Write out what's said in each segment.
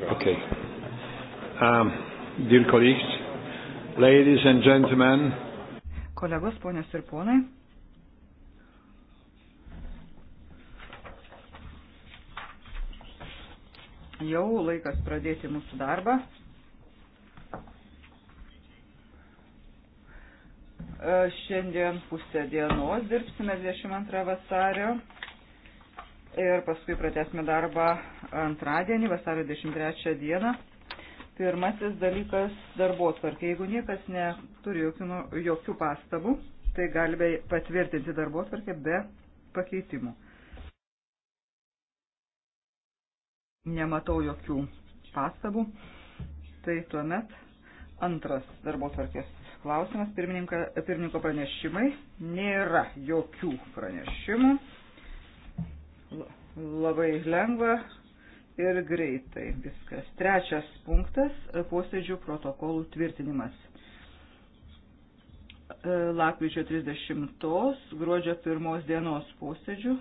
Okay. Um, dear colleagues, ladies and gentlemen. Kolegos, ponios ir ponai. Jau laikas pradėti mūsų darbą. E, šiandien pusę dienos dirbsime 22 vasario ir paskui pratesime darbą antradienį, vasario 23 dieną. Pirmasis dalykas - darbo tvarkė. Jeigu niekas neturi jokių, nu, jokių pastabų, tai galime patvirtinti darbo tvarkę be pakeitimų. Nematau jokių pastabų. Tai tuomet antras darbo tvarkės klausimas. Pirmininko pranešimai. Nėra jokių pranešimų. Labai lengva ir greitai viskas. Trečias punktas - posėdžių protokolų tvirtinimas. E, Lakryčio 30, gruodžio 1 dienos posėdžių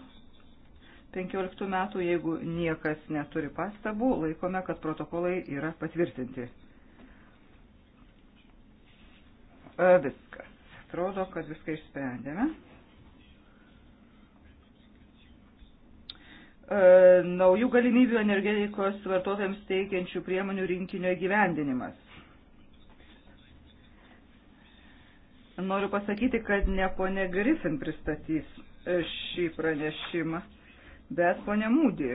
15 metų, jeigu niekas neturi pastabų, laikome, kad protokolai yra patvirtinti. E, viskas. Atrodo, kad viską išsprendėme. E, naujų galimybių energetikos vartotojams teikiančių priemonių rinkinio įgyvendinimas. Noriu pasakyti, kad ne ponė Griffin pristatys e, šį pranešimą, bet ponė Mūdį.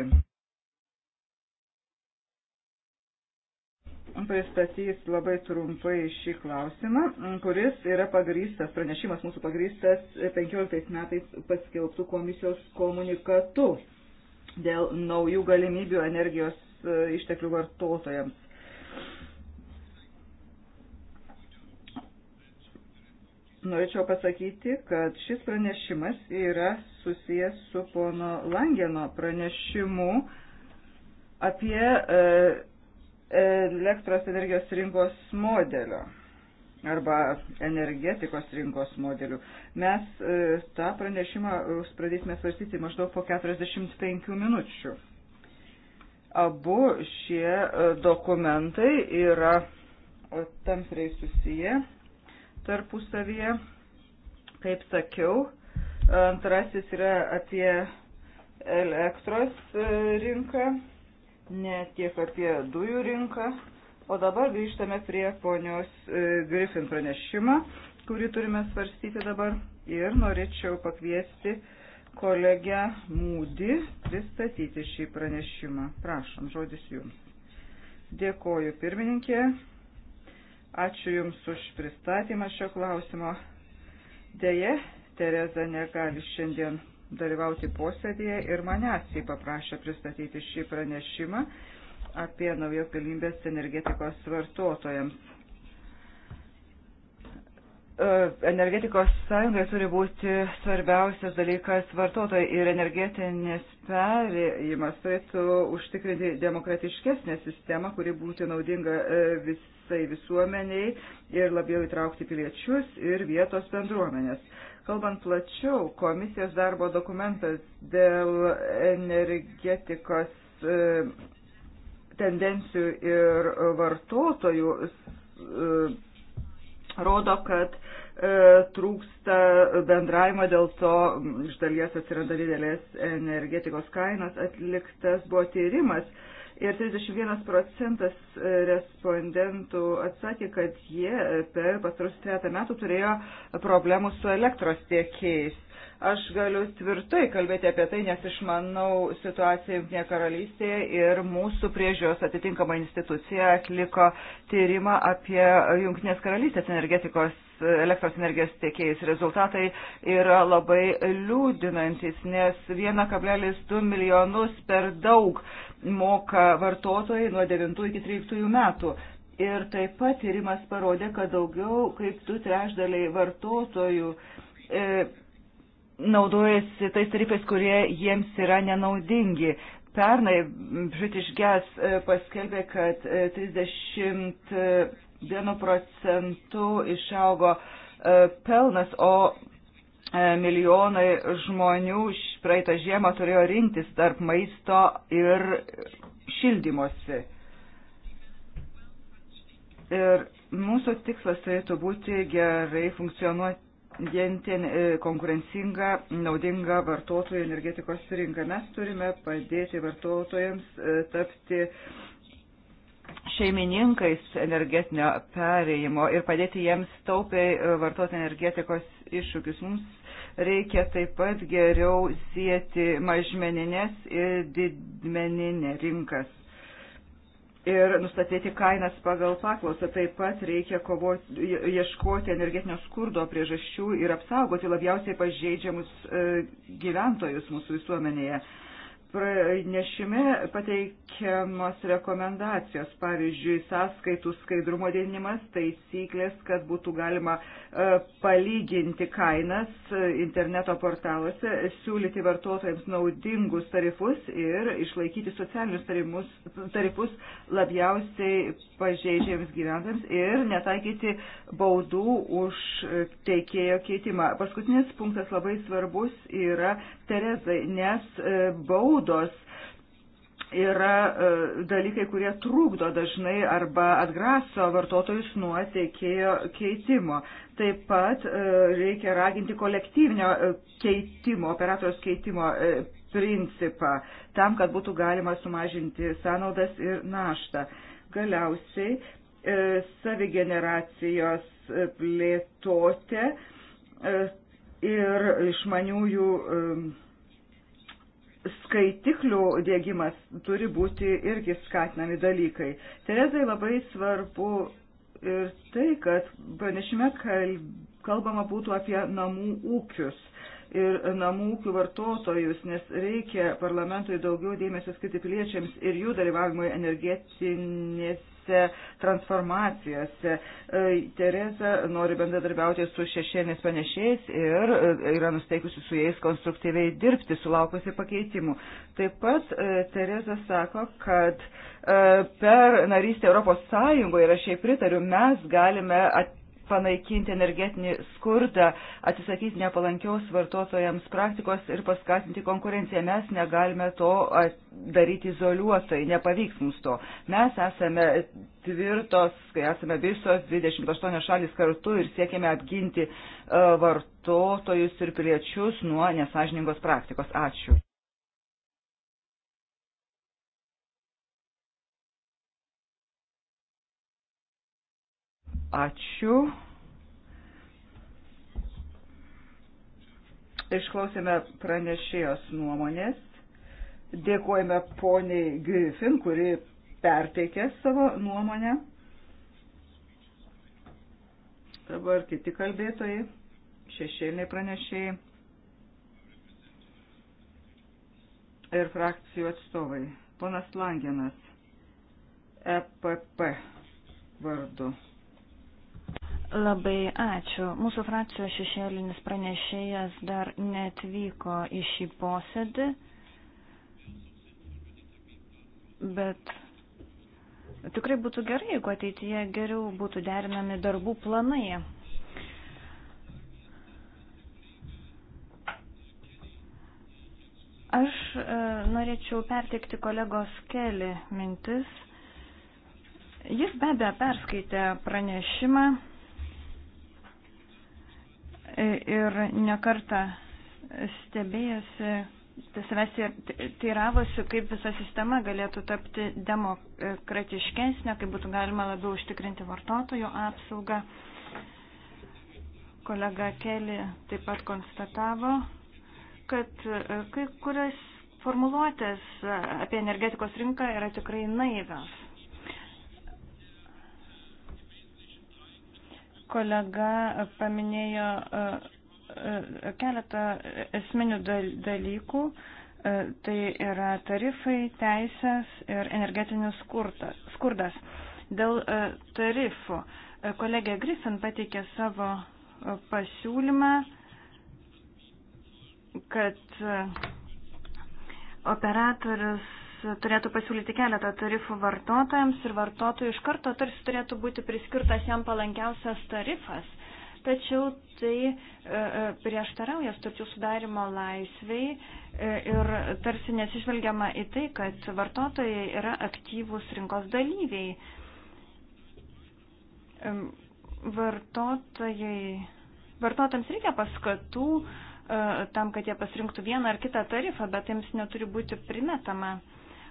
Pristatys labai trumpai šį klausimą, kuris yra pagrystas, pranešimas mūsų pagrystas 15 metais paskelbtų komisijos komunikatu dėl naujų galimybių energijos e, išteklių vartotojams. Norėčiau pasakyti, kad šis pranešimas yra susijęs su pono Langeno pranešimu apie e, elektros energijos rinkos modelio arba energetikos rinkos modelių. Mes e, tą pranešimą e, pradėsime svarstyti maždaug po 45 minučių. Abu šie e, dokumentai yra tampriai susiję tarpusavyje. Kaip sakiau, antrasis yra apie elektros rinką, ne tiek apie dujų rinką. O dabar grįžtame prie ponios e, Griffin pranešimą, kurį turime svarstyti dabar. Ir norėčiau pakviesti kolegę Mūdį pristatyti šį pranešimą. Prašom, žodis jums. Dėkoju pirmininkė. Ačiū Jums už pristatymą šio klausimo. Deja, Tereza negali šiandien dalyvauti posėdėje ir manęs jį paprašė pristatyti šį pranešimą apie naujas galimybės energetikos vartotojams. E, energetikos sąjungai turi būti svarbiausias dalykas vartotojai ir energetinės perėjimas turėtų užtikrinti demokratiškesnę sistemą, kuri būtų naudinga e, visai visuomeniai ir labiau įtraukti piliečius ir vietos bendruomenės. Kalbant plačiau, komisijos darbo dokumentas dėl energetikos e, tendencijų ir vartotojų e, rodo, kad e, trūksta bendravimo, dėl to iš dalies atsiranda didelės energetikos kainos. Atliktas buvo tyrimas ir 31 procentas respondentų atsakė, kad jie per pastarus tretą metų turėjo problemų su elektros tiekėjais. Aš galiu tvirtai kalbėti apie tai, nes išmanau situaciją Junktinėje karalystėje ir mūsų priežiūros atitinkama institucija atliko tyrimą apie Junktinės karalystės energetikos elektros energijos tiekėjus. Rezultatai yra labai liūdinantis, nes 1,2 milijonus per daug moka vartotojai nuo 9 iki 13 metų. Ir taip pat tyrimas parodė, kad daugiau kaip du trešdaliai vartotojų e, naudojasi tais tarifais, kurie jiems yra nenaudingi. Pernai British Gas e, paskelbė, kad 31 e, e, procentų išaugo pelnas, o milijonai žmonių praeitą žiemą turėjo rinktis tarp maisto ir šildymosi. Ir mūsų tikslas turėtų būti gerai funkcionuoti gentin e, konkurencingą, naudingą vartotojų energetikos rinką. Mes turime padėti vartotojams e, tapti šeimininkais energetinio perėjimo ir padėti jiems taupiai e, vartoti energetikos iššūkius. Mums reikia taip pat geriau sieti mažmeninės ir didmeninę rinkas ir nustatyti kainas pagal paklausą. Taip pat reikia kovoti, ieškoti energetinio skurdo priežasčių ir apsaugoti labiausiai pažeidžiamus e, gyventojus mūsų visuomenėje. Pranešime pateikiamos rekomendacijos, pavyzdžiui, sąskaitų skaidrumo didinimas, taisyklės, kad būtų galima e, palyginti kainas e, interneto portaluose, siūlyti vartotojams naudingus tarifus ir išlaikyti socialinius tarimus, tarifus labiausiai pažeidžiams gyventojams ir netaikyti baudų už teikėjo keitimą. Paskutinis punktas labai svarbus yra Terezai, nes e, baudų baudos yra e, dalykai, kurie trukdo dažnai arba atgraso vartotojus nuo teikėjo keitimo. Taip pat e, reikia raginti kolektyvinio e, keitimo, operatoriaus keitimo principą, tam, kad būtų galima sumažinti sąnaudas ir naštą. Galiausiai savigeneracijos plėtotė ir išmaniųjų skaitiklių dėgymas turi būti irgi skatinami dalykai. Terezai labai svarbu ir tai, kad pranešime kalbama būtų apie namų ūkius ir namų ūkių vartotojus, nes reikia parlamentui daugiau dėmesio skirti piliečiams ir jų dalyvavimui energetinės tose transformacijose. E, Tereza nori bendradarbiauti su šešėnės panešėjais ir e, yra nusteikusi su jais konstruktyviai dirbti, sulaukusi pakeitimų. Taip pat e, Tereza sako, kad per narystę Europos Sąjungoje ir aš jai pritariu, mes galime atveju panaikinti energetinį skurdą, atsisakyti nepalankiaus vartotojams praktikos ir paskatinti konkurenciją. Mes negalime to daryti izoliuotai, nepavyks mums to. Mes esame tvirtos, kai esame visos 28 šalis kartu ir siekime apginti e, vartotojus ir piliečius nuo nesažiningos praktikos. Ačiū. Ačiū. Išklausėme pranešėjos nuomonės. Dėkojame poniai Griffin, kuri perteikė savo nuomonę. Dabar kiti kalbėtojai, šešėliniai pranešėjai ir frakcijų atstovai. Ponas Langenas, EPP vardu. Labai ačiū. Mūsų frakcijos šešėlinis pranešėjas dar netvyko į šį posėdį, bet tikrai būtų gerai, jeigu ateityje geriau būtų derinami darbų planai. Aš e, norėčiau perteikti kolegos keli mintis. Jis be abejo perskaitė pranešimą ir nekarta stebėjasi, savęs teiravosi, kaip visa sistema galėtų tapti demokratiškesnė, kaip būtų galima labiau užtikrinti vartotojų apsaugą. Kolega Keli taip pat konstatavo, kad e, kai kurias formuluotės e, apie energetikos rinką yra tikrai naivios. Kolega paminėjo e, e, keletą esminių dalykų. E, tai yra tarifai, teisės ir energetinis skurdas. Dėl tarifų. Kolegė Griffin pateikė savo pasiūlymą, kad operatorius turėtų pasiūlyti keletą tarifų vartotojams ir vartotojų iš karto tarsi turėtų būti priskirtas jam palankiausias tarifas. Tačiau tai e, e, prieštarauja sutarčių sudarimo laisviai e, ir tarsi nesižvelgiama į tai, kad vartotojai yra aktyvūs rinkos dalyviai. Vartotojai, vartotojams reikia paskatų, tam, kad jie pasirinktų vieną ar kitą tarifą, bet jiems neturi būti primetama.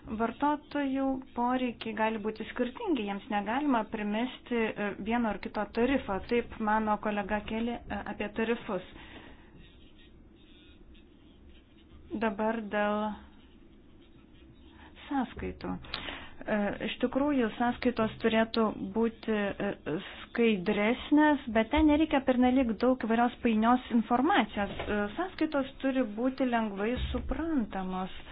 Vartotojų poreikiai gali būti skirtingi, jiems negalima primesti e, vieno ar kito tarifo, taip mano kolega keli e, apie tarifus. Dabar dėl sąskaitų. E, iš tikrųjų, sąskaitos turėtų būti skaidresnės, bet ten nereikia pernelik daug įvairios painios informacijos. Sąskaitos turi būti lengvai suprantamos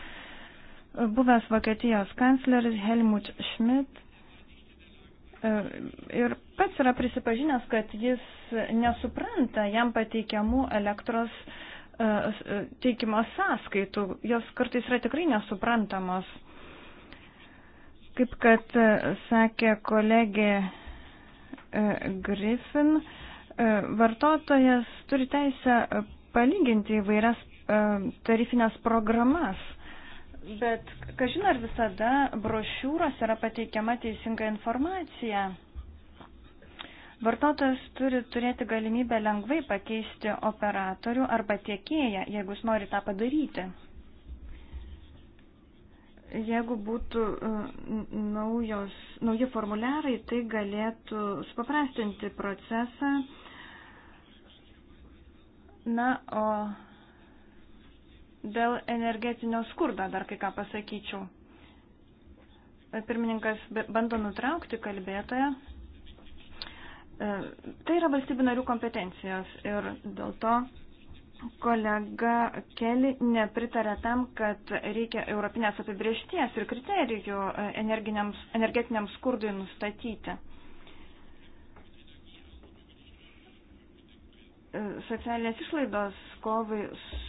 buvęs Vokietijos kancleris Helmut Schmidt e, ir pats yra prisipažinęs, kad jis nesupranta jam pateikiamų elektros e, e, teikimo sąskaitų. Jos kartais yra tikrai nesuprantamos. Kaip kad sakė kolegė Griffin, vartotojas turi teisę palyginti įvairias tarifinės programas Bet, kažin ar visada brošiūros yra pateikiama teisinga informacija. Vartotojas turi turėti galimybę lengvai pakeisti operatorių arba tiekėją, jeigu jis nori tą padaryti. Jeigu būtų e, naujos, nauji formuliarai, tai galėtų supaprastinti procesą. Na, o Dėl energetinio skurdo dar kai ką pasakyčiau. Pirmininkas bando nutraukti kalbėtoją. E, tai yra valstybių narių kompetencijos ir dėl to kolega Keli nepritarė tam, kad reikia europinės apibriešties ir kriterijų e, energetiniam skurdui nustatyti. E, socialinės išlaidos kovai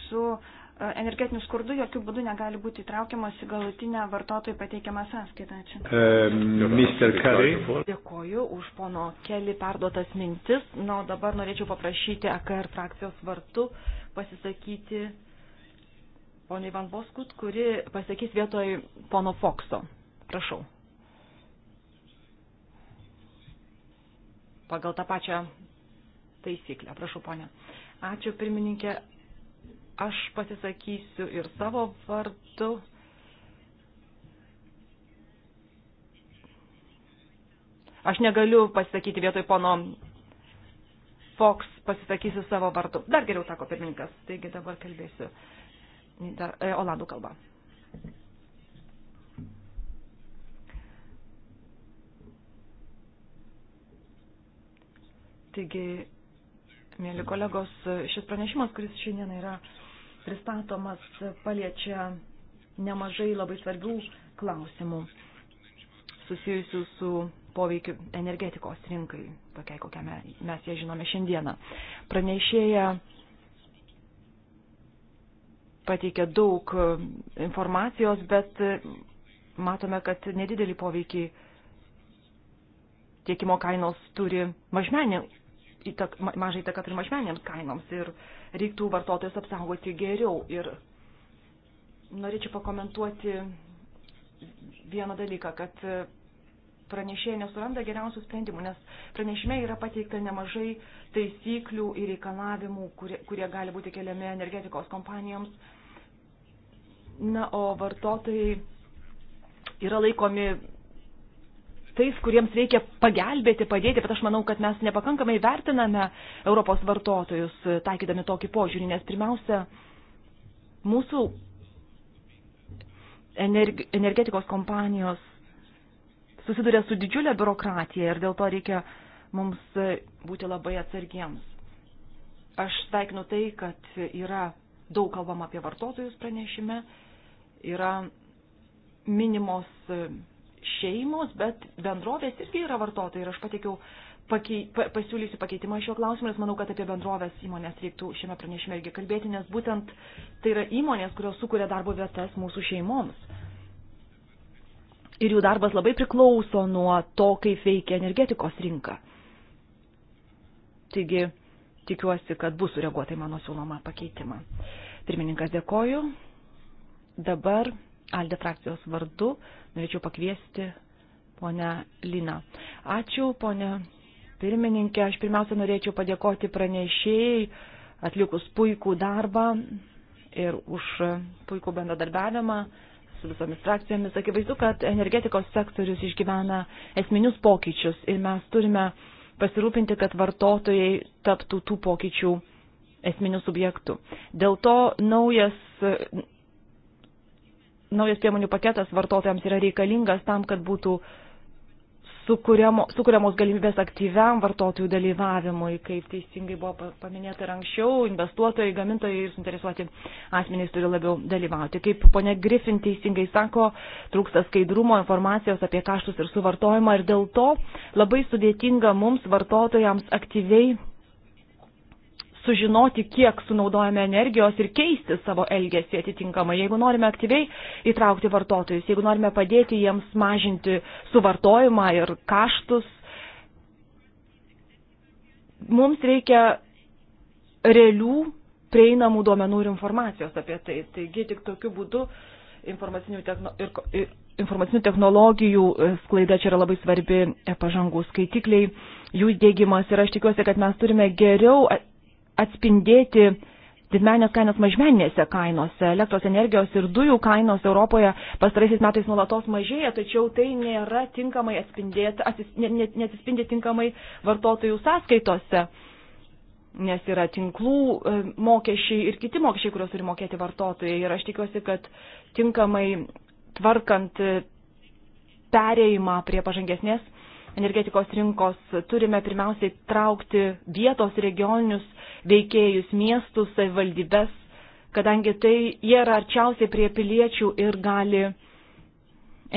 su uh, E, energetiniu skurdu jokių būdų negali būti įtraukiamas į galutinę vartotojų pateikiamą sąskaitą. Ačiū. Um, Dėkoju už pono keli perduotas mintis. Na, o dabar norėčiau paprašyti AKR frakcijos vartų pasisakyti ponio Ivan Boskut, kuri pasakys vietoj pono Fokso. Prašau. Pagal tą pačią taisyklę. Prašau, ponė. Ačiū, pirmininkė. Aš pasisakysiu ir savo vardu. Aš negaliu pasisakyti vietoj pono Fox, pasisakysiu savo vardu. Dar geriau, sako pirmininkas, taigi dabar kalbėsiu dar, e, olandų kalbą. Taigi, mėly kolegos, šis pranešimas, kuris šiandien yra pristatomas paliečia nemažai labai svarbių klausimų susijusių su poveikiu energetikos rinkai, tokiai kokią mes ją žinome šiandieną. Pranešėja pateikė daug informacijos, bet matome, kad nedidelį poveikį tiekimo kainos turi mažmenė, įtak, mažai įtaką turi mažmenėms kainoms ir uh, reiktų vartotojus apsaugoti geriau. Ir norėčiau pakomentuoti vieną dalyką, kad pranešėjai nesuranda geriausių sprendimų, nes pranešime yra pateikta nemažai taisyklių ir reikalavimų, kurie, kurie gali būti keliami energetikos kompanijoms. Na, o vartotojai yra laikomi tais, kuriems reikia pagelbėti, padėti, bet aš manau, kad mes nepakankamai vertiname Europos vartotojus, e, taikydami tokį požiūrį, nes pirmiausia, mūsų energetikos kompanijos susiduria su didžiulė biurokratija ir dėl to reikia mums e, būti labai atsargiems. Aš sveikinu tai, kad yra daug kalbama apie vartotojus pranešime, yra minimos e, šeimos, bet bendrovės irgi yra vartotojai ir aš pateikiau pakei, pa, pasiūlysiu pakeitimą šiuo klausimu, nes manau, kad apie bendrovės įmonės reiktų šiame pranešime irgi kalbėti, nes būtent tai yra įmonės, kurios sukuria darbo vietas mūsų šeimoms. Ir jų darbas labai priklauso nuo to, kaip veikia energetikos rinka. Taigi, tikiuosi, kad bus sureaguota į mano siūlomą pakeitimą. Pirmininkas dėkoju. Dabar Alde frakcijos vardu norėčiau pakviesti ponę Liną. Ačiū, ponė pirmininkė. Aš pirmiausia norėčiau padėkoti pranešėjai atlikus puikų darbą ir už puikų bendradarbiavimą su visomis frakcijomis. Akivaizdu, kad energetikos sektorius išgyvena esminius pokyčius ir mes turime pasirūpinti, kad vartotojai taptų tų pokyčių esminių subjektų. Dėl to naujas naujas priemonių paketas vartotojams yra reikalingas tam, kad būtų sukuriamo, sukuriamos galimybės aktyviam vartotojų dalyvavimui, kaip teisingai buvo paminėta ir anksčiau, investuotojai, gamintojai ir suinteresuoti asmenys turi labiau dalyvauti. Kaip ponia Griffin teisingai sako, trūksta skaidrumo informacijos apie kaštus ir suvartojimą ir dėl to labai sudėtinga mums vartotojams aktyviai sužinoti, kiek sunaudojame energijos ir keisti savo elgesį atitinkamai. Jeigu norime aktyviai įtraukti vartotojus, jeigu norime padėti jiems mažinti suvartojimą ir kaštus, mums reikia realių prieinamų duomenų ir informacijos apie tai. Taigi tik tokiu būdu informacinių, techno, ir, ir, informacinių technologijų e, sklaida čia yra labai svarbi e, pažangų skaitikliai, jų dėgymas ir aš tikiuosi, kad mes turime geriau atspindėti didmenės kainos mažmeninėse kainose. Elektros energijos ir dujų kainos Europoje pastaraisiais metais nuolatos mažėja, tačiau tai nėra tinkamai atspindėta, atsis, ne, ne, nesispindi tinkamai vartotojų sąskaitose, nes yra tinklų e, mokesčiai ir kiti mokesčiai, kuriuos turi mokėti vartotojai. Ir aš tikiuosi, kad tinkamai tvarkant e, perėjimą prie pažangesnės energetikos rinkos turime pirmiausiai traukti vietos regioninius veikėjus, miestus, savivaldybės, kadangi tai jie yra arčiausiai prie piliečių ir gali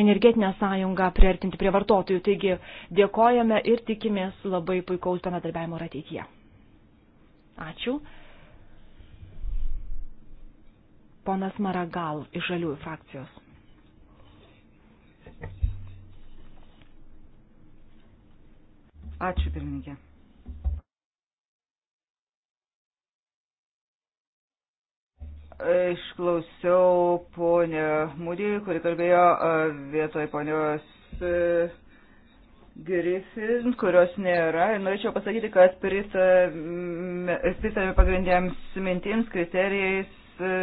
energetinę sąjungą priartinti prie vartotojų. Taigi dėkojame ir tikimės labai puikaus bendradarbiavimo ir ateityje. Ačiū. Ponas Maragal iš Žaliųjų frakcijos. Ačiū pirmininkė. Išklausiau ponę Mūdį, kuri kalbėjo e, vietoj ponios e, Griffin, kurios nėra. Ir norėčiau pasakyti, kad pritarėme pagrindiniams mintims, kriterijais, e,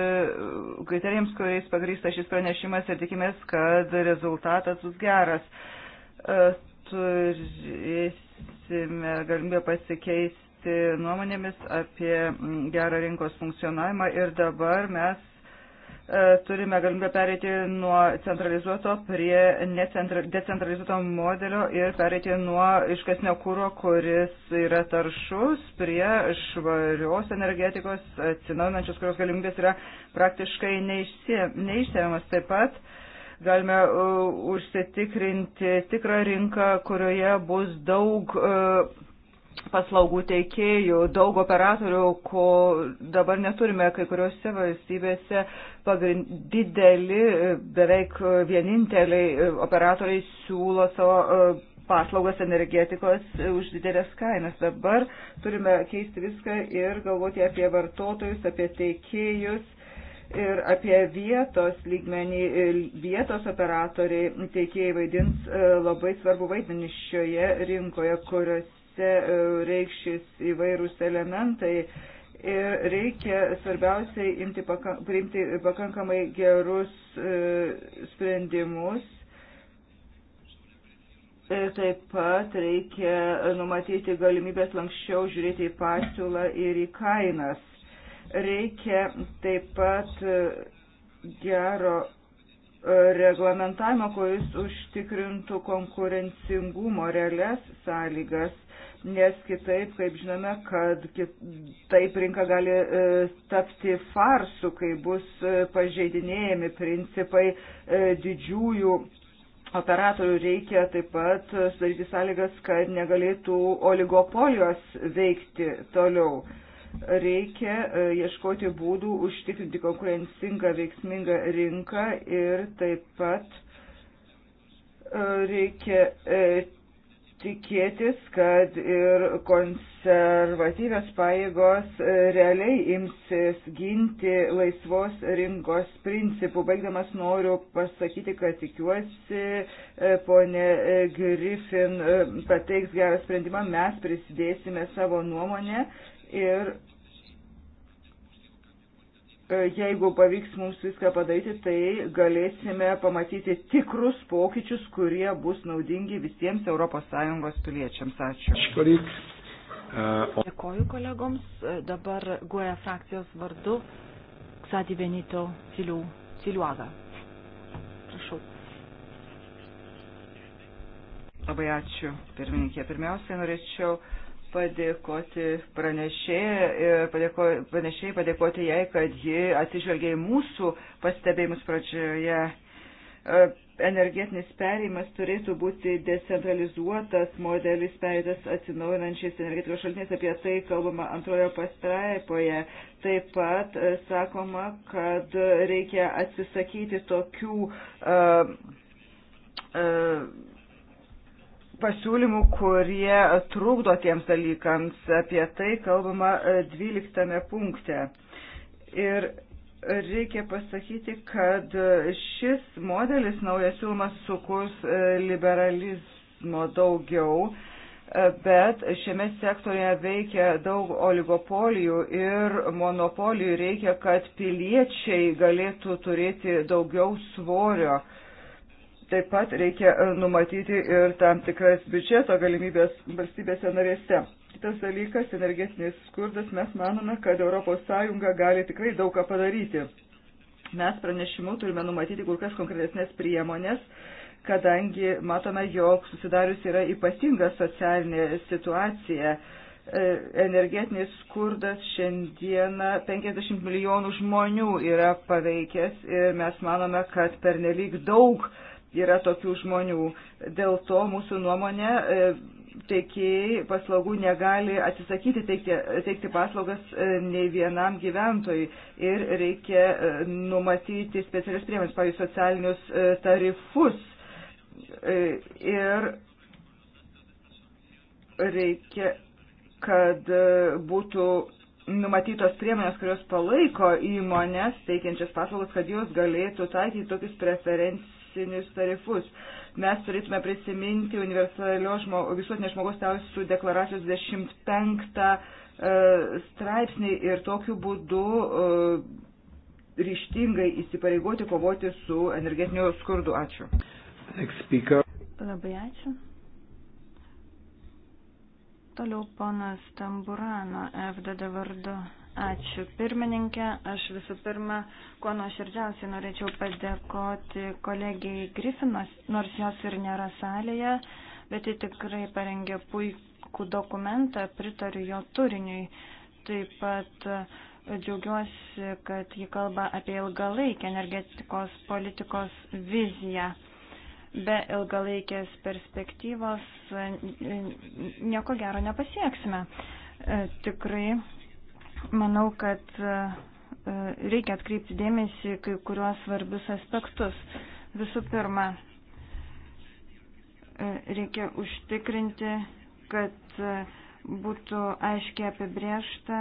kriterijams, kuriais pagrįsta šis pranešimas ir tikimės, kad rezultatas bus geras turėsime galimybę pasikeisti nuomonėmis apie gerą rinkos funkcionavimą ir dabar mes e, turime galimybę pereiti nuo centralizuoto prie decentralizuoto modelio ir pereiti nuo iškasnio kūro, kuris yra taršus, prie švarios energetikos atsinaujinančios, kurios galimybės yra praktiškai neišsėmiamas. Taip pat galime e, užsitikrinti tikrą rinką, kurioje bus daug e, paslaugų teikėjų, daug operatorių, ko dabar neturime kai kuriuose valstybėse. Dideli, e, beveik vieninteliai operatoriai siūlo savo paslaugas energetikos už didelės kainas. Dabar turime keisti viską ir galvoti apie vartotojus, apie teikėjus ir apie vietos lygmenį, e, vietos operatoriai teikėjai vaidins e, labai svarbu vaidmenį šioje rinkoje, kuriuose e, reikšys įvairūs elementai. Ir reikia svarbiausiai imti, priimti pakankamai gerus sprendimus Ir taip pat reikia numatyti galimybės lankščiau žiūrėti į pasiūlą ir į kainas. Reikia taip pat e, gero e, reglamentavimo, kuris užtikrintų konkurencingumo realias sąlygas, nes kitaip, kaip žinome, kad taip rinka gali e, tapti farsų, kai bus pažeidinėjami principai didžiųjų operatorių reikia taip pat sudaryti sąlygas, kad negalėtų oligopolijos veikti toliau reikia e, ieškoti būdų užtikrinti konkurencingą, veiksmingą rinką ir taip pat e, reikia e, tikėtis, kad ir konservatyvios pajėgos realiai imsis ginti laisvos rinkos principų. Baigdamas noriu pasakyti, kad tikiuosi, ponė Griffin pateiks gerą sprendimą, mes prisidėsime savo nuomonę Ir e, jeigu pavyks mums viską padaryti, tai galėsime pamatyti tikrus pokyčius, kurie bus naudingi visiems ES piliečiams. Ačiū. E, Dėkoju kolegoms. E, dabar GUE frakcijos vardu Ksadi Benito Ciliuaga. Prašau. Labai ačiū, pirmininkė. Pirmiausia, norėčiau padėkoti pranešėjai ir padėko, pranešėjai padėkoti jai, kad ji atsižvelgia į mūsų pastebėjimus pradžioje. E, energetinis perėjimas turėtų būti decentralizuotas modelis perėtas atsinaujinančiais energetikos šaltiniais, apie tai kalbama antrojo pastraipoje. Taip pat e, sakoma, kad reikia atsisakyti tokių uh, uh, pasiūlymų, kurie trukdo tiems dalykams. Apie tai kalbama 12 e, punkte. Ir reikia pasakyti, kad šis modelis naujas siūlymas sukurs e, liberalizmo daugiau, e, bet šiame sektorėje veikia daug oligopolijų ir monopolijų reikia, kad piliečiai galėtų turėti daugiau svorio. Uh, Taip pat reikia e, numatyti ir tam tikras biudžeto galimybės valstybėse narėse. Kitas dalykas - energetinis skurdas. Mes manome, kad ES gali tikrai daug ką padaryti. Mes pranešimu turime numatyti kur kas konkretesnės priemonės, kadangi matome, jog susidarius yra ypatinga socialinė situacija. E, energetinis skurdas šiandieną 50 milijonų žmonių yra paveikęs ir mes manome, kad pernelyg daug uh, yra tokių žmonių. Dėl to mūsų nuomonė e, teikėjai paslaugų negali atsisakyti teikti, teikti paslaugas e, nei vienam gyventojui ir reikia e, numatyti specialius priemonės, pavyzdžiui, socialinius tarifus. Ir reikia, kad būtų numatytos priemonės, kurios palaiko įmonės teikiančias paslaugas, kad jos galėtų taikyti tokius preferencijus teisinius tarifus. Mes turėtume prisiminti universalios žmo, visuotinės žmogaus teisų deklaracijos 25 e, straipsnį ir tokiu būdu e, ryštingai įsipareigoti kovoti su energetiniu skurdu. Ačiū. Labai ačiū. Toliau ponas Tamburano FDD vardu. Ačiū pirmininkė. Aš visų pirma, kuo nuoširdžiausiai norėčiau padėkoti kolegijai Grifinas, nors jos ir nėra salėje, bet ji tikrai parengė puikų dokumentą, pritariu jo turiniui. Taip pat e, džiaugiuosi, kad ji kalba apie ilgalaikę energetikos politikos viziją be ilgalaikės perspektyvos nieko gero nepasieksime. E, tikrai Manau, kad e, reikia atkreipti dėmesį kai kuriuos svarbius aspektus. Visų pirma, e, reikia užtikrinti, kad e, būtų aiškiai apibriešta,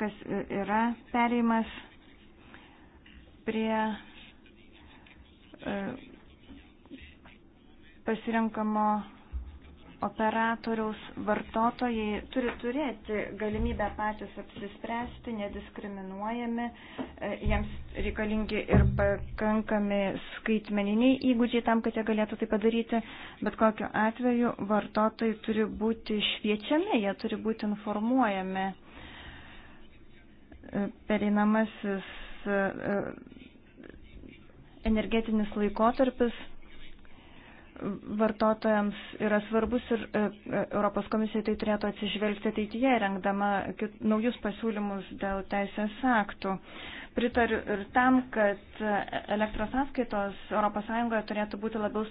kas yra pereimas prie pasirinkamo operatoriaus vartotojai turi turėti galimybę patys apsispręsti, nediskriminuojami, e, jiems reikalingi ir pakankami skaitmeniniai įgūdžiai tam, kad jie galėtų tai padaryti, bet kokiu atveju vartotojai turi būti šviečiami, jie turi būti informuojami. E, pereinamasis e, energetinis laikotarpis vartotojams yra svarbus ir e, e, Europos komisija tai turėtų atsižvelgti ateityje, rengdama naujus pasiūlymus dėl teisės aktų. Pritariu ir tam, kad e, elektros sąskaitos ES turėtų būti labiau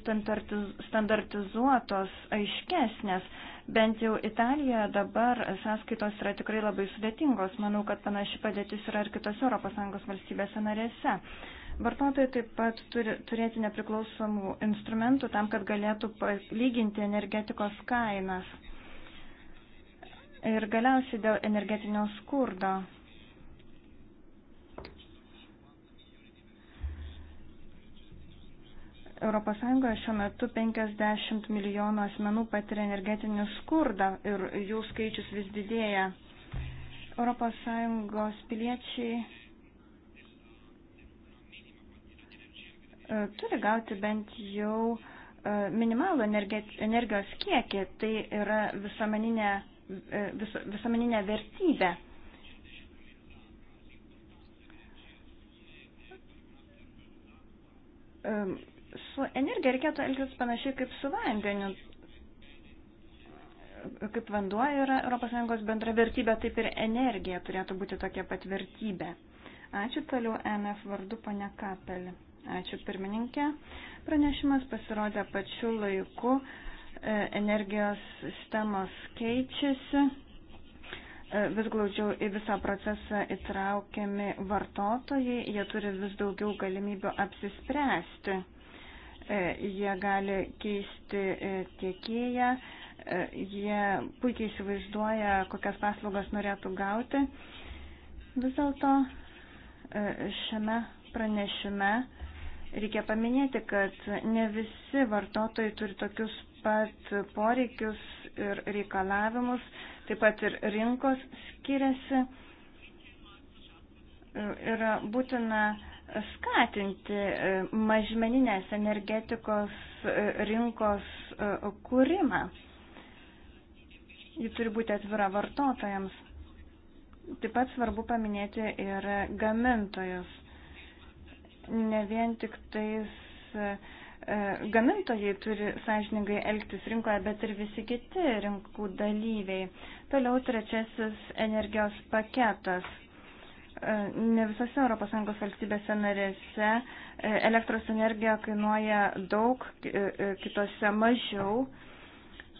standartizuotos, aiškesnės. Bent jau Italijoje dabar sąskaitos yra tikrai labai sudėtingos. Manau, kad panaši padėtis yra ir kitose ES valstybėse narėse. Vartotojai taip pat turi turėti nepriklausomų instrumentų tam, kad galėtų lyginti energetikos kainas. Ir galiausiai dėl energetinio skurdo. ES šiuo metu 50 milijonų asmenų patiria energetinį skurdą ir jų skaičius vis didėja. ES piliečiai E, turi gauti bent jau e, minimalų energijos kiekį. Tai yra visuomeninė, e, vis, visuomeninė vertybė. Su energija reikėtų elgtis panašiai kaip su vandeniu. Kaip vanduo yra ES bendra vertybė, taip ir energija turėtų būti tokia pat vertybė. Ačiū toliau NF vardu, pane Kapelė. Ačiū pirmininkė. Pranešimas pasirodė pačiu laiku. E, energijos sistemos keičiasi. E, vis glaudžiau į visą procesą įtraukiami vartotojai. Jie turi vis daugiau galimybių apsispręsti. E, jie gali keisti tiekėją. Jie puikiai įsivaizduoja, kokias paslaugas norėtų gauti. Vis dėlto šiame pranešime Reikia paminėti, kad ne visi vartotojai turi tokius pat poreikius ir reikalavimus, taip pat ir rinkos skiriasi. Yra būtina skatinti mažmeninės energetikos rinkos kūrimą. Ji turi būti atvira vartotojams. Taip pat svarbu paminėti ir gamintojus ne vien tik tais e, e, gamintojai turi sąžiningai elgtis rinkoje, bet ir visi kiti rinkų dalyviai. Toliau trečiasis energijos paketas. E, ne visose ES valstybėse narėse elektros energija kainuoja daug, kitose mažiau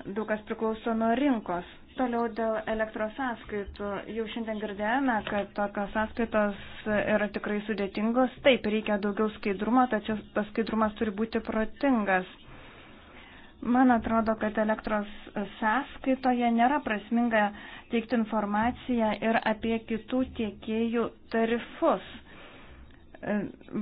daug kas priklauso nuo rinkos. Toliau dėl elektros sąskaitų. Jau šiandien girdėjome, kad tokios sąskaitos yra tikrai sudėtingos. Taip, reikia daugiau skaidrumo, tačiau tas skaidrumas turi būti protingas. Man atrodo, kad elektros sąskaitoje nėra prasminga teikti informaciją ir apie kitų tiekėjų tarifus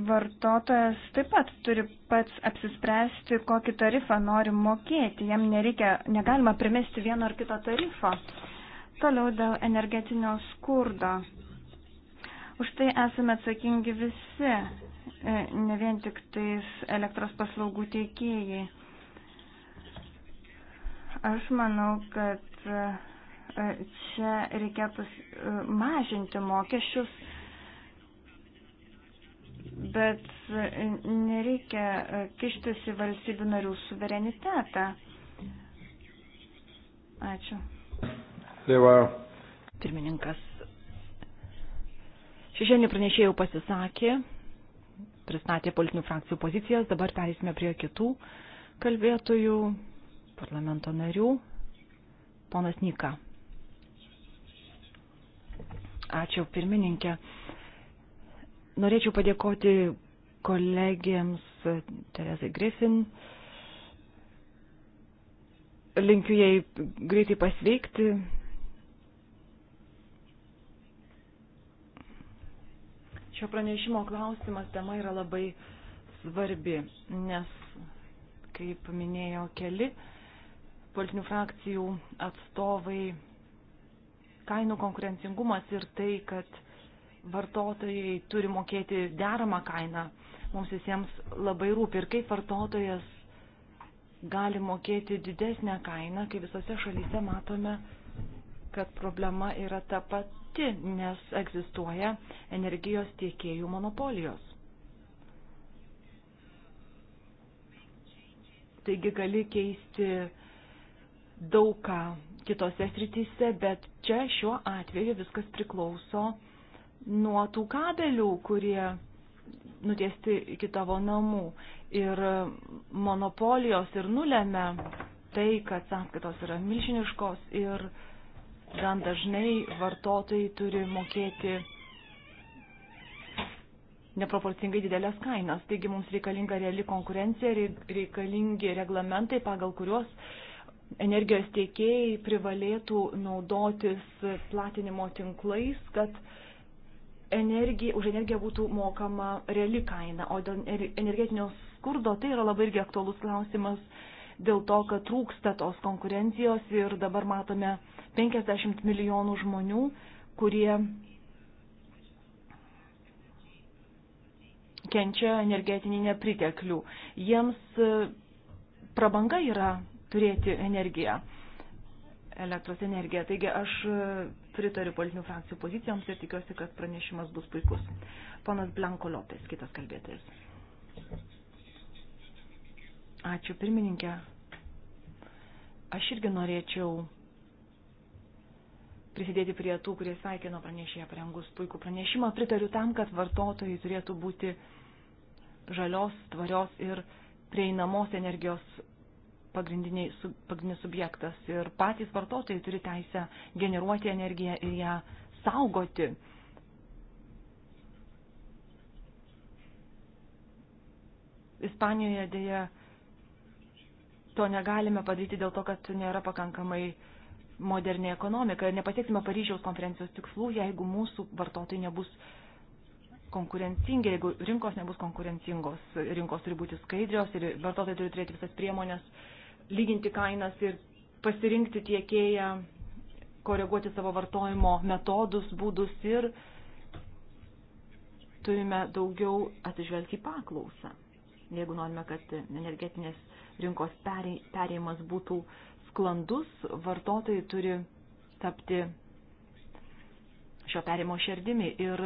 vartotojas taip pat turi pats apsispręsti, kokį tarifą nori mokėti. Jam nereikia, negalima primesti vieno ar kito tarifo. Toliau dėl energetinio skurdo. Už tai esame atsakingi visi, e, ne vien tik tais elektros paslaugų teikėjai. Aš manau, kad e, čia reikėtų e, mažinti mokesčius bet e, nereikia e, kištis į valstybių narių suverenitetą. Ačiū. Dėva. Pirmininkas. Šešėlį pranešėjų pasisakė, pristatė politinių frakcijų pozicijas, dabar perėsime prie kitų kalbėtojų, parlamento narių. Ponas Nika. Ačiū, pirmininkė. Norėčiau padėkoti kolegėms Terezai Griffin. Linkiu jai greitai pasveikti. Šio pranešimo klausimas tema yra labai svarbi, nes, kaip minėjo keli politinių frakcijų atstovai, kainų konkurencingumas ir tai, kad vartotojai turi mokėti deramą kainą. Mums visiems labai rūpi ir kaip vartotojas gali mokėti didesnę kainą, kai visose šalyse matome, kad problema yra ta pati, nes egzistuoja energijos tiekėjų monopolijos. Taigi gali keisti daugą kitose srityse, bet čia šiuo atveju viskas priklauso nuo tų kabelių, kurie nutiesti iki tavo namų. Ir monopolijos ir nulėmė tai, kad sąskaitos yra milžiniškos ir gan dažnai vartotojai turi mokėti neproporcingai didelės kainas. Taigi mums reikalinga reali konkurencija, reikalingi reglamentai, pagal kuriuos energijos tiekėjai privalėtų naudotis platinimo tinklais, kad energija, už energiją būtų mokama reali kaina, o dėl energetinio skurdo tai yra labai irgi aktuolus klausimas dėl to, kad trūksta tos konkurencijos ir dabar matome 50 milijonų žmonių, kurie kenčia energetinį nepriteklių. Jiems e, prabanga yra turėti energiją, elektros energiją. Taigi aš e, pritariu politinių frakcijų pozicijoms ir tikiuosi, kad pranešimas bus puikus. Ponas Blanko Lopės, kitas kalbėtojas. Ačiū, pirmininkė. Aš irgi norėčiau prisidėti prie tų, kurie sveikino pranešėją parengus puikų pranešimą. Pritariu tam, kad vartotojai turėtų būti žalios, tvarios ir prieinamos energijos pagrindinis subjektas ir patys vartotojai turi teisę generuoti energiją ir ją saugoti. Ispanijoje dėja to negalime padaryti dėl to, kad nėra pakankamai moderni ekonomika ir nepasieksime Paryžiaus konferencijos tikslų, jeigu mūsų vartotojai nebus konkurencingi, jeigu rinkos nebus konkurencingos, rinkos turi būti skaidrios ir vartotojai turi turėti visas priemonės lyginti kainas ir pasirinkti tiekėją, koreguoti savo vartojimo metodus, būdus ir turime daugiau atsižvelgti į paklausą. Jeigu norime, kad energetinės rinkos perėjimas būtų sklandus, vartotojai turi tapti šio perimo širdimi ir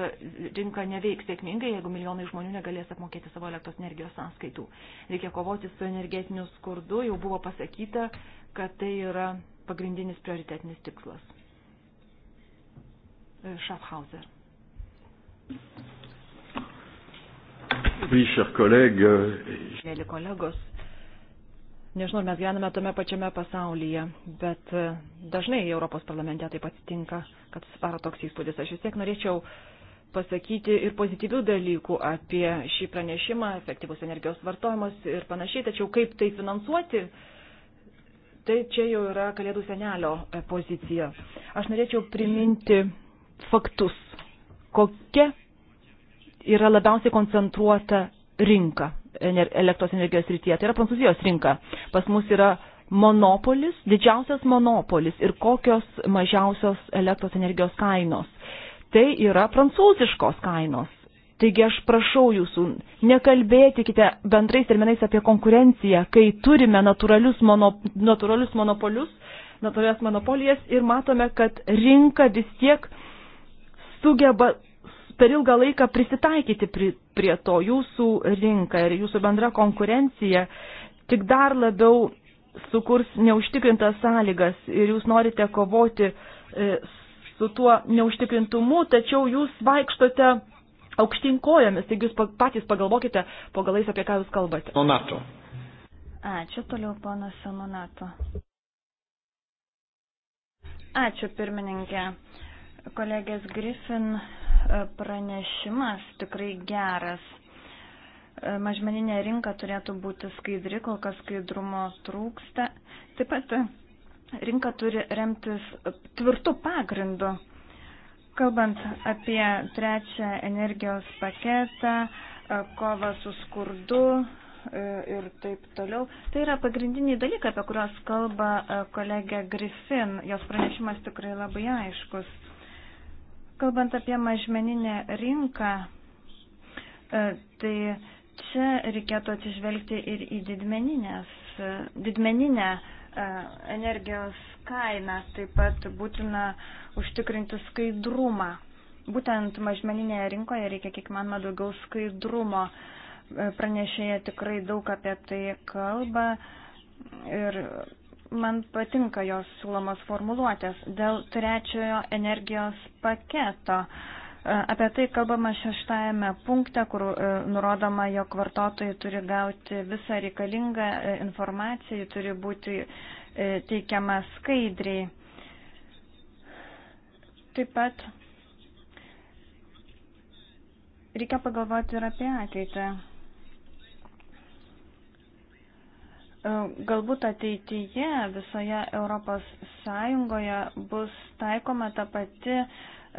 rinka neveiks sėkmingai, jeigu milijonai žmonių negalės apmokėti savo elektros energijos sąskaitų. Reikia kovoti su energetiniu skurdu, jau buvo pasakyta, kad tai yra pagrindinis prioritetinis tikslas. E, Schaffhauser. Oui, chers collègues. Euh, Mėly kolegos, Nežinau, mes gyvename tame pačiame pasaulyje, bet e, dažnai Europos parlamente taip atsitinka, kad susidaro toks įspūdis. Aš vis tiek norėčiau pasakyti ir pozityvių dalykų apie šį pranešimą, efektyvus energijos vartojimas ir panašiai, tačiau kaip tai finansuoti, tai čia jau yra Kalėdų senelio e, pozicija. Aš norėčiau priminti faktus, kokia yra labiausiai koncentruota rinka elektros energijos rytyje, tai yra Prancūzijos rinka. Pas mus yra monopolis, didžiausias monopolis ir kokios mažiausios elektros energijos kainos. Tai yra prancūziškos kainos. Taigi aš prašau jūsų, nekalbėtikite bendrais terminais apie konkurenciją, kai turime natūralius, mono, natūralius monopolius, natūralias monopolijas ir matome, kad rinka vis tiek sugeba per ilgą laiką prisitaikyti prie to. Jūsų rinka ir jūsų bendra konkurencija tik dar labiau sukurs neužtikrintas sąlygas ir jūs norite kovoti e, su tuo neužtikrintumu, tačiau jūs vaikštote aukštin kojomis, taigi jūs patys pagalvokite po galais, apie ką jūs kalbate. Sonato. Ačiū toliau, ponas Sonato. Ačiū, pirmininkė. Kolegės Griffin E, pranešimas tikrai geras. E, mažmeninė rinka turėtų būti skaidri, kol kas skaidrumo trūksta. Taip pat e, rinka turi remtis tvirtų pagrindų. Kalbant apie trečią energijos paketą, kovą su skurdu, ir taip toliau. Tai yra pagrindiniai dalykai, apie kuriuos kalba kolegė Griffin. Jos pranešimas tikrai labai aiškus. Kalbant apie mažmeninę rinką, e, tai čia reikėtų atsižvelgti ir į didmeninę e, energijos kainą, taip pat būtina užtikrinti skaidrumą. Būtent mažmeninėje rinkoje reikia kiek manoma daugiau skaidrumo. E, pranešėja tikrai daug apie tai kalba ir Man patinka jos siūlomos formuluotės dėl trečiojo energijos paketo. E, apie tai kalbama šeštajame punkte, kur e, nurodoma, jog vartotojai turi gauti visą reikalingą e, informaciją, ji turi būti teikiama skaidriai. Taip pat reikia pagalvoti ir apie ateitį. E, galbūt ateityje visoje Europos Sąjungoje bus taikoma ta pati e,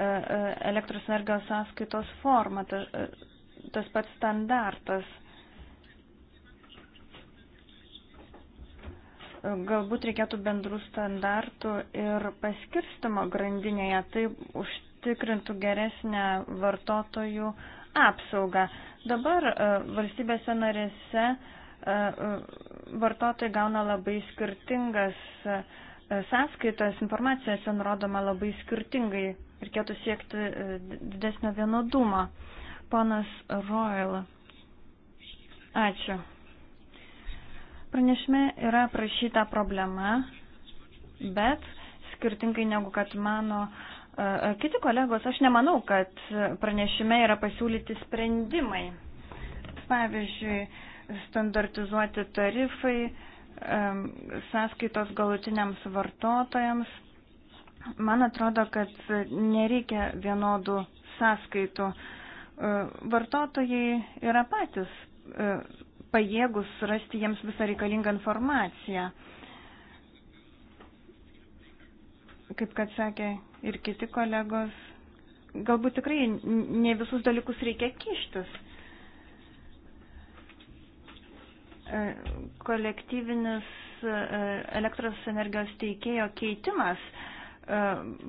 e, elektros energijos sąskaitos forma, tas pats standartas. Galbūt reikėtų bendrų standartų ir paskirstimo grandinėje, tai užtikrintų geresnę vartotojų apsaugą. Dabar valstybėse narėse uh, E, e, vartotojai gauna labai skirtingas e, sąskaitas, informacija čia nurodoma labai skirtingai, reikėtų siekti didesnio vienodumo. Ponas Royal. Ačiū. Pranešime yra prašyta problema, bet skirtingai negu kad mano kiti kolegos, aš nemanau, kad pranešime yra pasiūlyti sprendimai. Pavyzdžiui, standartizuoti tarifai, sąskaitos galutiniams vartotojams. Man atrodo, kad nereikia vienodų sąskaitų. E, vartotojai yra patys e, pajėgus rasti jiems visą reikalingą informaciją. Kaip kad sakė ir kiti kolegos, galbūt tikrai ne visus dalykus reikia kištis E, kolektyvinis e, elektros energijos teikėjo keitimas e,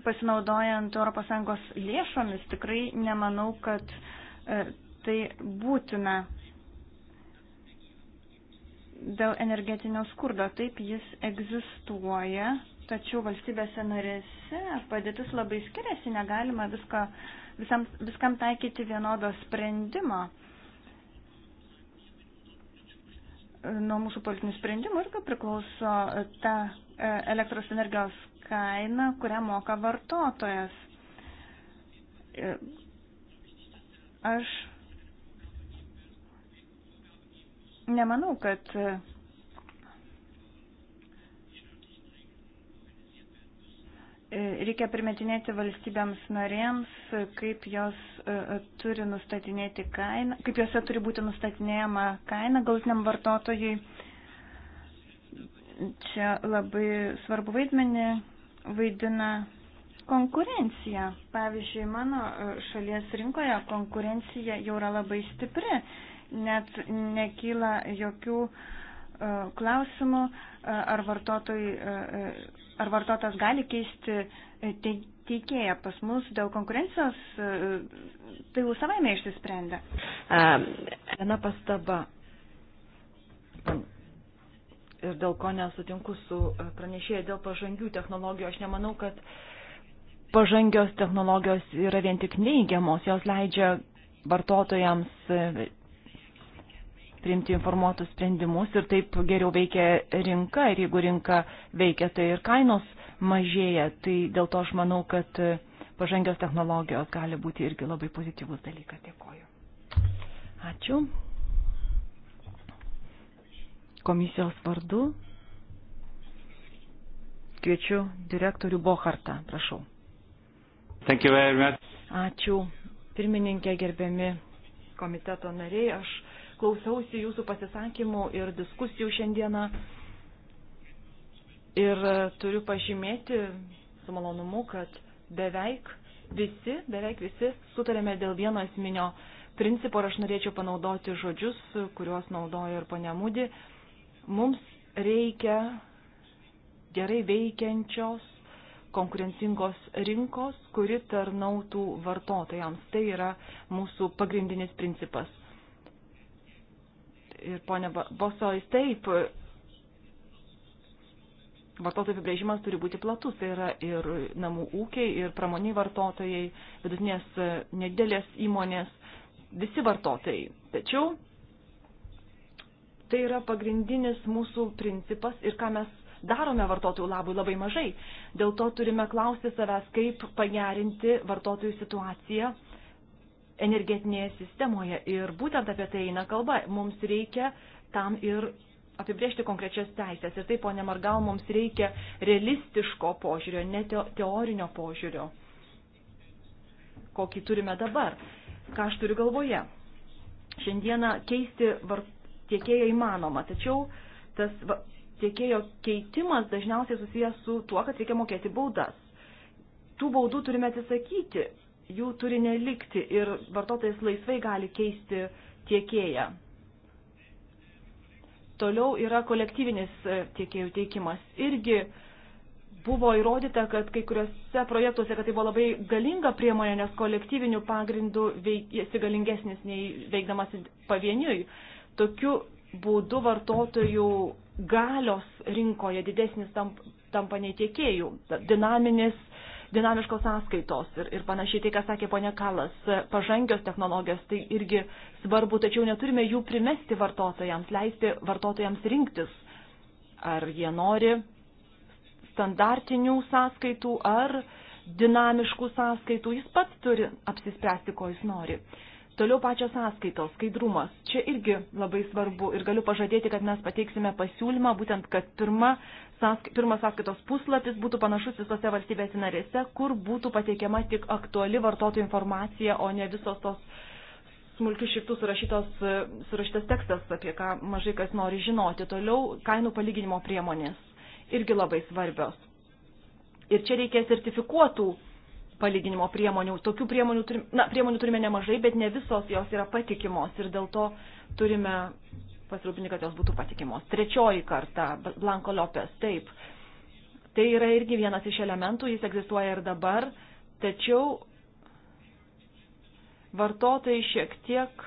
pasinaudojant ES lėšomis tikrai nemanau, kad tai būtina dėl energetinio skurdo. Taip jis egzistuoja, tačiau valstybėse narėse padėtis labai skiriasi, negalima visko, visam, viskam taikyti vienodo sprendimo. nuo mūsų politinių sprendimų ir kad priklauso ta e, elektros energijos kaina, kurią moka vartotojas. E, aš nemanau, kad E, reikia primetinėti valstybėms narėms, e, kaip jos e, turi nustatinėti kainą, kaip jose turi būti nustatinėjama kaina galutiniam vartotojui. Čia labai svarbu vaidmenį vaidina konkurencija. Pavyzdžiui, mano šalies rinkoje konkurencija jau yra labai stipri, net nekyla jokių uh, E, klausimų, e, ar, e, ar vartotojas gali keisti teikėją pas mus dėl konkurencijos, tai jau savaime išsisprendė. Um, Viena pastaba. Ir dėl ko nesutinku su pranešėja dėl pažangių technologijų, aš nemanau, kad pažangios technologijos yra vien tik neigiamos, jos leidžia vartotojams priimti informuotus sprendimus ir taip geriau veikia rinka ir jeigu rinka veikia, tai ir kainos mažėja. Tai dėl to aš manau, kad pažangios technologijos gali būti irgi labai pozityvus dalykas. Dėkoju. Ačiū. Komisijos vardu. Kviečiu direktorių Bohartą, prašau. Ačiū. Pirmininkė gerbiami komiteto nariai, aš klausiausi jūsų pasisakymų ir diskusijų šiandieną. Ir turiu pažymėti su malonumu, kad beveik visi, beveik visi sutarėme dėl vieno esminio principo ir aš norėčiau panaudoti žodžius, kuriuos naudojo ir ponia Mūdi. Mums reikia gerai veikiančios konkurencingos rinkos, kuri tarnautų vartotojams. Tai yra mūsų pagrindinis principas ir ponia Bosoj, taip, vartotojų apibrėžimas turi būti platus, tai yra ir namų ūkiai, ir pramoniai vartotojai, vidutinės nedidelės įmonės, visi vartotojai. Tačiau tai yra pagrindinis mūsų principas ir ką mes darome vartotojų labui labai mažai. Dėl to turime klausti savęs, kaip pagerinti vartotojų situaciją energetinėje sistemoje. Ir būtent apie tai eina kalba. Mums reikia tam ir apibriežti konkrečias teisės. Ir taip, ponė Margal, mums reikia realistiško požiūrio, ne teorinio požiūrio, kokį turime dabar. Ką aš turiu galvoje? Šiandieną keisti var... tiekėjo įmanoma, tačiau tas va... tiekėjo keitimas dažniausiai susijęs su tuo, kad reikia mokėti baudas. Tų baudų turime atsisakyti, jų turi nelikti ir vartotojas laisvai gali keisti tiekėją. Toliau yra kolektyvinis e, tiekėjų teikimas. Irgi buvo įrodyta, kad kai kuriuose projektuose, kad tai buvo labai galinga priemonė, nes kolektyviniu pagrindu veikėsi galingesnis nei veikdamas pavieniui. Tokiu būdu vartotojų galios rinkoje didesnis tampa nei tiekėjų. Dinaminis dinamiškos sąskaitos ir, ir panašiai tai, ką sakė ponia Kalas, pažangios technologijos tai irgi svarbu, tačiau neturime jų primesti vartotojams, leisti vartotojams rinktis, ar jie nori standartinių sąskaitų ar dinamiškų sąskaitų, jis pats turi apsispręsti, ko jis nori. Toliau pačios sąskaitos, skaidrumas. Čia irgi labai svarbu ir galiu pažadėti, kad mes pateiksime pasiūlymą, būtent, kad pirma, sąsk, pirmas sąskaitos puslapis būtų panašus visose valstybėse narėse, kur būtų pateikiama tik aktuali vartotojų informacija, o ne visos tos smulkių šiftų surašytos, surašytas tekstas, apie ką mažai kas nori žinoti. Toliau kainų palyginimo priemonės irgi labai svarbios. Ir čia reikia sertifikuotų palyginimo priemonių. Tokių priemonių, turim, na, priemonių turime nemažai, bet ne visos jos yra patikimos ir dėl to turime pasirūpinti, kad jos būtų patikimos. Trečioji karta, Blanko Lopes, taip. Tai yra irgi vienas iš elementų, jis egzistuoja ir dabar, tačiau vartotojai šiek tiek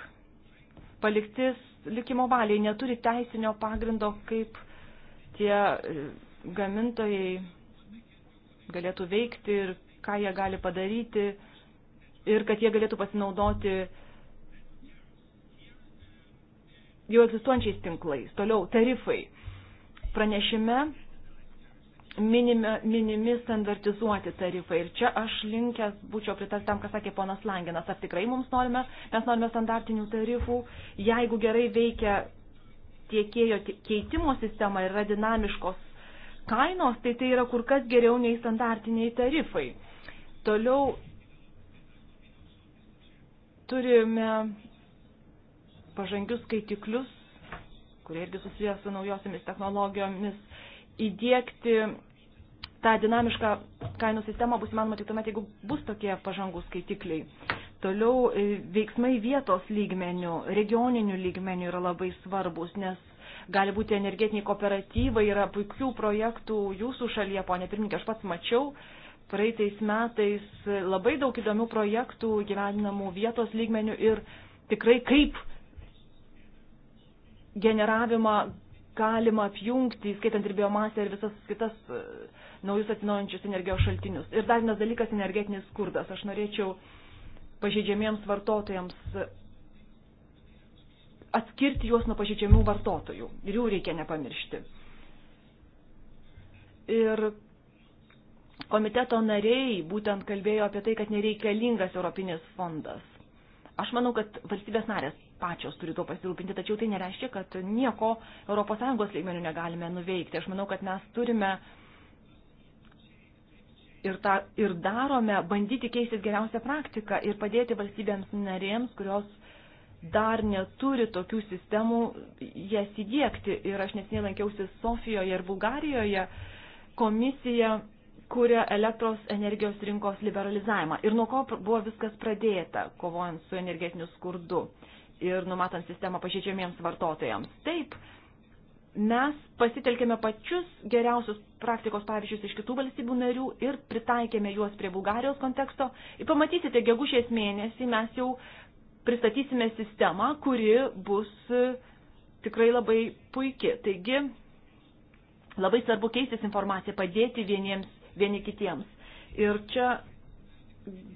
paliktis likimo valiai neturi teisinio pagrindo, kaip tie e, gamintojai galėtų veikti ir ką jie gali padaryti ir kad jie galėtų pasinaudoti jau egzistuojančiais tinklais. Toliau tarifai. Pranešime minime, minimi standartizuoti tarifai. Ir čia aš linkęs būčiau pritarti tam, ką sakė ponas Langinas. Ar tikrai mums norime, mes norime standartinių tarifų, jeigu gerai veikia tiekėjo keitimo sistema ir yra dinamiškos kainos, tai tai yra kur kas geriau nei standartiniai tarifai. Toliau turime pažangius skaitiklius, kurie irgi susijęs su naujosiamis technologijomis, įdėkti tą dinamišką kainų sistemą bus įmanoma tik tuomet, jeigu bus tokie pažangų skaitikliai. Toliau e, veiksmai vietos lygmenių, regioninių lygmenių yra labai svarbus, nes gali būti energetiniai kooperatyvai, yra puikių projektų jūsų šalyje, ponė pirmininkė, aš pats mačiau, uh, praeitais metais labai daug įdomių projektų gyvenamų vietos lygmenių ir tikrai kaip generavimą galima apjungti, skaitant ir biomasę ir visas kitas e, naujus atsinaujančius energijos šaltinius. Ir dar vienas dalykas - energetinis skurdas. Aš norėčiau pažeidžiamiems vartotojams atskirti juos nuo pažeidžiamų vartotojų. Ir jų reikia nepamiršti. Ir komiteto nariai būtent kalbėjo apie tai, kad nereikalingas Europinis fondas. Aš manau, kad valstybės narės pačios turi tuo pasirūpinti, tačiau tai nereiškia, kad nieko ES lygmenių negalime nuveikti. Aš manau, kad mes turime ir, tą, ir darome bandyti keistis geriausią praktiką ir padėti valstybėms narėms, kurios dar neturi tokių sistemų jas įdėkti. Ir aš nesiniai lankiausi Sofijoje ir Bulgarijoje. Komisija kuria elektros energijos rinkos liberalizavimą. Ir nuo ko buvo viskas pradėta, kovojant su energetiniu skurdu ir numatant sistemą pažeidžiamiems vartotojams. Taip, mes pasitelkėme pačius geriausius praktikos pavyzdžius iš kitų valstybių narių ir pritaikėme juos prie Bulgarijos konteksto. Ir pamatysite, gegužės mėnesį mes jau pristatysime sistemą, kuri bus e, tikrai labai puiki. Taigi, labai svarbu keistis informaciją, padėti vieniems vieni kitiems. Ir čia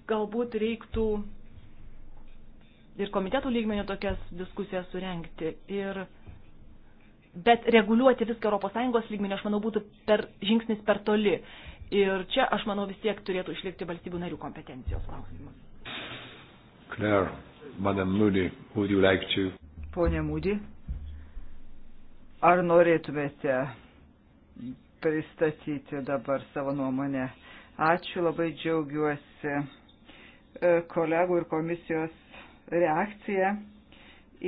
galbūt reiktų ir komitetų lygmenio tokias diskusijas surenkti. Ir, bet reguliuoti viską ES lygmenio, aš manau, būtų per, žingsnis per toli. Ir čia, aš manau, vis tiek turėtų išlikti valstybių narių kompetencijos klausimas. Claire, Madam Moody, would you like to? Pone Moody, ar norėtumėte pristatyti dabar savo nuomonę. Ačiū, labai džiaugiuosi e, kolegų ir komisijos reakcija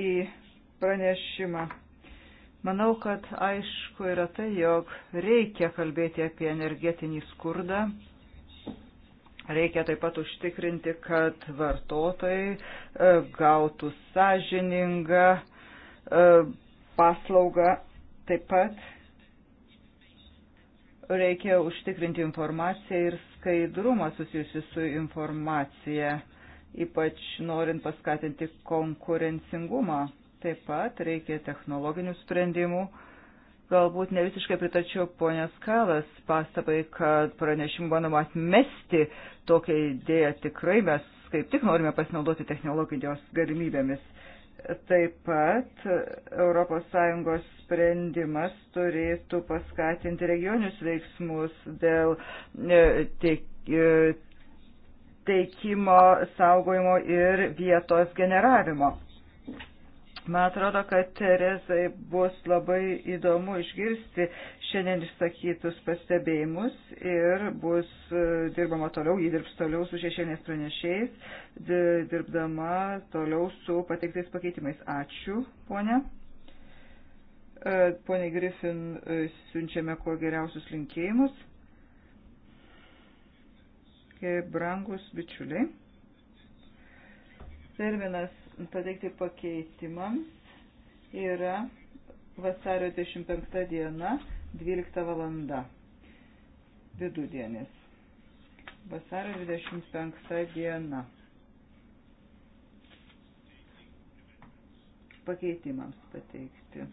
į pranešimą. Manau, kad aišku yra tai, jog reikia kalbėti apie energetinį skurdą. Reikia taip pat užtikrinti, kad vartotojai e, gautų sąžiningą e, paslaugą. Taip pat Reikia užtikrinti informaciją ir skaidrumą susijusi su informacija, ypač norint paskatinti konkurencingumą. Taip pat reikia technologinių sprendimų. Galbūt ne visiškai pritačiau ponės Kalas pastabai, kad pranešimų bandoma atmesti tokią idėją. Tikrai mes kaip tik norime pasinaudoti technologijos galimybėmis. Taip pat ES sprendimas turėtų paskatinti regionius veiksmus dėl e, e, teikimo, saugojimo ir vietos generavimo. Man atrodo, kad Terezai bus labai įdomu išgirsti šiandien išsakytus pastebėjimus ir bus e, dirbama toliau, jį dirbs toliau su šešėlės pranešėjais, dirbdama toliau su pateiktais pakeitimais. Ačiū, ponė. E, Pone Griffin, e, siunčiame kuo geriausius linkėjimus. Brangus bičiuliai. Terminas pateikti pakeitimams yra vasario 25 diena, 12 valanda, vidudienis. Vasario 25 diena. Pakeitimams pateikti.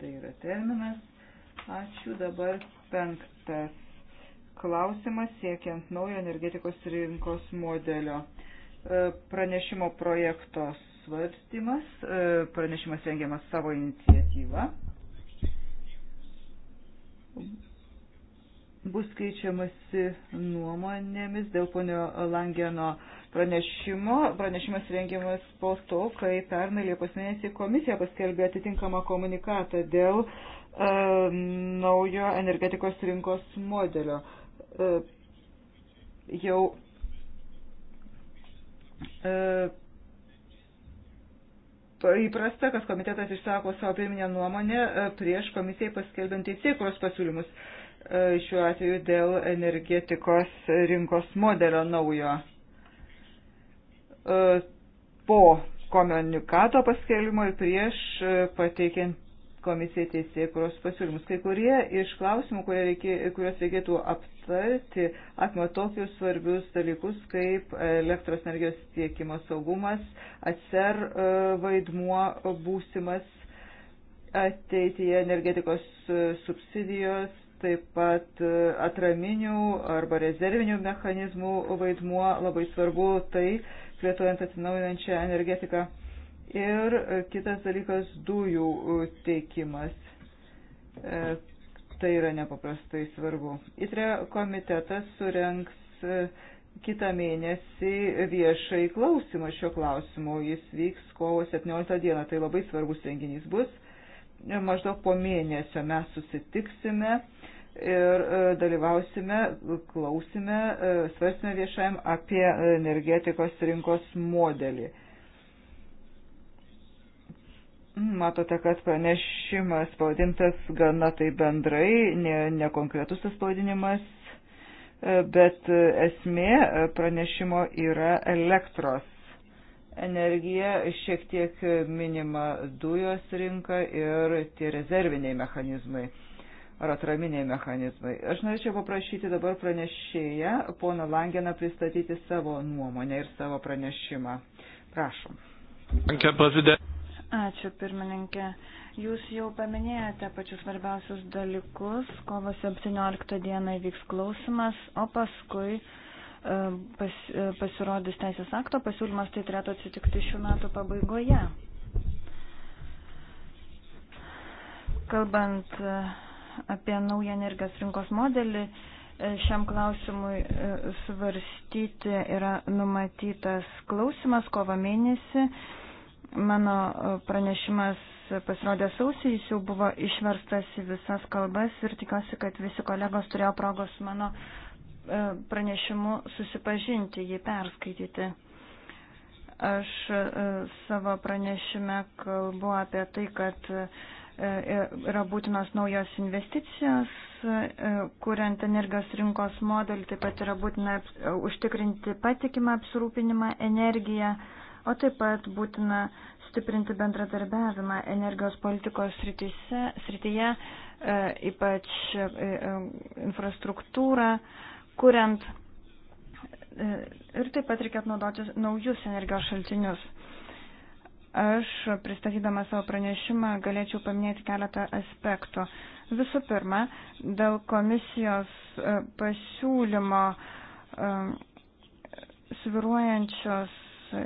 Tai yra terminas. Ačiū dabar penktas klausimas siekiant naujo energetikos rinkos modelio e, pranešimo projektos svarstymas, e, pranešimas rengiamas savo iniciatyvą. Bus keičiamasi nuomonėmis dėl ponio Langeno pranešimo. Pranešimas rengiamas po to, kai pernai Liepos mėnesį komisija paskelbė atitinkamą komunikatą dėl e, naujo energetikos rinkos modelio. E, jau e, įprasta, kad komitetas išsako savo pirminę nuomonę e, prieš komisijai paskelbiant teisėkuros pasiūlymus e, šiuo atveju dėl energetikos rinkos modelio naujo. E, po komunikato paskelbimo ir prieš pateikiant komisijai teisėkuros pasiūlymus. Kai kurie iš klausimų, reikė, kuriuos reikėtų aptarti, apima tokius svarbius dalykus kaip elektros energijos tiekimo saugumas, atsar e, vaidmuo būsimas ateityje energetikos e, subsidijos, taip pat e, atraminių arba rezervinių mechanizmų vaidmuo labai svarbu tai, plėtojant atsinaujinančią energetiką Ir e, kitas dalykas - dujų e, teikimas. E, tai yra nepaprastai svarbu. ITRE komitetas surenks kitą mėnesį viešai klausimą šio klausimo. Jis vyks kovo 17 dieną. Tai labai svarbus renginys bus. Maždaug po mėnesio mes susitiksime ir dalyvausime, klausime, svarsime viešajam apie energetikos rinkos modelį. Matote, kad pranešimas spaudintas gana tai bendrai, nekonkretus ne, ne tas spaudinimas, e, bet esmė pranešimo yra elektros energija, šiek tiek minima dujos rinka ir tie rezerviniai mechanizmai ar atraminiai mechanizmai. Aš norėčiau paprašyti dabar pranešėją, poną Langeną, pristatyti savo nuomonę ir savo pranešimą. Prašom. Danke, Herr Präsident. Ačiū, pirmininkė. Jūs jau paminėjote pačius svarbiausius dalykus. Kovo 17 dieną įvyks klausimas, o paskui e, pas, e, pasirodys teisės akto pasiūlymas, tai turėtų atsitikti šių metų pabaigoje. Kalbant e, apie naują energijos rinkos modelį, šiam klausimui svarstyti yra numatytas klausimas kovo mėnesį Mano e, pranešimas pasirodė sausį, jis jau buvo išverstas į visas kalbas ir tikiuosi, kad visi kolegos turėjo progos mano e, pranešimu susipažinti, jį perskaityti. Aš e, savo pranešime kalbu apie tai, kad yra būtinos naujos investicijos, kuriant energijos rinkos modelį, taip pat yra būtina užtikrinti patikimą apsirūpinimą energiją o taip pat būtina stiprinti bendradarbiavimą energijos politikos srityse, srityje, e, ypač e, e, infrastruktūrą, kuriant ir taip pat reikia naudoti naujus energijos šaltinius. Aš pristatydama savo pranešimą galėčiau paminėti keletą aspektų. Visų pirma, dėl komisijos pasiūlymo sviruojančios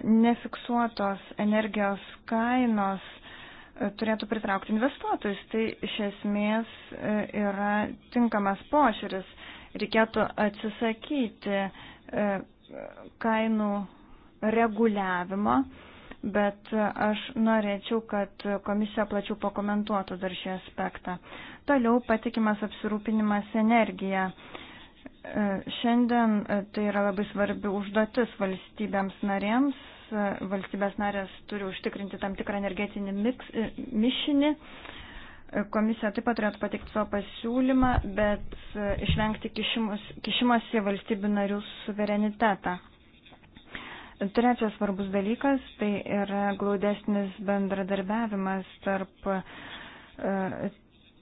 nefiksuotos energijos kainos e, turėtų pritraukti investuotojus. Tai iš esmės e, yra tinkamas pošiūris. Reikėtų atsisakyti e, kainų reguliavimo, bet aš norėčiau, kad komisija plačiau pakomentuotų dar šį aspektą. Toliau patikimas apsirūpinimas energija. E, šiandien e, tai yra labai svarbi užduotis valstybėms narėms. E, valstybės narės turi užtikrinti tam tikrą energetinį miks, mišinį. Komisija taip pat turėtų pateikti savo pasiūlymą, bet išvengti kišimas į valstybių narių suverenitetą. Trečias svarbus dalykas tai yra glaudesnis bendradarbiavimas tarp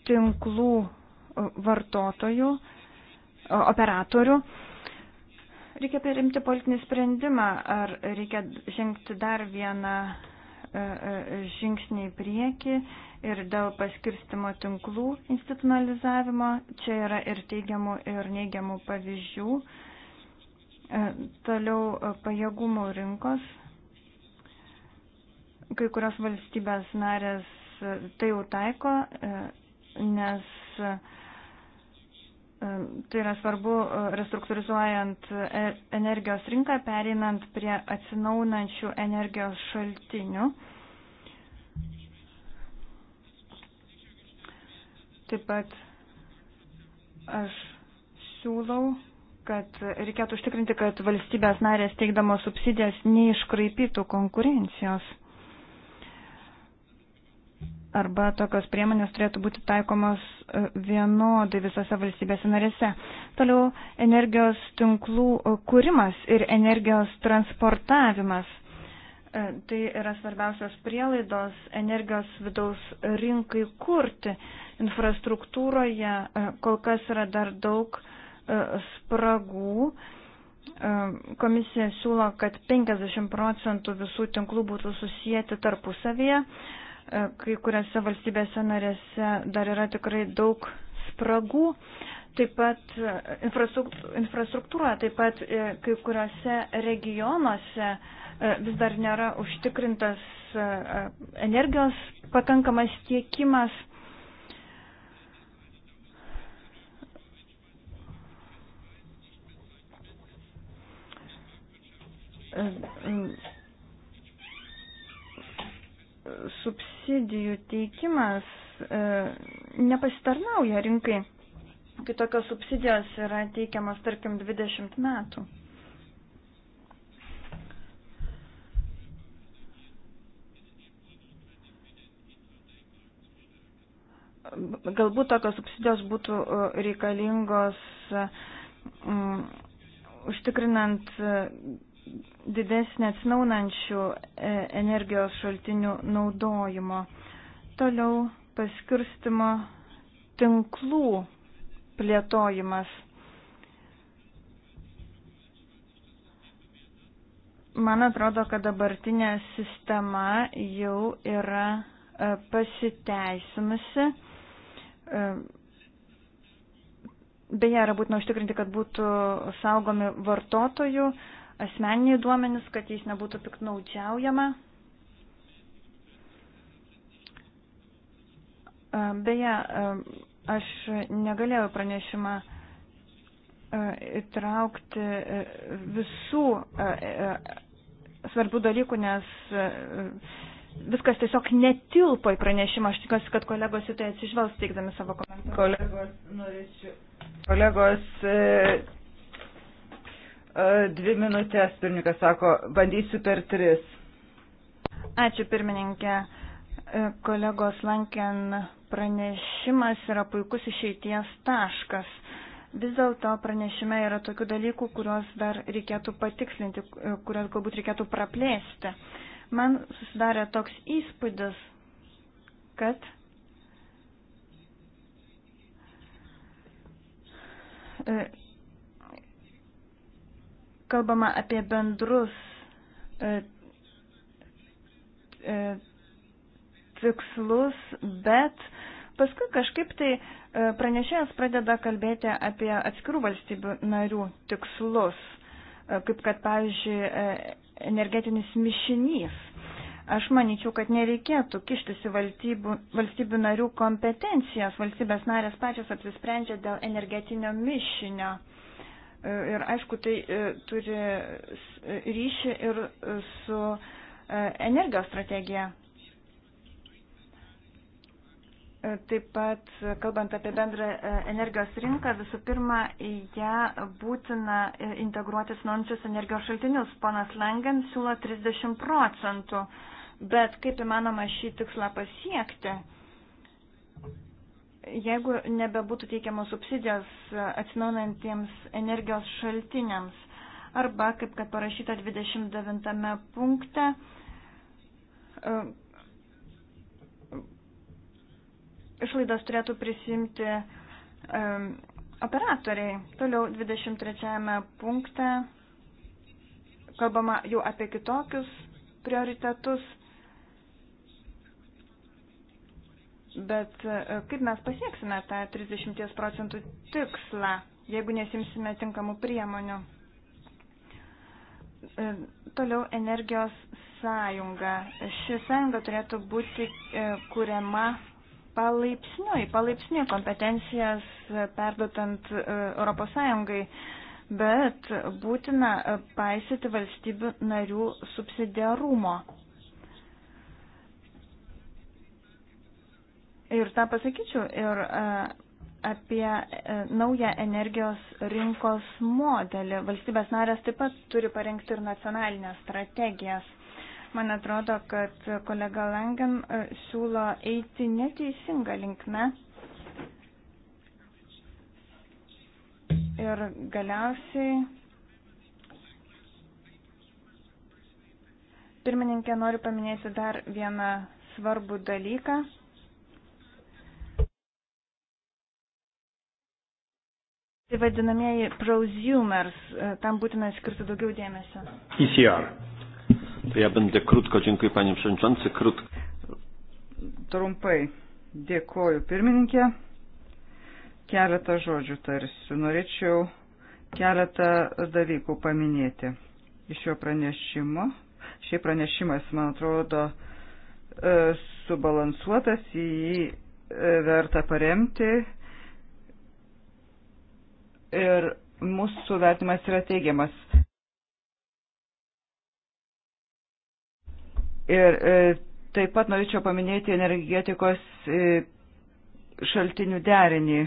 tinklų vartotojų operatorių. Reikia perimti politinį sprendimą, ar reikia žengti dar vieną e, e, žingsnį į priekį ir dėl paskirstimo tinklų institucionalizavimo. Čia yra ir teigiamų, ir neigiamų pavyzdžių. E, toliau pajėgumų rinkos. Kai kurios valstybės narės tai jau taiko, nes Tai yra svarbu e, restruktūrizuojant e, energijos rinką, pereinant prie atsinaunančių energijos šaltinių. Taip pat aš siūlau, kad reikėtų užtikrinti, kad valstybės narės teikdamos subsidijas neiškraipytų konkurencijos arba tokios priemonės turėtų būti taikomos e, vienodai visose valstybėse narėse. Toliau energijos tinklų e, kūrimas ir energijos transportavimas. E, tai yra svarbiausios prielaidos energijos vidaus rinkai kurti. Infrastruktūroje kol kas yra dar daug spragų. Komisija siūlo, kad 50 procentų visų tinklų būtų susijęti tarpusavėje E, kai kuriuose valstybėse narėse dar yra tikrai daug spragų. Taip pat e, infrastruktūra, taip pat e, kai kuriuose regionuose vis dar nėra užtikrintas energijos pakankamas tiekimas. subsidijų teikimas e, nepasitarnauja rinkai, kai tokios subsidijos yra teikiamas, tarkim, 20 metų. Galbūt tokios subsidijos būtų e, reikalingos e, m, užtikrinant didesnį atsinaunančių e, energijos šaltinių naudojimo. Toliau paskirstimo tinklų plėtojimas. Man atrodo, kad dabartinė sistema jau yra e, pasiteisinusi. E, beje, yra būtina užtikrinti, kad būtų saugomi vartotojų asmeniniai duomenys, kad jais nebūtų piknaudžiaujama. E, beje, e, aš negalėjau pranešimą e, įtraukti visų svarbių dalykų, nes viskas tiesiog netilpo į pranešimą. Aš tikiuosi, kad kolegos į tai atsižvelgs teikdami savo komentarą. Kolegos, norėčiau. Kolegos E, dvi minutės, pirmininkas sako, bandysiu per tris. Ačiū, pirmininkė. E, kolegos Lanken pranešimas yra puikus išeities taškas. Vis dėlto pranešime yra tokių dalykų, kuriuos dar reikėtų patikslinti, e, kuriuos galbūt reikėtų praplėsti. Man susidarė toks įspūdis, kad kalbama apie bendrus e, e, tikslus, bet paskui kažkaip tai e, pranešėjas pradeda kalbėti apie atskirų valstybių narių tikslus, kaip kad, pavyzdžiui, energetinis mišinys. Aš manyčiau, kad nereikėtų kištis į valstybių, valstybių narių kompetencijas. Valstybės narės pačios apsisprendžia dėl energetinio mišinio. Ir aišku, tai e, turi e, ryšį ir e, su energijos strategija. Taip pat, kalbant apie bendrą energijos rinką, visų pirma, į ją būtina integruoti sinončius energijos šaltinius. Ponas Langen siūlo 30 procentų, bet kaip įmanoma šį tikslą pasiekti? Jeigu nebebūtų teikiamos subsidijos e, atsinaunantiems energijos šaltiniams arba, kaip kad parašyta 29 punkte, e, išlaidas turėtų prisimti e, operatoriai. Toliau 23 punkte kalbama jau apie kitokius prioritetus Bet e, kaip mes pasieksime tą 30 procentų tikslą, jeigu nesimsime tinkamų priemonių? E, toliau energijos sąjunga. Ši sąjunga turėtų būti e, kuriama palaipsniui, palaipsniui kompetencijas perduotant Europos sąjungai, bet būtina paisyti valstybių narių subsidiarumo Ir tą pasakyčiau ir e, apie e, naują energijos rinkos modelį. Valstybės narės taip pat turi parengti ir nacionalinės strategijas. Man atrodo, kad kolega Langen e, siūlo eiti neteisingą linkmę. Ir galiausiai pirmininkė noriu paminėti dar vieną svarbų dalyką. Tai vadinamieji prosumers, e, tam būtina skirti daugiau dėmesio. ECR. To ja będę krótko, dziękuję panie przewodniczący, krótko. Trumpai, dėkoju pirmininkė. Keletą žodžių tarsiu. Norėčiau keletą dalykų paminėti iš jo pranešimo. Šiaip pranešimas, man atrodo, e, subalansuotas, į jį e, verta paremti ir mūsų vertimas yra teigiamas. Ir e, taip pat norėčiau paminėti energetikos e, šaltinių derinį.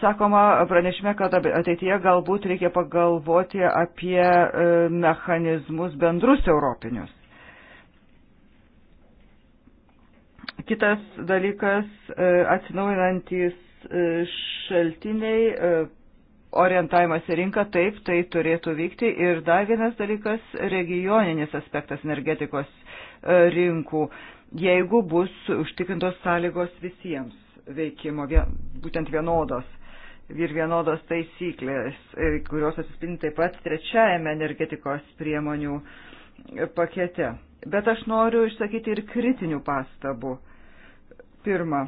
Sakoma, pranešime, kad ateityje galbūt reikia pagalvoti apie e, mechanizmus bendrus europinius. Kitas dalykas - atsinaujinantis E, šaltiniai, e, orientavimas į rinką, taip, tai turėtų vykti. Ir dar vienas dalykas - regioninis aspektas energetikos e, rinkų, jeigu bus užtikrintos sąlygos visiems veikimo, būtent vienodos ir vienodos taisyklės, kurios atsispindi taip pat trečiajame energetikos priemonių pakete. Bet aš noriu išsakyti ir kritinių pastabų. Pirma,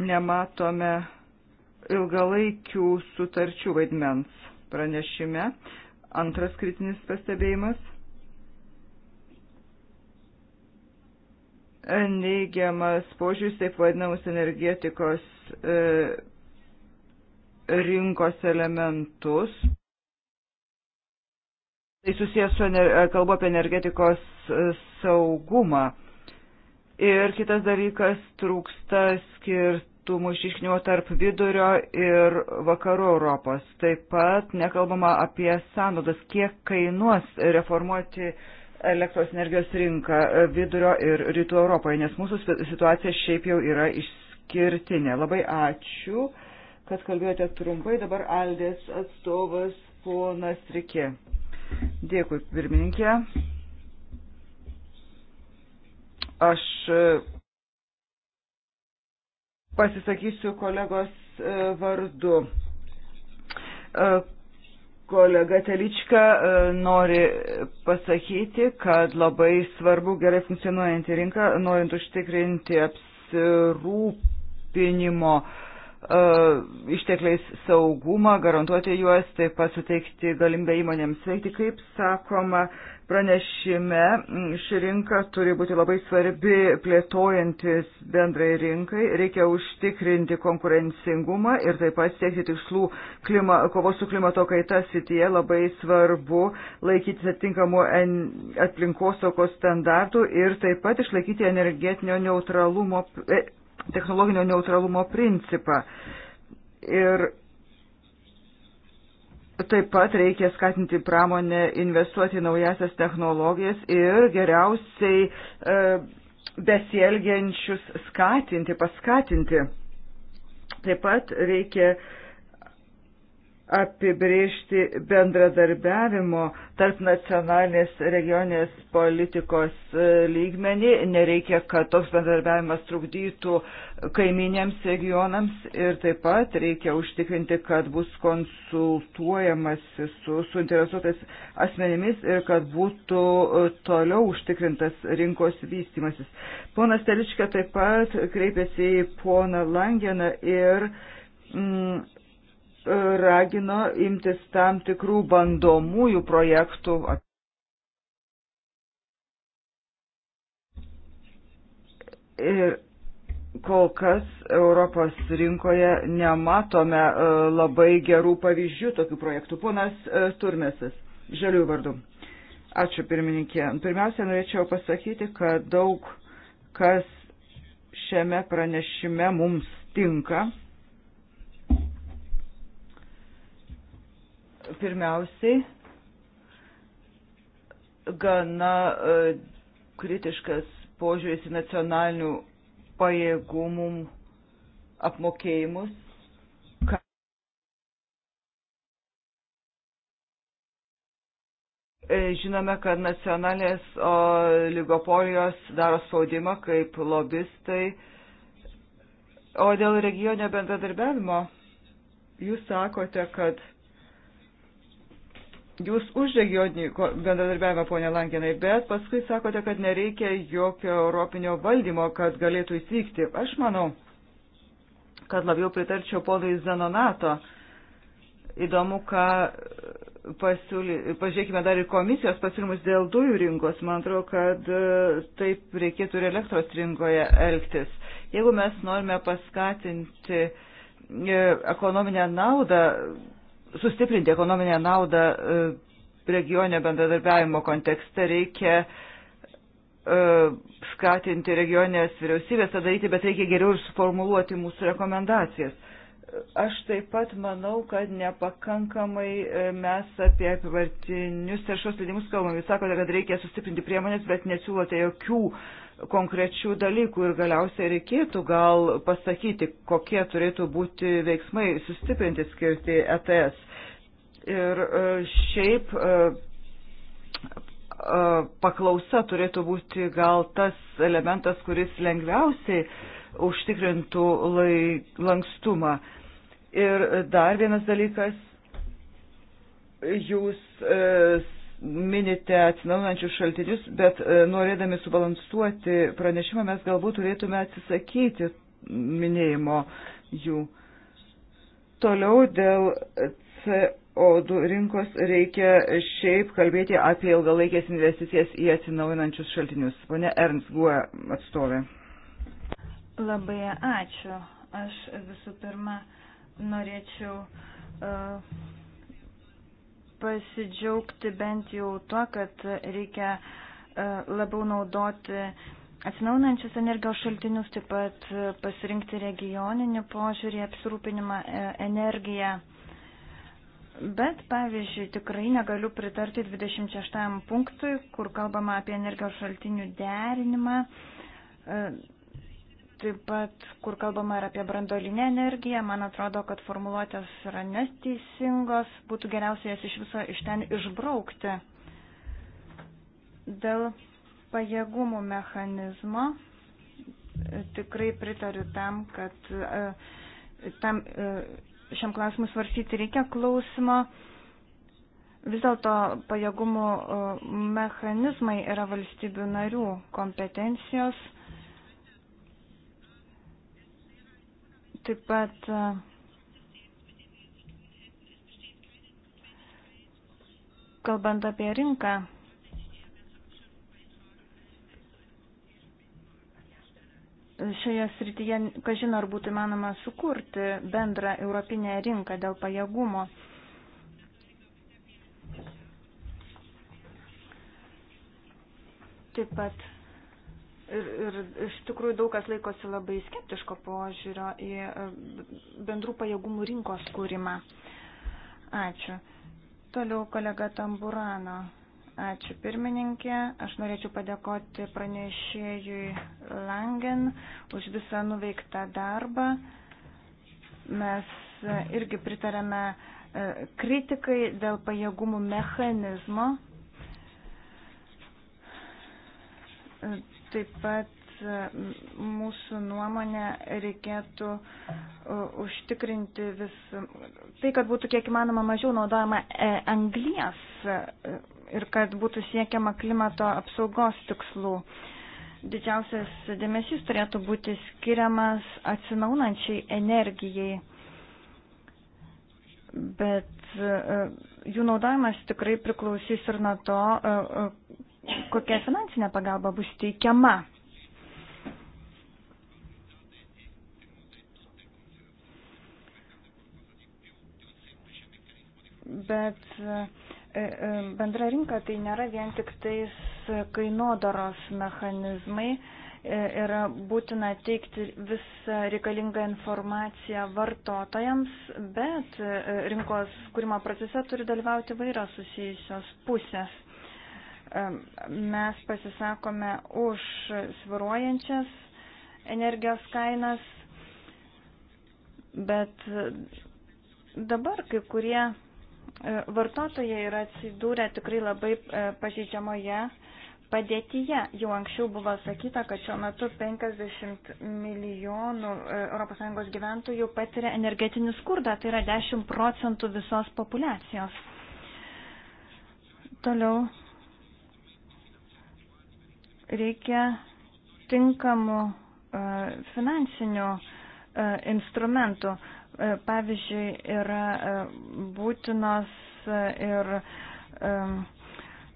nematome ilgalaikių sutarčių vaidmens pranešime. Antras kritinis pastebėjimas. Neigiamas požiūris taip vadinamus energetikos e, rinkos elementus. Tai susijęs su, kalbu apie energetikos e, saugumą Ir kitas dalykas trūksta skirtumų išiškinimo tarp vidurio ir vakarų Europos. Taip pat nekalbama apie sąnaudas, kiek kainuos reformuoti elektros energijos rinką vidurio ir rytų Europoje, nes mūsų situacija šiaip jau yra išskirtinė. Labai ačiū, kad kalbėjote trumpai. Dabar Aldės atstovas ponas Rikė. Dėkui, pirmininkė. Aš e, pasisakysiu kolegos e, vardu. E, kolega Telička nori pasakyti, kad labai svarbu gerai funkcionuojanti rinka, norint užtikrinti apsirūpinimo uh, E, ištekliais saugumą, garantuoti juos, taip pat suteikti galimybę įmonėms veikti. Kaip sakoma, pranešime ši rinka turi būti labai svarbi plėtojantis bendrai rinkai, reikia užtikrinti konkurencingumą ir taip pat siekti tikslų klima, kovos su klimato kaita sityje labai svarbu laikytis atitinkamų aplinkosaugos standartų ir taip pat išlaikyti energetinio neutralumo e, technologinio neutralumo principą. Ir taip pat reikia skatinti pramonę investuoti į naujasias technologijas ir geriausiai e, besielgiančius skatinti, paskatinti. Taip pat reikia e, apibriežti bendradarbiavimo tarp nacionalinės regioninės politikos e, lygmenį. Nereikia, kad toks bendradarbiavimas trukdytų kaiminėms regionams ir taip pat reikia užtikrinti, kad bus konsultuojamas su suinteresuotais asmenimis ir kad būtų e, toliau užtikrintas rinkos vystimasis. Ponas Teliškė taip pat kreipėsi į poną Langeną ir mm, ragino imtis tam tikrų bandomųjų projektų. Ir kol kas Europos rinkoje nematome e, labai gerų pavyzdžių tokių projektų. Ponas e, Turmesas, žaliųjų vardu. Ačiū pirmininkė. Pirmiausia, norėčiau pasakyti, kad daug kas šiame pranešime mums tinka Pirmiausiai, gana e, kritiškas požiūris į nacionalinių pajėgumų apmokėjimus. E, žinome, kad nacionalinės oligopolijos daro spaudimą kaip lobistai. O dėl regionio bendradarbiavimo, jūs sakote, kad Jūs už regioninį bendradarbiavimą, ponė Lankinai, bet paskui sakote, kad nereikia jokio europinio valdymo, kad galėtų įsvykti. Aš manau, kad labiau pritarčiau ponui Zanonato. Įdomu, ką pasiūly, pažiūrėkime dar ir komisijos pasiūlymus dėl dujų rinkos. Man atrodo, kad e, taip reikėtų ir elektros rinkoje elgtis. Jeigu mes norime paskatinti e, ekonominę naudą sustiprinti ekonominę naudą e, regionio bendradarbiavimo kontekste reikia e, skatinti regionės vyriausybės tą daryti, bet reikia geriau ir suformuluoti mūsų rekomendacijas. Aš taip pat manau, kad nepakankamai e, mes apie apivartinius teršos leidimus kalbame. Jūs sakote, kad reikia sustiprinti priemonės, bet nesiūlote jokių uh, konkrečių dalykų ir galiausiai reikėtų gal pasakyti, kokie turėtų būti veiksmai sustiprinti skirti ETS. Ir e, šiaip e, e, paklausa turėtų būti gal tas elementas, kuris lengviausiai užtikrintų lai, lankstumą. Ir dar vienas dalykas, jūs minite atsinaujančius šaltinius, bet e, norėdami subalansuoti pranešimą mes galbūt turėtume atsisakyti minėjimo jų. Toliau dėl CO2 rinkos reikia šiaip kalbėti apie ilgalaikės investicijas į atsinaujinančius šaltinius. Pone Ernst Guo atstovė. Labai ačiū. Aš visų pirma norėčiau. Uh, pasidžiaugti bent jau tuo, kad reikia e, labiau naudoti atsinaunančius energijos šaltinius, taip pat e, pasirinkti regioninį požiūrį, apsirūpinimą e, energiją. Bet, pavyzdžiui, tikrai negaliu pritarti 26 punktui, kur kalbama apie energijos šaltinių derinimą. Taip pat, kur kalbama ir apie brandolinę energiją, man atrodo, kad formuluotės yra neteisingos, būtų geriausia jas iš viso iš ten išbraukti. Dėl pajėgumų mechanizmo tikrai pritariu tam, kad e, tam, e, šiam klausimui svarstyti reikia klausimo. Vis dėlto pajėgumų e, mechanizmai yra valstybių narių kompetencijos Taip pat kalbant apie rinką, šioje srityje, kažin ar būtų įmanoma sukurti bendrą europinę rinką dėl pajėgumo. Taip pat Ir, ir iš tikrųjų daug kas laikosi labai skeptiško požiūrio į e, bendrų pajėgumų rinkos kūrimą. Ačiū. Toliau kolega Tamburano. Ačiū pirmininkė. Aš norėčiau padėkoti pranešėjui Langen už visą nuveiktą darbą. Mes e, irgi pritarėme e, kritikai dėl pajėgumų mechanizmo Taip pat mūsų nuomonė reikėtų užtikrinti vis tai, kad būtų kiek įmanoma mažiau naudojama e, anglijas e, ir kad būtų siekiama klimato apsaugos tikslų. Didžiausias dėmesys turėtų būti skiriamas atsinaunančiai energijai, bet e, jų naudojimas tikrai priklausys ir nuo to, kokia finansinė pagalba bus teikiama. Bet e, e, bendra rinka tai nėra vien tik tais kainodaros mechanizmai. E, yra būtina teikti visą reikalingą informaciją vartotojams, bet rinkos kūrimo procese turi dalyvauti vairios susijusios pusės. Mes pasisakome už sviruojančias energijos kainas, bet dabar kai kurie e, vartotojai yra atsidūrę tikrai labai e, pažeidžiamoje padėtyje. Jau anksčiau buvo sakyta, kad šiuo metu 50 milijonų ES gyventojų patiria energetinį skurdą, tai yra 10 procentų visos populacijos. Toliau Reikia tinkamų e, finansinių e, instrumentų. E, pavyzdžiui, yra būtinos ir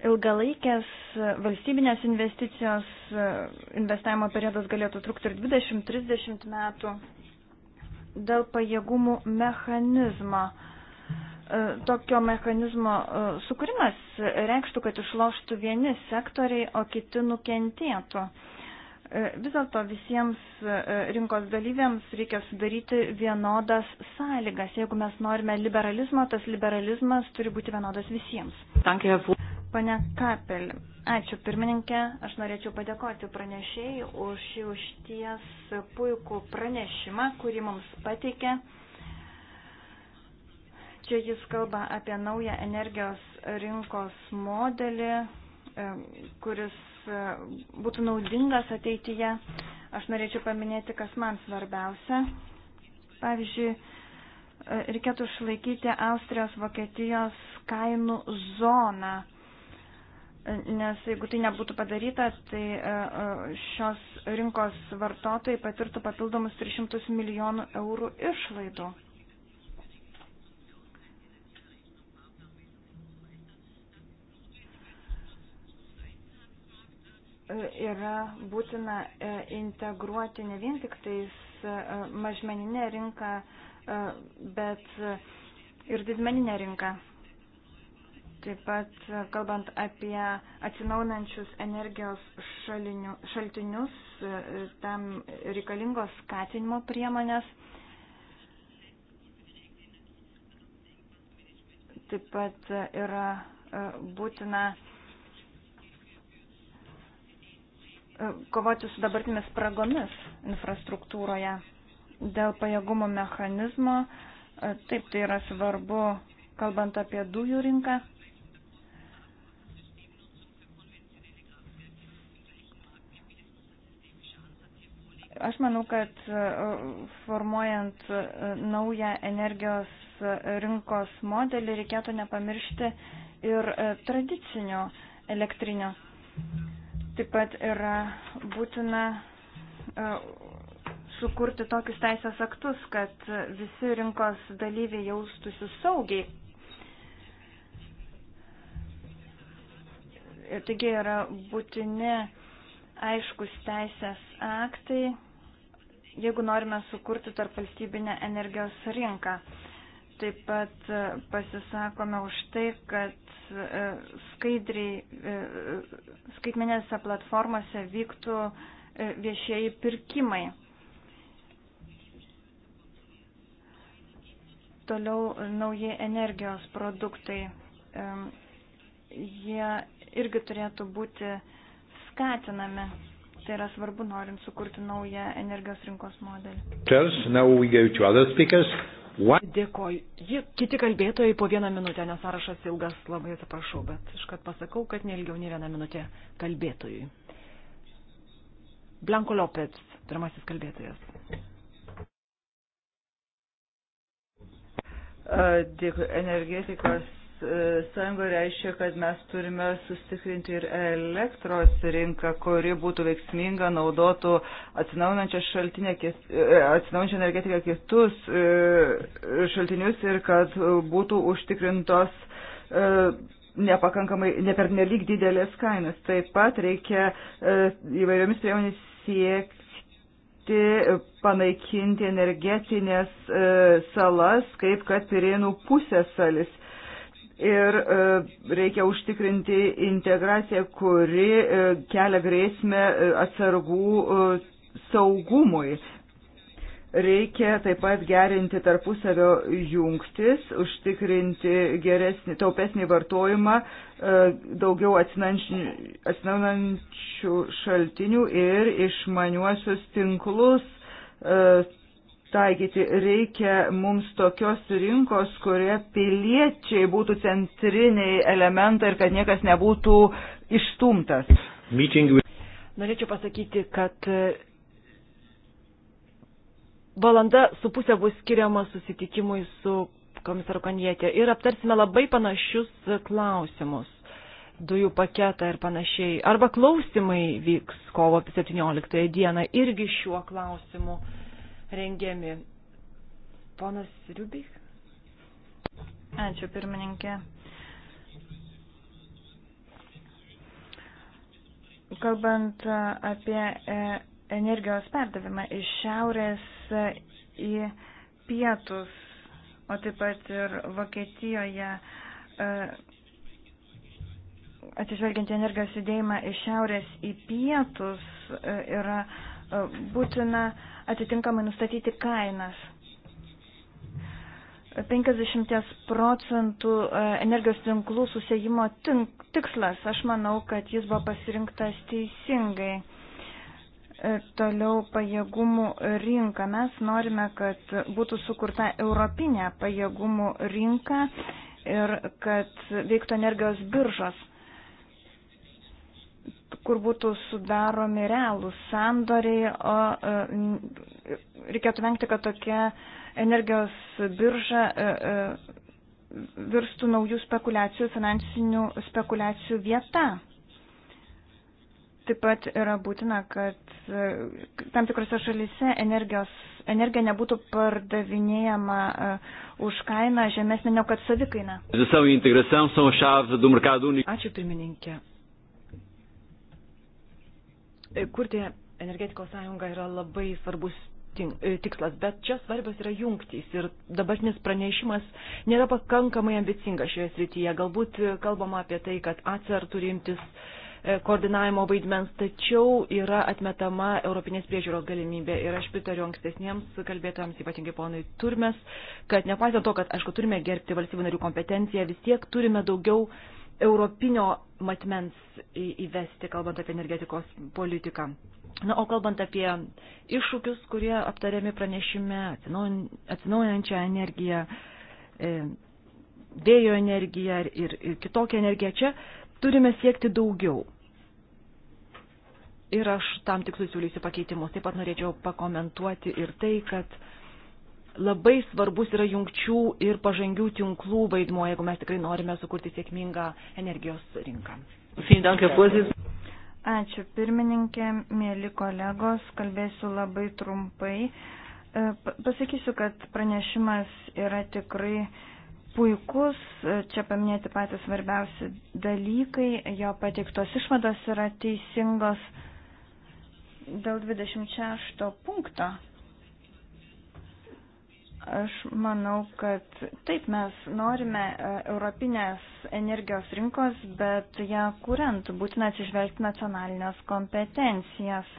ilgalaikės valstybinės investicijos, investavimo periodas galėtų trukti ir 20-30 metų dėl pajėgumų mechanizmo. Uh, E, tokio mechanizmo e, sukūrimas reikštų, kad išloštų vieni sektoriai, o kiti nukentėtų. E, vis dėlto visiems rinkos dalyviams reikia sudaryti vienodas sąlygas. Jeigu mes norime liberalizmo, tas liberalizmas turi būti vienodas visiems. Pane Kapel, ačiū pirmininkė, aš norėčiau padėkoti pranešėjai už šį užties puikų pranešimą, kurį mums pateikė. Čia jis kalba apie naują energijos rinkos modelį, e, kuris e, būtų naudingas ateityje. Aš norėčiau paminėti, kas man svarbiausia. Pavyzdžiui, e, reikėtų išlaikyti Austrijos, Vokietijos kainų zoną, nes jeigu tai nebūtų padaryta, tai šios rinkos vartotojai patirtų papildomus 300 milijonų eurų išlaidų. yra būtina e, integruoti ne vien tik tais e, mažmeninę rinką, e, bet ir didmeninę rinką. Taip pat, kalbant apie atsinaunančius energijos šaliniu, šaltinius, tam reikalingos skatinimo priemonės. Taip pat yra būtina uh, kovoti su dabartimis spragomis infrastruktūroje. Dėl pajėgumo mechanizmo, e, taip tai yra svarbu, kalbant apie dujų rinką. Aš manau, kad e, formuojant e, naują energijos rinkos modelį reikėtų nepamiršti ir tradicinio elektrinio. Taip pat yra būtina e, sukurti tokius teisės aktus, kad visi rinkos dalyviai jaustųsi saugiai. Taigi yra būtini aiškus teisės aktai, jeigu norime sukurti tarp valstybinę energijos rinką. Taip pat e, pasisakome už tai, kad e, skaidriai e, skaitmenėse platformose vyktų viešieji pirkimai. Toliau nauji energijos produktai. Jie irgi turėtų būti skatinami. Tai yra svarbu, norint sukurti naują energijos rinkos modelį. Dėkoju. Ji, kiti kalbėtojai po vieną minutę, nes sąrašas ilgas, labai atsiprašau, bet iškart pasakau, kad nelgiau nei vieną minutę kalbėtojui. Blanko Lopez, pirmasis kalbėtojas. Dėkui, energetikos E, sąjunga reiškia, kad mes turime sustiprinti ir elektros rinką, kuri būtų veiksminga, naudotų atsinaujančią e, energetiką kitus e, šaltinius ir kad būtų užtikrintos nepakankamai, nepernelyg didelės kainos. Taip pat reikia įvairiomis priemonės siekti siekti panaikinti energetinės salas, kaip kad Pirėnų pusės salis ir e, reikia užtikrinti integraciją, kuri e, kelia grėsmę e, atsargų saugumui. Reikia taip pat gerinti tarpusavio jungtis, užtikrinti geresnį, taupesnį vartojimą, daugiau atsinaujančių šaltinių ir išmaniuosius tinklus taikyti. Reikia mums tokios rinkos, kurioje piliečiai būtų centriniai elementai ir kad niekas nebūtų išstumtas. Meeting. Norėčiau pasakyti, kad e, valanda su pusė bus skiriama susitikimui su komisaru Kanietė ir aptarsime labai panašius klausimus dujų paketą ir panašiai. Arba klausimai vyks kovo 17 dieną irgi šiuo klausimu rengiami. Ponas Riubik. Ačiū, pirmininkė. Kalbant apie e, energijos perdavimą iš šiaurės į pietus, o taip pat ir Vokietijoje, e, atsižvelgiant į energijos judėjimą iš šiaurės į pietus, e, yra būtina atitinkamai nustatyti kainas. 50 procentų e, energijos tinklų susijimo tink, tikslas, aš manau, kad jis buvo pasirinktas teisingai. E, toliau pajėgumų rinka. Mes norime, kad būtų sukurta europinė pajėgumų rinka ir kad veiktų energijos biržos kur būtų sudaromi realūs sandoriai, o e, reikėtų vengti, kad tokia energijos birža e, e, virstų naujų spekulacijų, finansinių spekulacijų vieta. Taip pat yra būtina, kad tam tikrose šalise energijos, energija nebūtų pardavinėjama už kainą žemesnė negu kad savikaina. Ačiū pirmininkė. E, kurti energetikos sąjungą yra labai svarbus e, tikslas, bet čia svarbios yra jungtys ir dabartinis pranešimas nėra pakankamai ambicingas šioje srityje. Galbūt e, kalbama apie tai, kad ACER turi imtis koordinavimo vaidmens, tačiau yra atmetama Europinės priežiūros galimybė ir aš pritariu ankstesniems kalbėtojams, ypatingai ponui Turmes, kad nepaisant to, kad aišku turime gerbti valstybių narių kompetenciją, vis tiek turime daugiau uh, europinio matmens įvesti, kalbant apie energetikos politiką. Na, o kalbant apie iššūkius, kurie aptariami pranešime, atsinaujančią energiją, e, vėjo energiją ir, ir kitokią energiją, čia turime siekti daugiau. Ir aš tam tikslui siūlysiu pakeitimus. Taip pat norėčiau pakomentuoti ir tai, kad labai svarbus yra jungčių ir pažangių tinklų vaidmuo, jeigu mes tikrai norime sukurti sėkmingą energijos rinką. Ačiū pirmininkė, mėly kolegos, kalbėsiu labai trumpai. E, pasakysiu, kad pranešimas yra tikrai puikus, e, čia paminėti patys svarbiausi dalykai, jo pateiktos išvados yra teisingos dėl 26 punkto Aš manau, kad taip mes norime e, europinės energijos rinkos, bet ją kuriant būtina atsižvelgti nacionalinės kompetencijas.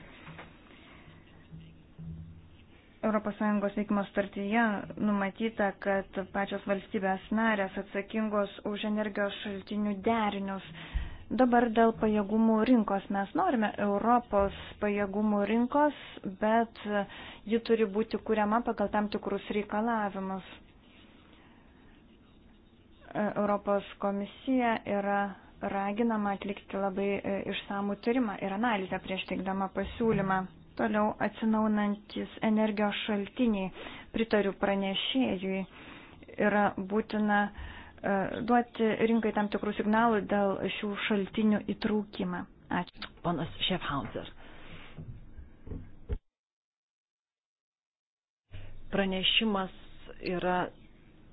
ES veikimo startyje numatyta, kad pačios valstybės narės atsakingos už energijos šaltinių derinius. Dabar dėl pajėgumų rinkos. Mes norime Europos pajėgumų rinkos, bet ji turi būti kuriama pagal tam tikrus reikalavimus. Europos komisija yra raginama atlikti labai e, išsamų tyrimą ir analizę prieš teikdama pasiūlymą. Toliau atsinaunantis energijos šaltiniai, pritariu pranešėjui, yra būtina uh, E, duoti rinkai tam tikrų signalų dėl šių šaltinių įtraukimą. Ačiū. Ponas Šefhauser. Pranešimas yra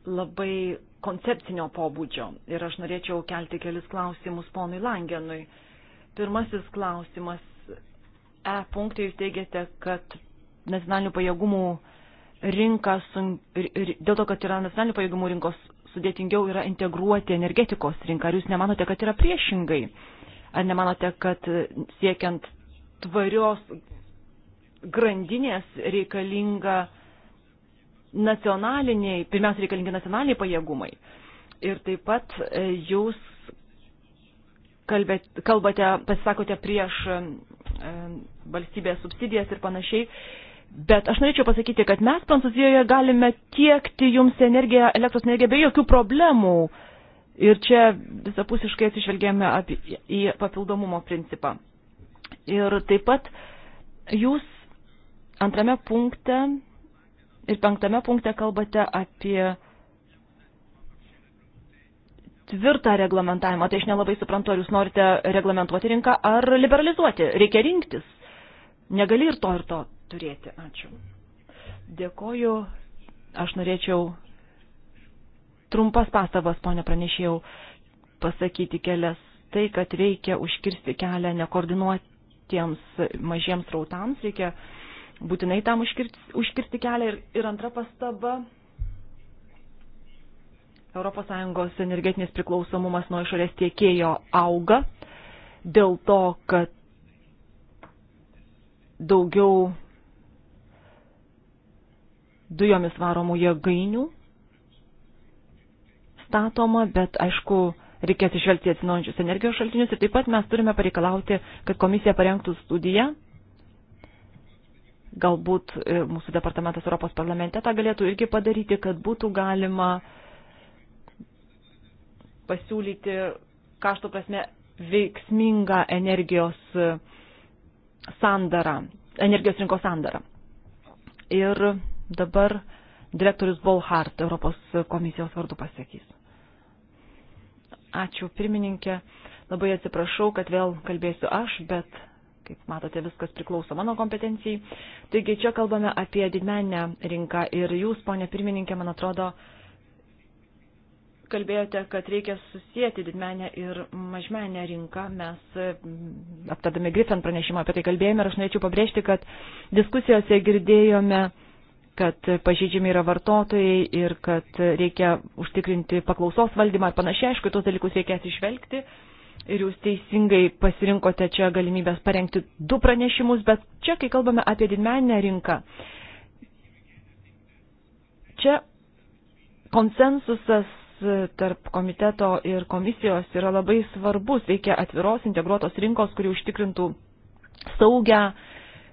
labai koncepcinio pobūdžio ir aš norėčiau kelti kelis klausimus ponui Langenui. Pirmasis klausimas. E punktai jūs teigiate, kad nacionalinių pajėgumų rinka, sun, ir, ir, dėl to, kad yra nacionalinių pajėgumų rinkos sudėtingiau yra integruoti energetikos rinką. Ar jūs nemanote, kad yra priešingai? Ar nemanote, kad siekiant tvarios grandinės reikalinga nacionaliniai, pirmiausia reikalingi nacionaliniai pajėgumai. Ir taip pat e, jūs kalbate, kalbate pasisakote prieš e, valstybės subsidijas ir panašiai. Bet aš norėčiau pasakyti, kad mes Prancūzijoje galime tiekti jums energiją, elektros energiją be jokių problemų. Ir čia visapusiškai atsižvelgėme apie, į papildomumo principą. Ir taip pat jūs antrame punkte ir penktame punkte kalbate apie tvirtą reglamentavimą. Tai aš nelabai suprantu, ar jūs norite reglamentuoti rinką ar liberalizuoti. Reikia rinktis. Negali ir to ir to turėti. Ačiū. Dėkoju. Aš norėčiau trumpas pastabas, ponė pranešėjau, pasakyti kelias. Tai, kad reikia užkirsti kelią nekoordinuotiems mažiems rautams, reikia būtinai tam užkirsti, užkirsti kelią. Ir, ir antra pastaba. ES energetinis priklausomumas nuo išorės tiekėjo auga dėl to, kad daugiau dujomis varomų jėgainių statoma, bet aišku, reikės išvelgti atsinaujančius energijos šaltinius ir taip pat mes turime pareikalauti, kad komisija parengtų studiją. Galbūt e, mūsų departamentas Europos parlamente tą galėtų irgi padaryti, kad būtų galima pasiūlyti kaštų prasme veiksmingą energijos e, sandarą, energijos rinkos sandarą. Ir Dabar direktorius Bolhart Europos komisijos vardu pasakys. Ačiū pirmininkė, labai atsiprašau, kad vėl kalbėsiu aš, bet, kaip matote, viskas priklauso mano kompetencijai. Taigi čia kalbame apie didmenę rinką ir jūs, ponė pirmininkė, man atrodo, kalbėjote, kad reikia susijęti didmenę ir mažmenę rinką. Mes aptardami Griffin pranešimą apie tai kalbėjome ir aš norėčiau pabrėžti, kad diskusijose girdėjome kad pažeidžiami yra vartotojai ir kad reikia užtikrinti paklausos valdymą ir panašiai. Aišku, tos dalykus reikia atsižvelgti ir jūs teisingai pasirinkote čia galimybės parengti du pranešimus, bet čia, kai kalbame apie didmeninę rinką, čia konsensusas tarp komiteto ir komisijos yra labai svarbus. Reikia atviros integruotos rinkos, kuri užtikrintų saugę,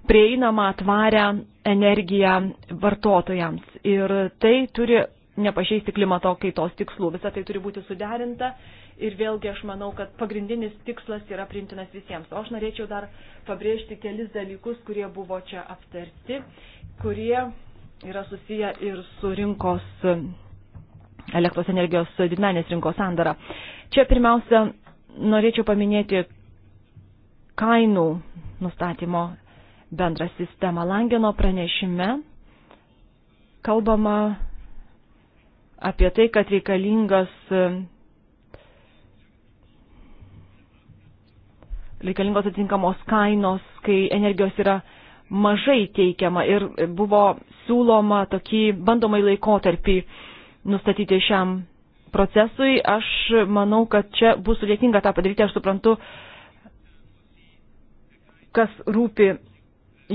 prieinamą tvarę energiją vartotojams. Ir tai turi nepažeisti klimato kaitos tikslų. Visa tai turi būti suderinta ir vėlgi aš manau, kad pagrindinis tikslas yra priimtinas visiems. O aš norėčiau dar pabrėžti kelis dalykus, kurie buvo čia aptarti, kurie yra susiję ir su rinkos elektros energijos didmenės rinkos sandara. Čia pirmiausia norėčiau paminėti kainų nustatymo bendrą sistemą. Langeno pranešime kalbama apie tai, kad reikalingas reikalingos atitinkamos kainos, kai energijos yra mažai teikiama ir buvo siūloma tokį bandomai laikotarpį nustatyti šiam procesui. Aš manau, kad čia bus sudėtinga tą padaryti, aš suprantu, kas rūpi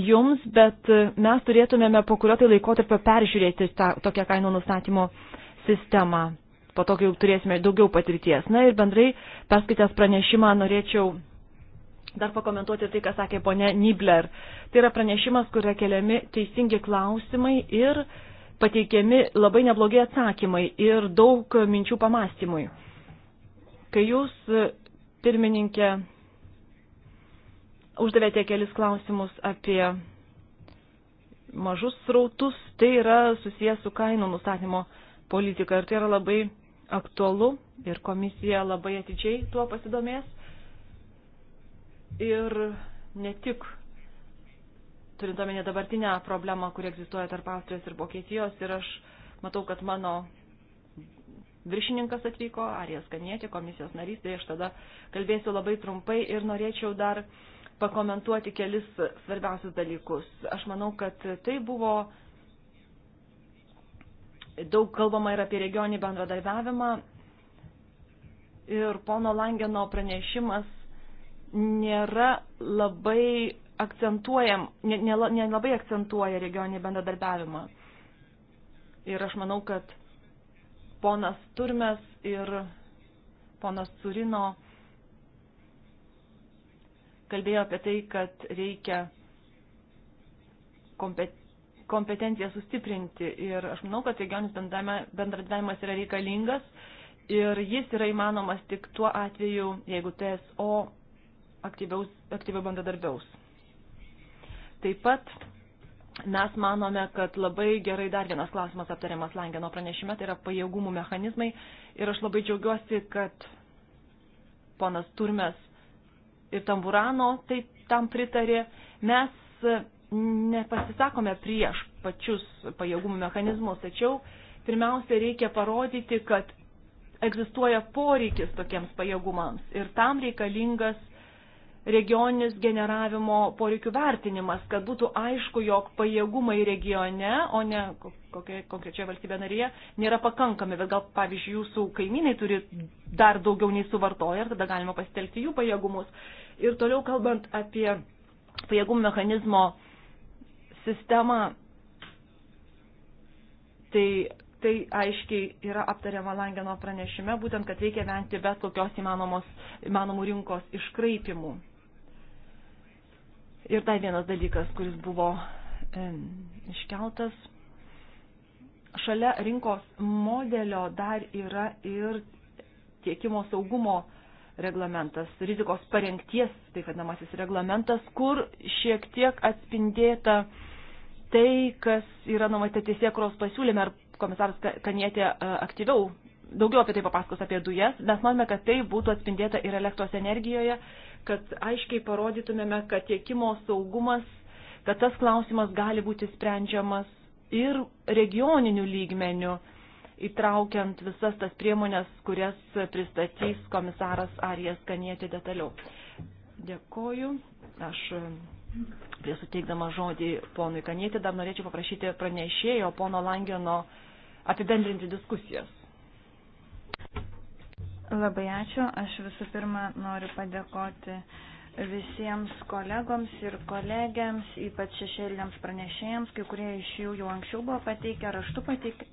jums, bet e, mes turėtumėme po kurio tai laikotarpio peržiūrėti tą tokią kainų nustatymo sistemą. Po to, kai jau turėsime daugiau patirties. Na ir bendrai, perskaitęs pranešimą, norėčiau dar pakomentuoti tai, ką sakė ponė Nibler. Tai yra pranešimas, kur yra keliami teisingi klausimai ir pateikiami labai neblogi atsakymai ir daug minčių pamastymui. Kai jūs, e, pirmininkė, Uždavėte kelis klausimus apie mažus srautus. Tai yra susijęs su kainų nustatymo politika ir tai yra labai aktualu ir komisija labai atidžiai tuo pasidomės. Ir ne tik turint omenyje dabartinę problemą, kuri egzistuoja tarp Austrijos ir Vokietijos. Ir aš matau, kad mano viršininkas atvyko, Arijas Kanietė, komisijos narys, tai aš tada kalbėsiu labai trumpai ir norėčiau dar pakomentuoti kelis svarbiausius dalykus. Aš manau, kad tai buvo daug kalbama ir apie regionį bendradarbiavimą. Ir pono Langeno pranešimas nėra labai akcentuojam, nelabai akcentuoja regioninį bendradarbiavimą. Ir aš manau, kad ponas Turmes ir ponas Surino kalbėjo apie tai, kad reikia kompetenciją sustiprinti ir aš manau, kad regioninis bendradavimas yra reikalingas ir jis yra įmanomas tik tuo atveju, jeigu TSO aktyviau bendradarbiaus. Taip pat mes manome, kad labai gerai dar vienas klausimas aptariamas Langeno pranešime, tai yra pajėgumų mechanizmai ir aš labai džiaugiuosi, kad ponas Turmes ir Tamburano tai tam pritarė, mes e, nepasisakome prieš pačius pajėgumų mechanizmus, tačiau pirmiausia reikia parodyti, kad egzistuoja poreikis tokiems pajėgumams ir tam reikalingas regioninis generavimo poreikių vertinimas, kad būtų aišku, jog pajėgumai regione, o ne kokia konkrečioje valstybė narėje, nėra pakankami, bet gal, pavyzdžiui, jūsų kaimynai turi dar daugiau nei suvartoja ir tada galima pasitelkti jų pajėgumus. Ir toliau kalbant apie pajėgumų mechanizmo sistemą, tai tai aiškiai yra aptariama Langeno pranešime, būtent, kad reikia vengti bet kokios įmanomos, įmanomų rinkos iškraipimų. Ir dar vienas dalykas, kuris buvo e, iškeltas. Šalia rinkos modelio dar yra ir tiekimo saugumo reglamentas, rizikos parengties, tai vadinamasis reglamentas, kur šiek tiek atspindėta tai, kas yra numatyta teisėkros pasiūlyme, ar komisaras Kanietė e, aktyviau daugiau apie tai papasakos apie dujas. Mes norime, kad tai būtų atspindėta ir elektros energijoje, kad aiškiai parodytumėme, kad tiekimo saugumas, kad tas klausimas gali būti sprendžiamas ir regioninių lygmenių, įtraukiant visas tas priemonės, kurias pristatys komisaras Arijas Kanietė detaliau. Dėkoju. Aš e, prieš suteikdama žodį ponui Kanietė dar norėčiau paprašyti pranešėjo pono Langeno apibendrinti diskusijas. Labai ačiū. Aš visų pirma noriu padėkoti visiems kolegoms ir kolegiams, ypač šešėliniams pranešėjams, kai kurie iš jų jau anksčiau buvo pateikę, raštu pateik,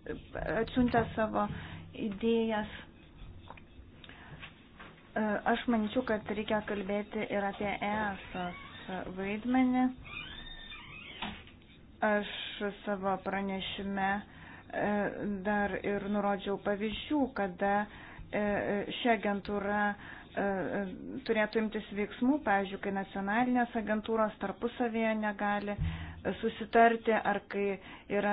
atsiuntę savo idėjas. E, aš manyčiau, kad reikia kalbėti ir apie ESOS vaidmenį. Aš savo pranešime e, dar ir nurodžiau pavyzdžių, kada uh, E, ši agentūra e, e, turėtų imtis veiksmų, pavyzdžiui, kai nacionalinės agentūros tarpusavėje negali susitarti ar kai yra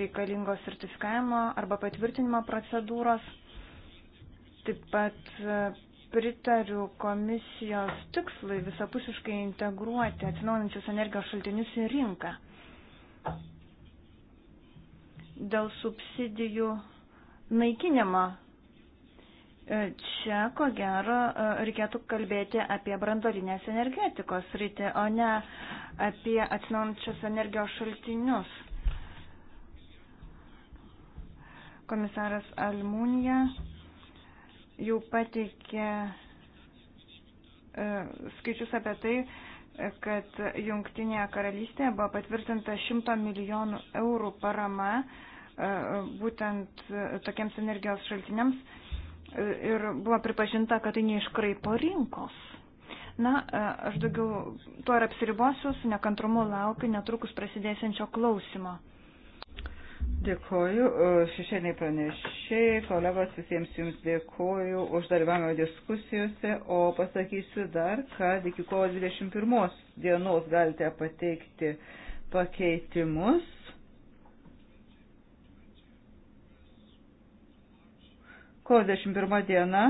reikalingos sertifikavimo arba patvirtinimo procedūros. Taip pat pritariu komisijos tikslui visapusiškai integruoti atsinaujančius energijos šaltinius į rinką. Dėl subsidijų naikinimo E, čia, ko gero, e, reikėtų kalbėti apie brandolinės energetikos rytį, o ne apie atsinaujančios energijos šaltinius. Komisaras Almunija jau pateikė e, skaičius apie tai, kad Jungtinėje karalystėje buvo patvirtinta 100 milijonų eurų parama būtent tokiems energijos šaltiniams ir buvo pripažinta, kad tai neiškraipo rinkos. Na, e, aš daugiau tuo ir apsiribosiu, su nekantrumu laukiu netrukus prasidėsiančio klausimo. Dėkoju, e, šešėliniai pranešiai, kolegos visiems jums dėkoju už dalyvavimą diskusijose, o pasakysiu dar, kad iki kovo 21 dienos galite pateikti pakeitimus Kovo 21 diena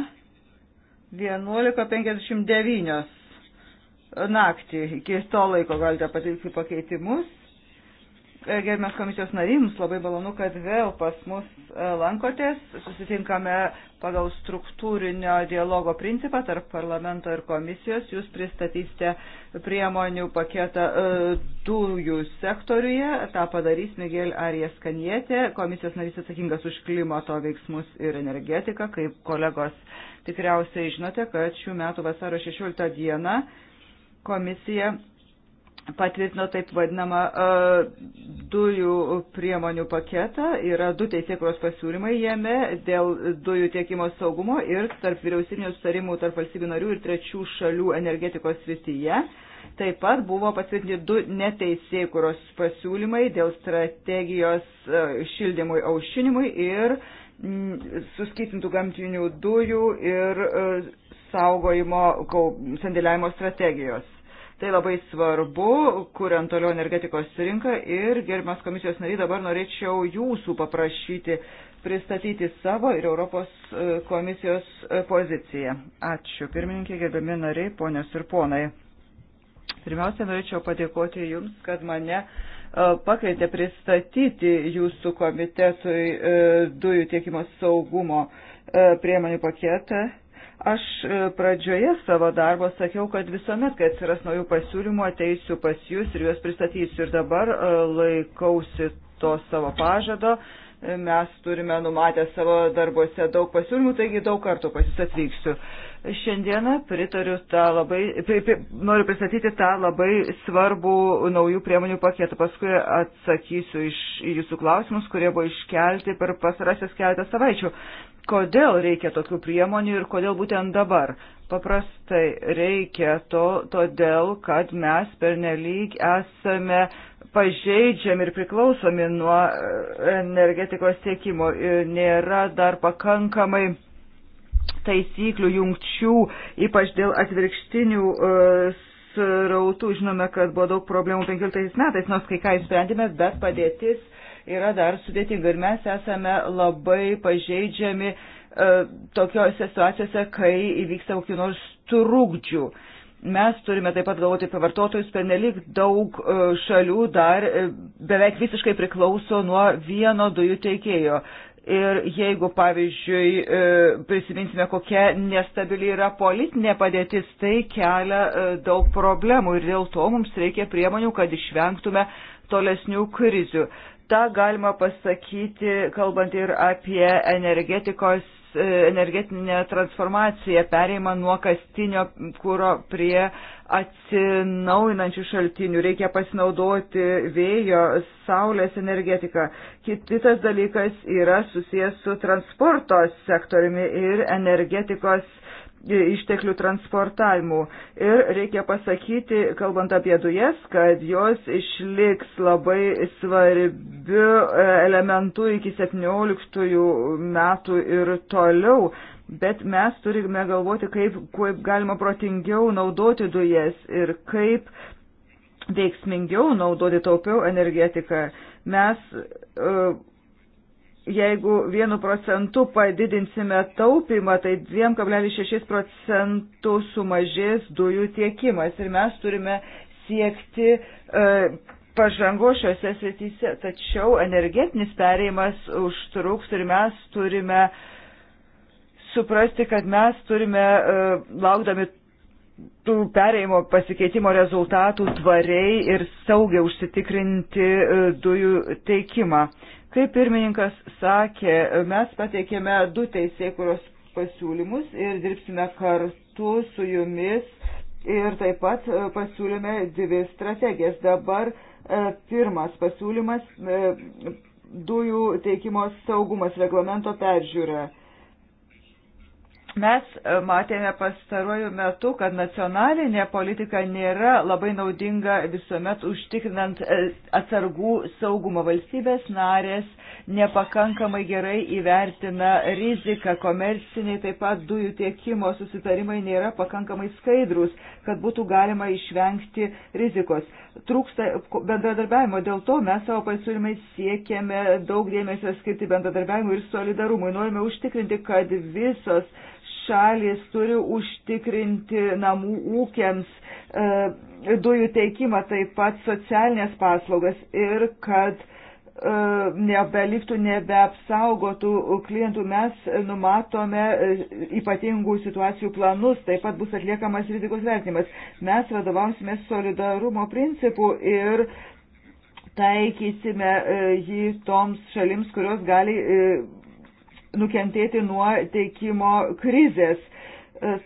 11.59 naktį. Iki to laiko galite pateikti pakeitimus. E, gerbiamas komisijos narims, labai malonu, kad vėl pas mus e, lankotės. Susitinkame pagal struktūrinio dialogo principą tarp parlamento ir komisijos. Jūs pristatysite priemonių paketą e, dujų sektoriuje. Ta padarys Miguel Arijas Kanietė, komisijos narys atsakingas už klimato veiksmus ir energetiką. Kaip kolegos tikriausiai žinote, kad šių metų vasaro 16 dieną komisija patvirtino taip vadinamą e, dujų priemonių paketą. Yra du teisėkuros pasiūlymai jame dėl dujų tiekimo saugumo ir tarp vyriausybinių sutarimų tarp valstybių narių ir trečių šalių energetikos srityje. Taip pat buvo patvirtinti du neteisėkuros pasiūlymai dėl strategijos e, šildymui aušinimui ir mm, suskaitintų gamtinių dujų ir e, saugojimo sandėliavimo strategijos Tai labai svarbu, kuriant toliau energetikos rinką ir gerbiamas komisijos nariai, dabar norėčiau jūsų paprašyti pristatyti savo ir Europos e, komisijos e, poziciją. Ačiū, pirmininkė, gerbiami nariai, ponios ir ponai. Pirmiausia, norėčiau padėkoti Jums, kad mane e, pakvietė pristatyti Jūsų komitetui dujų tiekimo saugumo priemonių paketą Aš e, pradžioje savo darbo sakiau, kad visuomet, kai atsiras naujų pasiūlymų, ateisiu pas jūs ir juos pristatysiu. Ir dabar e, laikausi to savo pažado. E, mes turime numatę savo darbuose daug pasiūlymų, taigi daug kartų pas jūs atvyksiu. Šiandieną pritariu tą labai, noriu pristatyti tą labai svarbų naujų priemonių paketą. Paskui atsakysiu iš jūsų klausimus, kurie buvo iškelti per pasarasias keletą savaičių. Kodėl reikia tokių priemonių ir kodėl būtent dabar? Paprastai reikia to, todėl, kad mes pernelyg esame pažeidžiami ir priklausomi nuo energetikos tiekimo ir nėra dar pakankamai taisyklių jungčių, ypač dėl atvirkštinių e, srautų. Žinome, kad buvo daug problemų 15 metais, nors kai ką įsprendėme, bet padėtis yra dar sudėtinga ir mes esame labai pažeidžiami e, tokiose situacijose, kai įvyksta kokių nors trūkdžių. Mes turime taip pat galvoti apie vartotojus, pernelik daug e, šalių dar beveik visiškai priklauso nuo vieno dujų teikėjo. Ir jeigu, pavyzdžiui, e, prisiminsime, kokia nestabili yra politinė padėtis, tai kelia e, daug problemų ir dėl to mums reikia priemonių, kad išvengtume tolesnių krizių. Ta galima pasakyti, kalbant ir apie energetikos, e, energetinę transformaciją, pereimą nuo kastinio kūro prie atsinaujinančių šaltinių, reikia pasinaudoti vėjo, saulės energetiką. Kitas dalykas yra susijęs su transporto sektoriumi ir energetikos e, išteklių transportavimu. Ir reikia pasakyti, kalbant apie dujas, kad jos išliks labai svarbiu e, elementu iki 17 metų ir toliau bet mes turime galvoti, kaip, kaip galima protingiau naudoti dujas ir kaip veiksmingiau naudoti taupiau energetiką. Mes, e, jeigu vienu procentu padidinsime taupimą, tai 2,6 procentų sumažės dujų tiekimas ir mes turime siekti e, pažangos šiuose srityse, tačiau energetinis perėjimas užtruks ir mes turime uh, suprasti, kad mes turime, e, laukdami tų pereimo pasikeitimo rezultatų, tvariai ir saugiai užsitikrinti e, dujų teikimą. Kaip pirmininkas sakė, mes pateikėme du teisėkuros pasiūlymus ir dirbsime kartu su jumis ir taip pat e, pasiūlėme dvi strategijas. Dabar pirmas pasiūlymas dujų teikimo saugumas reglamento peržiūra. Mes e, matėme pastaruoju metu, kad nacionalinė politika nėra labai naudinga visuomet užtikrinant e, atsargų saugumą. Valstybės narės nepakankamai gerai įvertina riziką, komerciniai taip pat dujų tiekimo susitarimai nėra pakankamai skaidrus, kad būtų galima išvengti rizikos. Trūksta bendradarbiavimo, dėl to mes savo pasiūlymai siekiame daug dėmesio skirti bendradarbiavimui ir solidarumui. Norime užtikrinti, kad visos šalis turi užtikrinti namų ūkiams e, dujų teikimą, taip pat socialinės paslaugas ir kad e, nebeliktų nebeapsaugotų klientų. Mes numatome e, ypatingų situacijų planus, taip pat bus atliekamas rizikos vertinimas. Mes vadovausime solidarumo principų ir taikysime jį toms šalims, kurios gali nukentėti nuo teikimo krizės.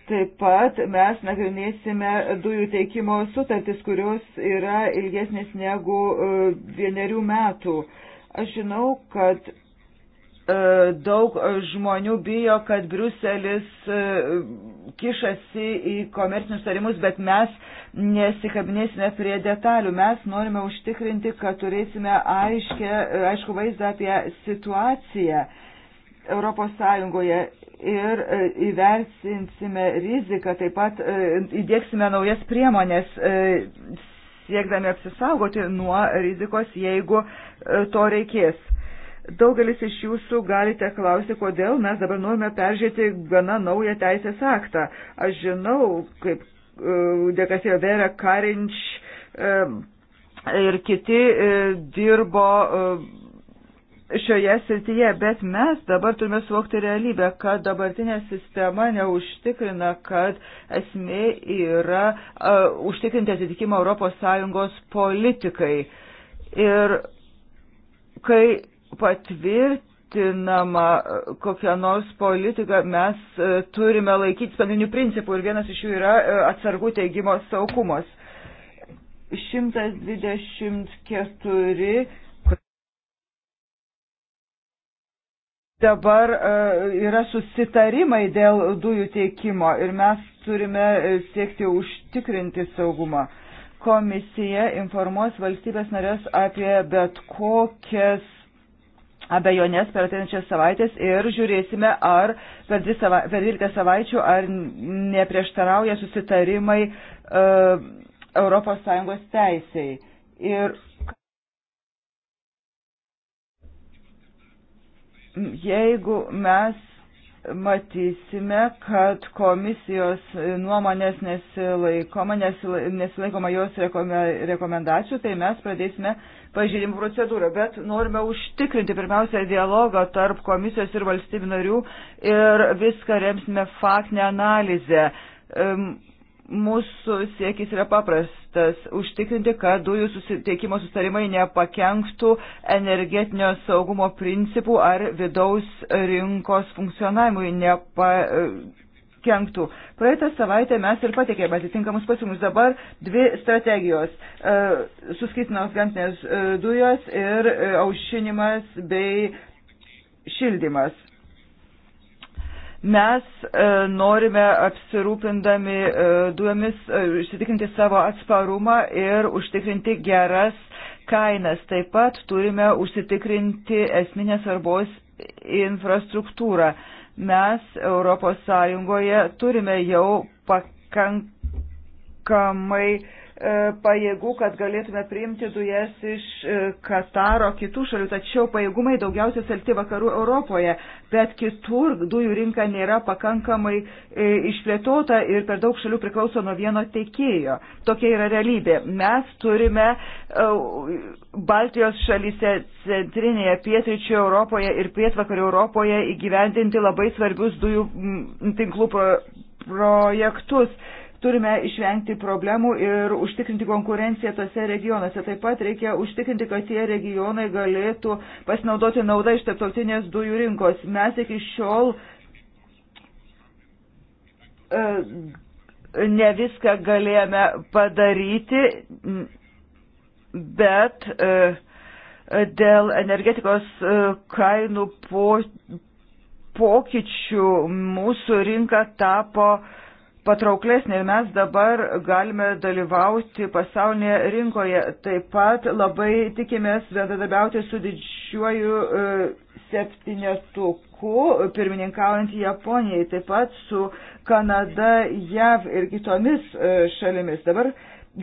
Taip pat mes nagrinėsime dujų teikimo sutartis, kurios yra ilgesnės negu e, vienerių metų. Aš žinau, kad e, daug žmonių bijo, kad Bruselis e, kišasi į komercinius tarimus, bet mes nesikabinėsime prie detalių. Mes norime užtikrinti, kad turėsime aiškę, aišku vaizdą apie situaciją. Europos Sąjungoje ir e, įversinsime riziką, taip pat e, įdėksime naujas priemonės e, siekdami apsisaugoti nuo rizikos, jeigu to reikės. Daugelis iš jūsų galite klausti, kodėl mes dabar norime peržiūrėti gana naują teisės aktą. Aš žinau, kaip dėkasėjo Vera Karinč ir kiti dirbo šioje srityje, bet mes dabar turime suvokti realybę, kad dabartinė sistema neužtikrina, kad esmė yra uh, užtikrinti atitikimą ES politikai. Ir kai patvirtinama kokia nors politika, mes uh, turime laikytis pagrindinių principų ir vienas iš jų yra uh, atsargų teigimo saugumas. 124 dabar e, yra susitarimai dėl dujų tiekimo ir mes turime e, siekti užtikrinti saugumą. Komisija informuos valstybės narės apie bet kokias abejonės per ateinančias savaitės ir žiūrėsime, ar per 12 savaičių, ar neprieštarauja susitarimai uh, ES teisėjai. Ir Jeigu mes matysime, kad komisijos nuomonės nesilaikoma, nesilaikoma jos rekomendacijų, tai mes pradėsime pažydimų procedūrą. Bet norime užtikrinti pirmiausia dialogą tarp komisijos ir valstybių narių ir viską remsime faktinę analizę. Mūsų siekis yra paprastas - užtikrinti, kad dujų susitiekimo sustarimai nepakenktų energetinio saugumo principų ar vidaus rinkos funkcionavimui nepa, kenktų. Praeitą savaitę mes ir patikėjome atitinkamus pasiūlymus. Dabar dvi strategijos - e, suskaitinamos gamtinės e, dujos ir e, aušinimas bei šildymas. Mes e, norime apsirūpindami e, duomis išsitikinti e, savo atsparumą ir užtikrinti geras kainas. Taip pat turime užsitikrinti esminės svarbos infrastruktūrą. Mes ES turime jau pakankamai E, pajėgų, kad galėtume priimti dujas iš e, Kataro kitų šalių, tačiau pajėgumai daugiausiai salti vakarų Europoje, bet kitur dujų rinka nėra pakankamai e, išplėtota ir per daug šalių priklauso nuo vieno teikėjo. Tokia yra realybė. Mes turime Baltijos šalyse, centrinėje, pietryčio Europoje ir pietvakarių Europoje įgyvendinti labai svarbius dujų tinklų projektus turime išvengti problemų ir užtikrinti konkurenciją tose regionuose. Taip pat reikia užtikrinti, kad tie regionai galėtų pasinaudoti naudą iš tarptautinės dujų rinkos. Mes iki šiol e, ne viską galėjome padaryti, bet e, dėl energetikos e, kainų po, pokyčių mūsų rinka tapo uh, patrauklesnė ir mes dabar galime dalyvauti pasaulinėje rinkoje. Taip pat labai tikimės bendradarbiauti su didžiuoju e, septynetuku, pirmininkaujant Japonijai, taip pat su Kanada, JAV ir kitomis e, šalimis. Dabar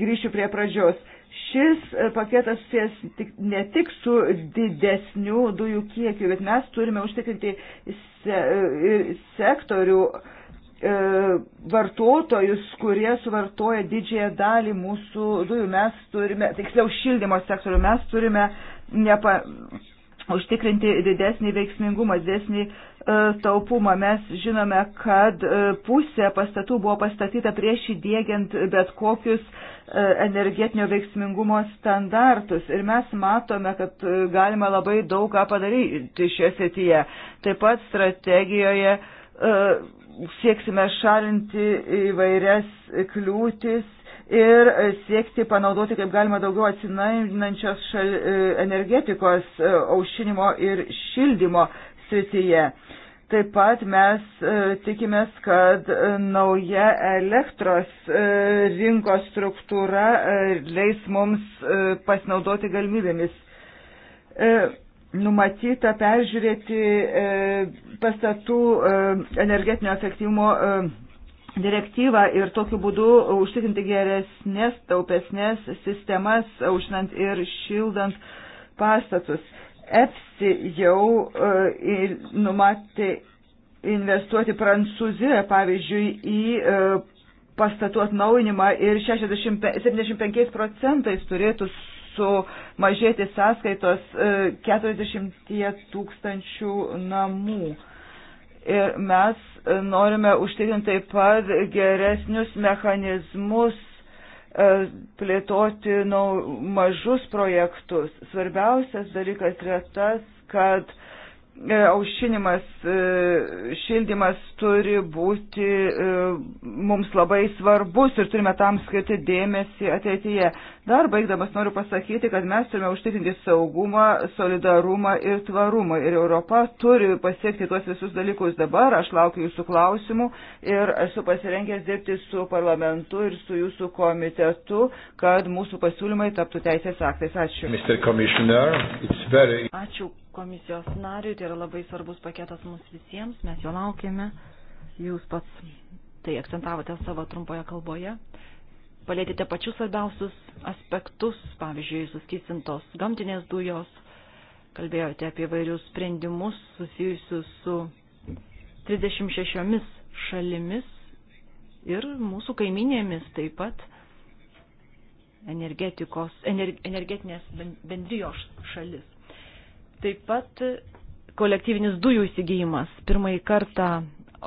grįšiu prie pradžios. Šis e, paketas susijęs ne tik su didesniu dujų kiekiu, bet mes turime užtikrinti se, sektorių E, vartotojus, kurie suvartoja didžiąją dalį mūsų dujų. Mes turime, tiksliau šildymo sektorių, mes turime nepa, užtikrinti didesnį veiksmingumą, didesnį e, taupumą. Mes žinome, kad e, pusė pastatų buvo pastatyta prieš įdėgiant bet kokius energetinio veiksmingumo standartus. Ir mes matome, kad galima labai daug ką padaryti šioje srityje. Taip pat strategijoje sieksime šalinti įvairias kliūtis ir siekti panaudoti kaip galima daugiau atsinainančios šal, e, energetikos e, aušinimo ir šildymo srityje. Taip pat mes e, tikimės, kad nauja elektros rinkos struktūra leis mums pasinaudoti galimybėmis numatyta peržiūrėti e, pastatų e, energetinio efektyvumo e, direktyvą ir tokiu būdu užtikrinti geresnės, taupesnės sistemas, aušinant ir šildant pastatus. EPSI jau numatė investuoti Prancūzijoje, pavyzdžiui, į pastatų atnaujinimą ir 60, 75 procentais turėtų sumažėti sąskaitos 40 e, tūkstančių namų. Ir mes e, norime užtikrinti taip pat geresnius mechanizmus e, plėtoti nau, mažus projektus. Svarbiausias dalykas yra tas, kad uh, E, aušinimas, e, šildymas turi būti e, mums labai svarbus ir turime tam skirti dėmesį ateityje. Dar baigdamas noriu pasakyti, kad mes turime užtikrinti saugumą, solidarumą ir tvarumą. Ir Europa turi pasiekti tuos visus dalykus dabar. Aš laukiu jūsų klausimų ir esu pasirengęs dirbti su parlamentu ir su jūsų komitetu, kad mūsų pasiūlymai taptų teisės aktais. Ačiū. Very... Ačiū komisijos nariui, tai yra labai svarbus paketas mums visiems, mes jo laukėme, jūs pats tai akcentavote savo trumpoje kalboje, palėtėte pačius svarbiausius aspektus, pavyzdžiui, suskistintos gamtinės dujos, kalbėjote apie vairius sprendimus susijusius su 36 šalimis ir mūsų kaiminėmis taip pat energetikos, ener, energetinės bendrijos šalis. Taip pat kolektyvinis dujų įsigijimas pirmąjį kartą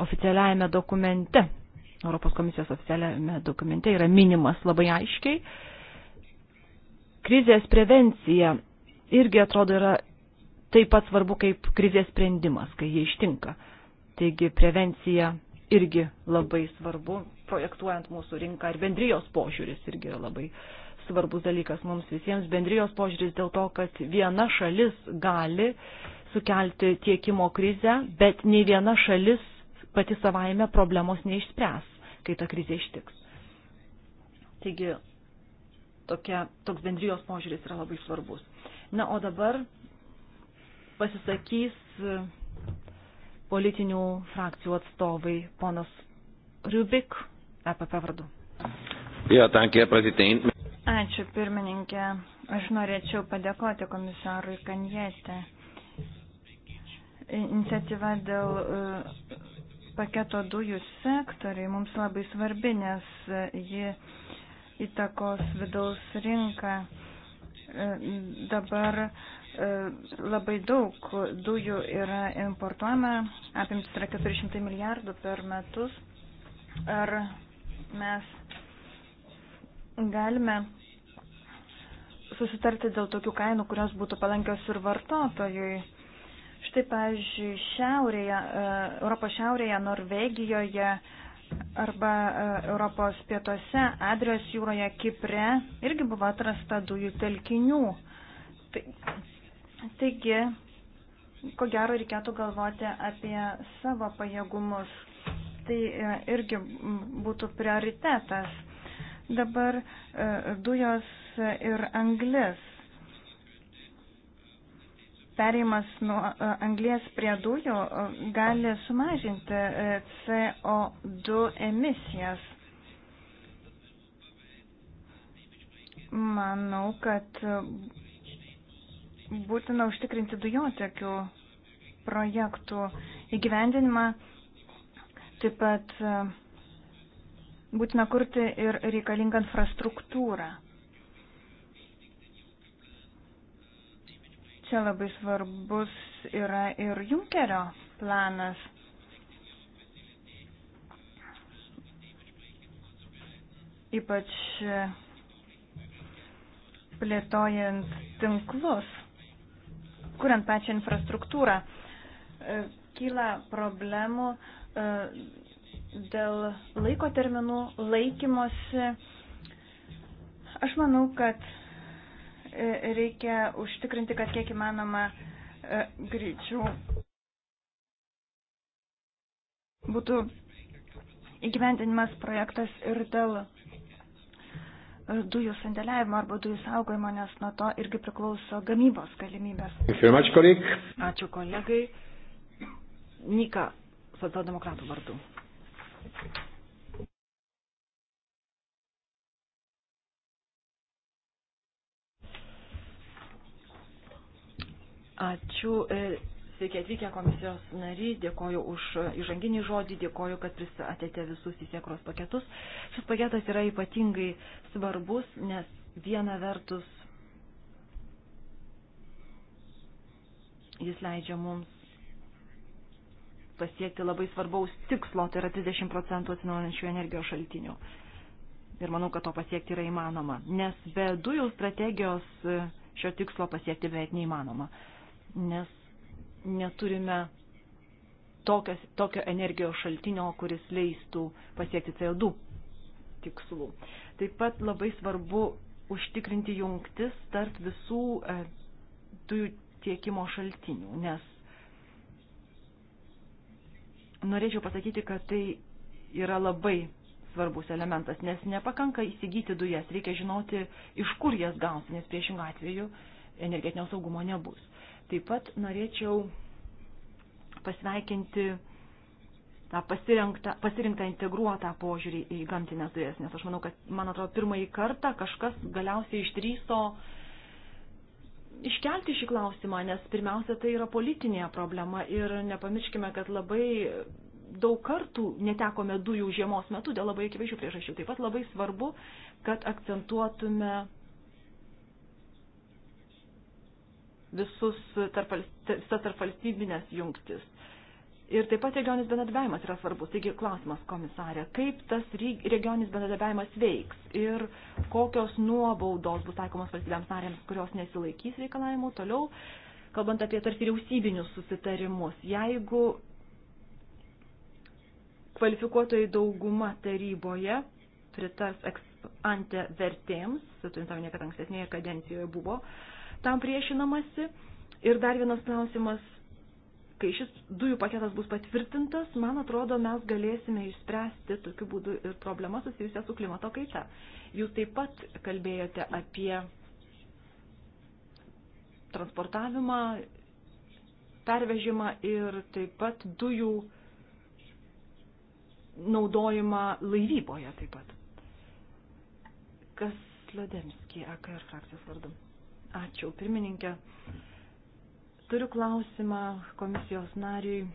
oficialiajame dokumente, Europos komisijos oficialiajame dokumente yra minimas labai aiškiai. Krizės prevencija irgi atrodo yra taip pat svarbu kaip krizės sprendimas, kai jie ištinka. Taigi prevencija irgi labai svarbu, projektuojant mūsų rinką ir bendrijos požiūris irgi yra labai svarbu svarbus dalykas mums visiems bendrijos požiūris dėl to, kad viena šalis gali sukelti tiekimo krizę, bet nei viena šalis pati savaime problemos neišspręs, kai ta krizė ištiks. Taigi tokia, toks bendrijos požiūris yra labai svarbus. Na, o dabar pasisakys politinių frakcijų atstovai ponas Rubik, EPP vardu. Ja, danke, Herr Präsident. Ačiū, pirmininkė. Aš norėčiau padėkoti komisarui Kanjete. Iniciatyva dėl e, paketo dujų sektoriai mums labai svarbi, nes e, ji įtakos vidaus rinką. E, dabar labai daug dujų yra importuojama, apimtis yra 400 milijardų per metus. Ar mes galime susitarti dėl tokių kainų, kurios būtų palankios ir vartotojui. Štai, pavyzdžiui, šiaurėje, e, Europos šiaurėje, Norvegijoje arba e, Europos pietuose, Adrijos jūroje, Kipre irgi buvo atrasta dujų telkinių. Tai, taigi, ko gero, reikėtų galvoti apie savo pajėgumus. Tai e, irgi būtų prioritetas dabar e, dujos ir anglis. Perėjimas nuo e, anglės prie dujų e, gali sumažinti CO2 emisijas. Manau, kad būtina užtikrinti dujotekių projektų įgyvendinimą, taip pat uh, Būtina kurti ir reikalingą infrastruktūrą. Čia labai svarbus yra ir Junkerio planas. Ypač plėtojant tinklus, kuriant pačią infrastruktūrą, kyla problemų dėl laiko terminų laikymosi, aš manau, kad e, reikia užtikrinti, kad kiek įmanoma e, greičiau būtų įgyvendinimas projektas ir dėl e, dujų sandėliavimo arba dujų saugojimo, nes nuo to irgi priklauso gamybos galimybės. Much, Ačiū kolegai. Nika, socialdemokratų vardu. Ačiū. E, sveiki atvykę komisijos nariai, dėkoju už įžanginį žodį, dėkoju, kad pristatėte visus įsiekros paketus. Šis paketas yra ypatingai svarbus, nes viena vertus jis leidžia mums pasiekti labai svarbaus tikslo, tai yra 30 procentų atsinaujančių energijos šaltinių. Ir manau, kad to pasiekti yra įmanoma, nes be dujų strategijos e, šio tikslo pasiekti beveik neįmanoma, nes neturime tokios, tokio energijos šaltinio, kuris leistų pasiekti CO2 tikslų. Taip pat labai svarbu užtikrinti jungtis tarp visų e, dujų tiekimo šaltinių, nes norėčiau pasakyti, kad tai yra labai svarbus elementas, nes nepakanka įsigyti dujas, reikia žinoti, iš kur jas gausi, nes priešingų atveju energetinio saugumo nebus. Taip pat norėčiau pasveikinti tą pasirinktą, pasirinktą integruotą požiūrį į gamtinės dujas, nes aš manau, kad, man atrodo, pirmąjį kartą kažkas galiausiai išdryso uh, iškelti šį klausimą, nes pirmiausia, tai yra politinė problema ir nepamirškime, kad labai daug kartų netekome dujų žiemos metu dėl labai akivaizdžių priežasčių. Taip pat labai svarbu, kad akcentuotume visus tarp, tarp valstybinės jungtis. Ir taip pat regioninis bendradarbiavimas yra svarbus. Taigi klausimas komisarė, kaip tas regioninis bendradarbiavimas veiks ir kokios nuobaudos bus taikomos valstybėms narėms, kurios nesilaikys reikalavimų toliau, kalbant apie tarp vyriausybinius susitarimus. Jeigu kvalifikuotojai dauguma taryboje pritars ante vertėms, turint omenyje, kad ankstesnėje kadencijoje buvo tam priešinamasi. Ir dar vienas klausimas kai šis dujų paketas bus patvirtintas, man atrodo, mes galėsime išspręsti tokiu būdu ir problemas susijusią su klimato kaita. Jūs taip pat kalbėjote apie transportavimą, pervežimą ir taip pat dujų naudojimą laivyboje taip pat. Kas Lodemski, AKR frakcijos vardu. Ačiū, pirmininkė. Uh, Turiu klausimą komisijos nariui.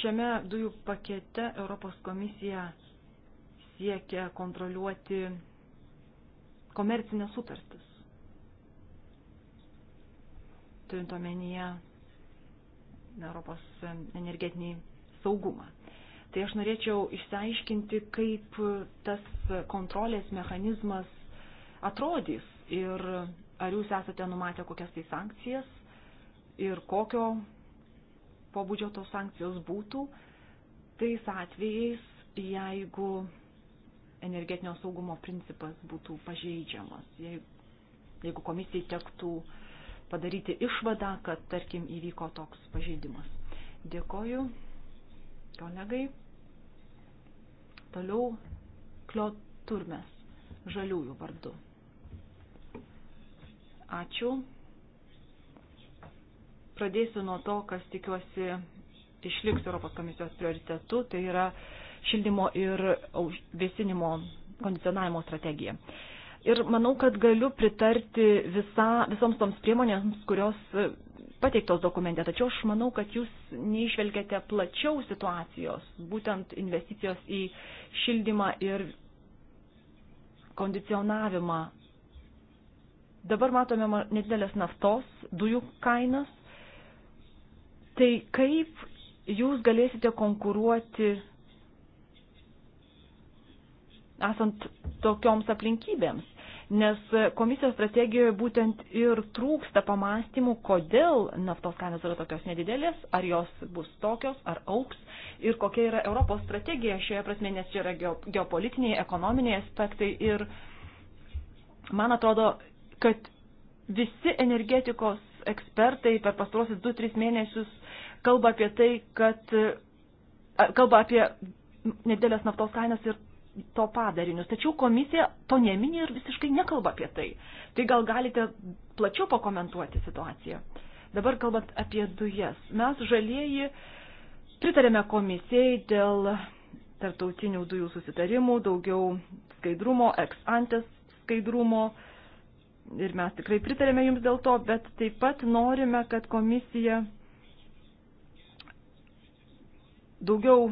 Šiame dujų pakete Europos komisija siekia kontroliuoti komercinės sutartis. Turint omenyje Europos energetinį saugumą. Tai aš norėčiau išsiaiškinti, kaip tas kontrolės mechanizmas atrodys ir ar jūs esate numatę kokias tai sankcijas ir kokio pobūdžio tos sankcijos būtų tais atvejais, jeigu energetinio saugumo principas būtų pažeidžiamas, jeigu komisijai tektų padaryti išvadą, kad, tarkim, įvyko toks pažeidimas. Dėkoju. Kionegai. Toliau Klioturmes žaliųjų vardu. Ačiū. Pradėsiu nuo to, kas tikiuosi išliks Europos komisijos prioritetu, tai yra šildymo ir vėsinimo kondicionavimo strategija. Ir manau, kad galiu pritarti visa, visoms toms priemonėms, kurios pateiktos dokumente, tačiau aš manau, kad jūs neišvelgiate plačiau situacijos, būtent investicijos į šildymą ir kondicionavimą. Dabar matome nedidelės naftos, dujų kainas. Tai kaip jūs galėsite konkuruoti esant tokioms aplinkybėms? nes komisijos strategijoje būtent ir trūksta pamastymų, kodėl naftos kainos yra tokios nedidelės, ar jos bus tokios, ar auks, ir kokia yra Europos strategija šioje prasme, nes čia yra geopolitiniai, ekonominiai aspektai. Ir man atrodo, kad visi energetikos ekspertai per pastarosius 2-3 mėnesius kalba apie tai, kad kalba apie nedėlės naftos kainas ir to padarinius. Tačiau komisija to neminė ir visiškai nekalba apie tai. Tai gal galite plačiau pakomentuoti situaciją. Dabar kalbant apie dujas. Mes žalieji pritarėme komisijai dėl tartautinių dujų susitarimų, daugiau skaidrumo, ex antes skaidrumo. Ir mes tikrai pritarėme jums dėl to, bet taip pat norime, kad komisija daugiau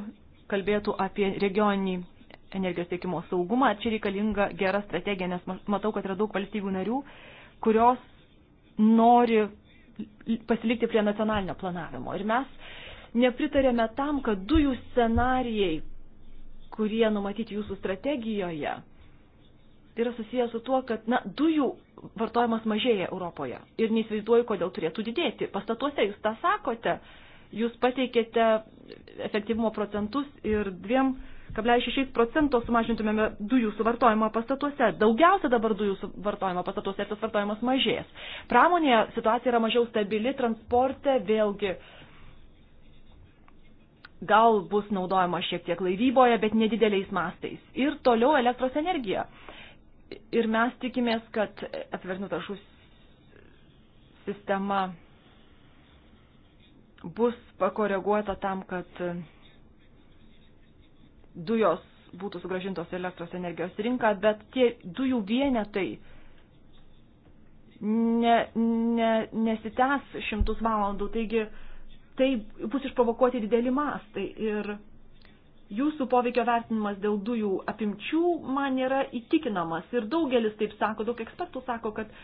kalbėtų apie regioninį energijos tiekimo saugumą. Čia reikalinga gera strategija, nes matau, kad yra daug valstybių narių, kurios nori pasilikti prie nacionalinio planavimo. Ir mes nepritarėme tam, kad dujų scenarijai, kurie numatyti jūsų strategijoje, yra susijęs su tuo, kad na, dujų vartojimas mažėja Europoje. Ir neįsivaizduoju, kodėl turėtų didėti. Pastatuose jūs tą sakote, jūs pateikėte efektyvumo procentus ir dviem 0,6 procento sumažintumėme dujų suvartojimą pastatuose. Daugiausia dabar dujų suvartojimo pastatuose ir tas vartojimas mažės. Pramonėje situacija yra mažiau stabili, transporte vėlgi gal bus naudojama šiek tiek laivyboje, bet nedideliais mastais. Ir toliau elektros energija. Ir mes tikimės, kad apivertinių taršų sistema bus pakoreguota tam, kad dujos būtų sugražintos elektros energijos rinką, bet tie dujų vienetai ne, ne, nesitęs šimtus valandų, taigi tai bus išprovokuoti dideli mastai ir jūsų poveikio vertinimas dėl dujų apimčių man yra įtikinamas ir daugelis taip sako, daug ekspertų sako, kad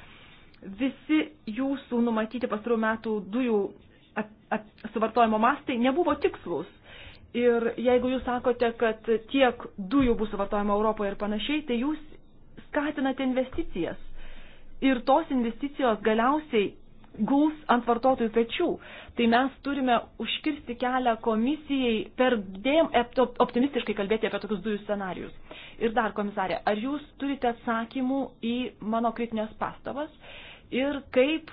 visi jūsų numatyti pastarų metų dujų ap, ap, suvartojimo mastai nebuvo tikslus Ir jeigu jūs sakote, kad tiek dujų bus suvartojama Europoje ir panašiai, tai jūs skatinate investicijas. Ir tos investicijos galiausiai guls ant vartotojų pečių. Tai mes turime užkirsti kelią komisijai per dėm optimistiškai kalbėti apie tokius dujų scenarius. Ir dar, komisarė, ar jūs turite atsakymų į mano kritinės pastabas ir kaip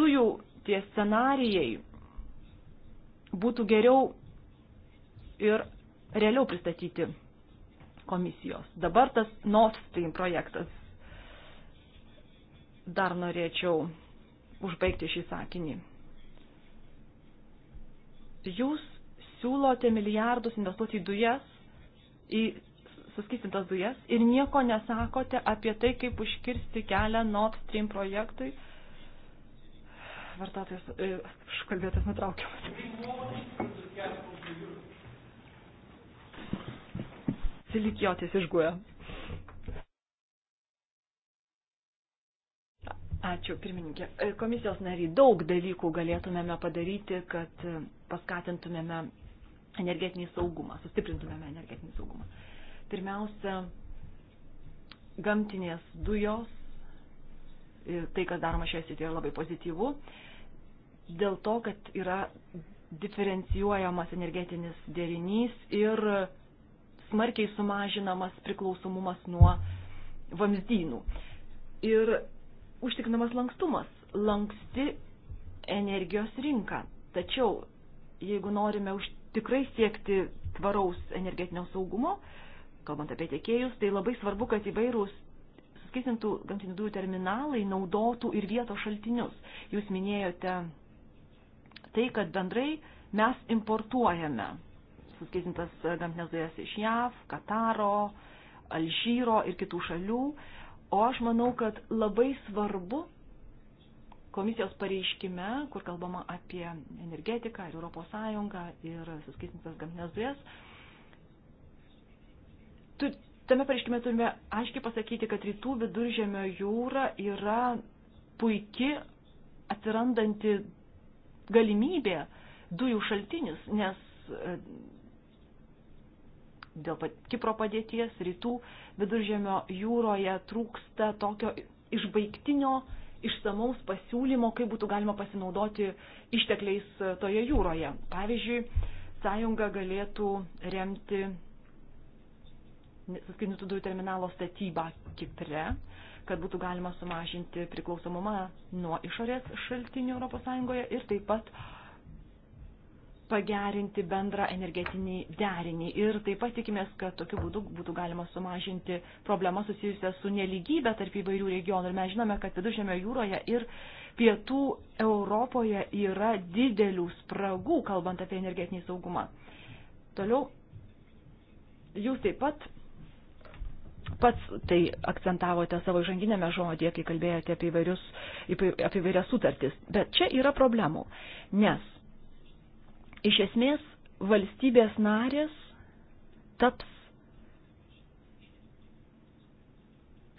dujų tie scenarijai būtų geriau ir realiau pristatyti komisijos. Dabar tas Nord Stream projektas. Dar norėčiau užbaigti šį sakinį. Jūs siūlote milijardus investuoti į dujas, į suskistintas dujas ir nieko nesakote apie tai, kaip užkirsti kelią Nord Stream projektui. Vartotojas, aš e, kalbėtas nutraukiamas. Silikiotis išguoja. Ačiū, pirmininkė. Komisijos nariai, daug dalykų galėtumėme padaryti, kad paskatintumėme energetinį saugumą, sustiprintumėme energetinį saugumą. Pirmiausia, gamtinės dujos, e, tai, kas daroma šioje srityje, yra labai pozityvu, dėl to, kad yra diferencijuojamas energetinis derinys ir smarkiai sumažinamas priklausomumas nuo vamzdynų. Ir užtikrinamas lankstumas, lanksti energijos rinka. Tačiau, jeigu norime už tikrai siekti tvaraus energetinio saugumo, kalbant apie tiekėjus, tai labai svarbu, kad įvairūs suskistintų gamtinių dujų terminalai naudotų ir vietos šaltinius. Jūs minėjote tai, kad bendrai mes importuojame suskaitintas e, gamtinės dujas iš JAV, Kataro, Alžyro ir kitų šalių. O aš manau, kad labai svarbu komisijos pareiškime, kur kalbama apie energetiką ir Europos Sąjungą ir suskaitintas gamtinės dujas, tu, tame pareiškime turime aiškiai pasakyti, kad rytų viduržėmio jūra yra puiki atsirandanti galimybė dujų šaltinis, nes e, dėl Kipro padėties rytų viduržėmio jūroje trūksta tokio išbaigtinio, išsamaus pasiūlymo, kaip būtų galima pasinaudoti ištekliais e, toje jūroje. Pavyzdžiui, sąjunga galėtų remti suskaitintų dujų terminalo statybą Kipre, kad būtų galima sumažinti priklausomumą nuo išorės šaltinių ES ir taip pat uh, pagerinti bendrą energetinį derinį. Ir taip pat tikimės, kad tokiu būdu būtų galima sumažinti problemą susijusią su neligybė tarp įvairių regionų. Ir mes žinome, kad Viduržėmio jūroje ir Pietų Europoje yra didelių spragų, kalbant apie energetinį saugumą. Toliau, jūs taip pat pats tai akcentavote savo žanginėme žodėje, kai kalbėjote apie, įvairius, apie įvairias sutartis. Bet čia yra problemų, nes iš esmės valstybės narės taps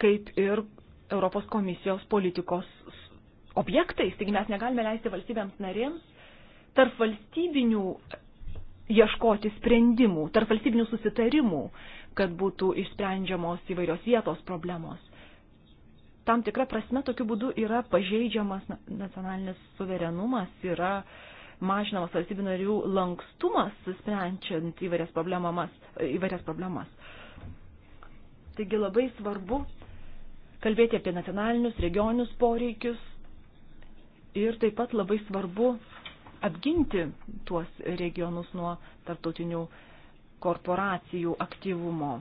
kaip ir Europos komisijos politikos objektais. Taigi mes negalime leisti valstybėms narėms tarp valstybinių ieškoti sprendimų, tarp valstybinių susitarimų, kad būtų išsprendžiamos įvairios vietos problemos. Tam tikra prasme tokiu būdu yra pažeidžiamas nacionalinis suverenumas, yra uh, mažinamas valstybių narių lankstumas, sprendžiant įvairias problemas. Įvairias problemas. Taigi labai svarbu kalbėti apie nacionalinius, regioninius poreikius ir taip pat labai svarbu apginti tuos regionus nuo tarptautinių korporacijų aktyvumo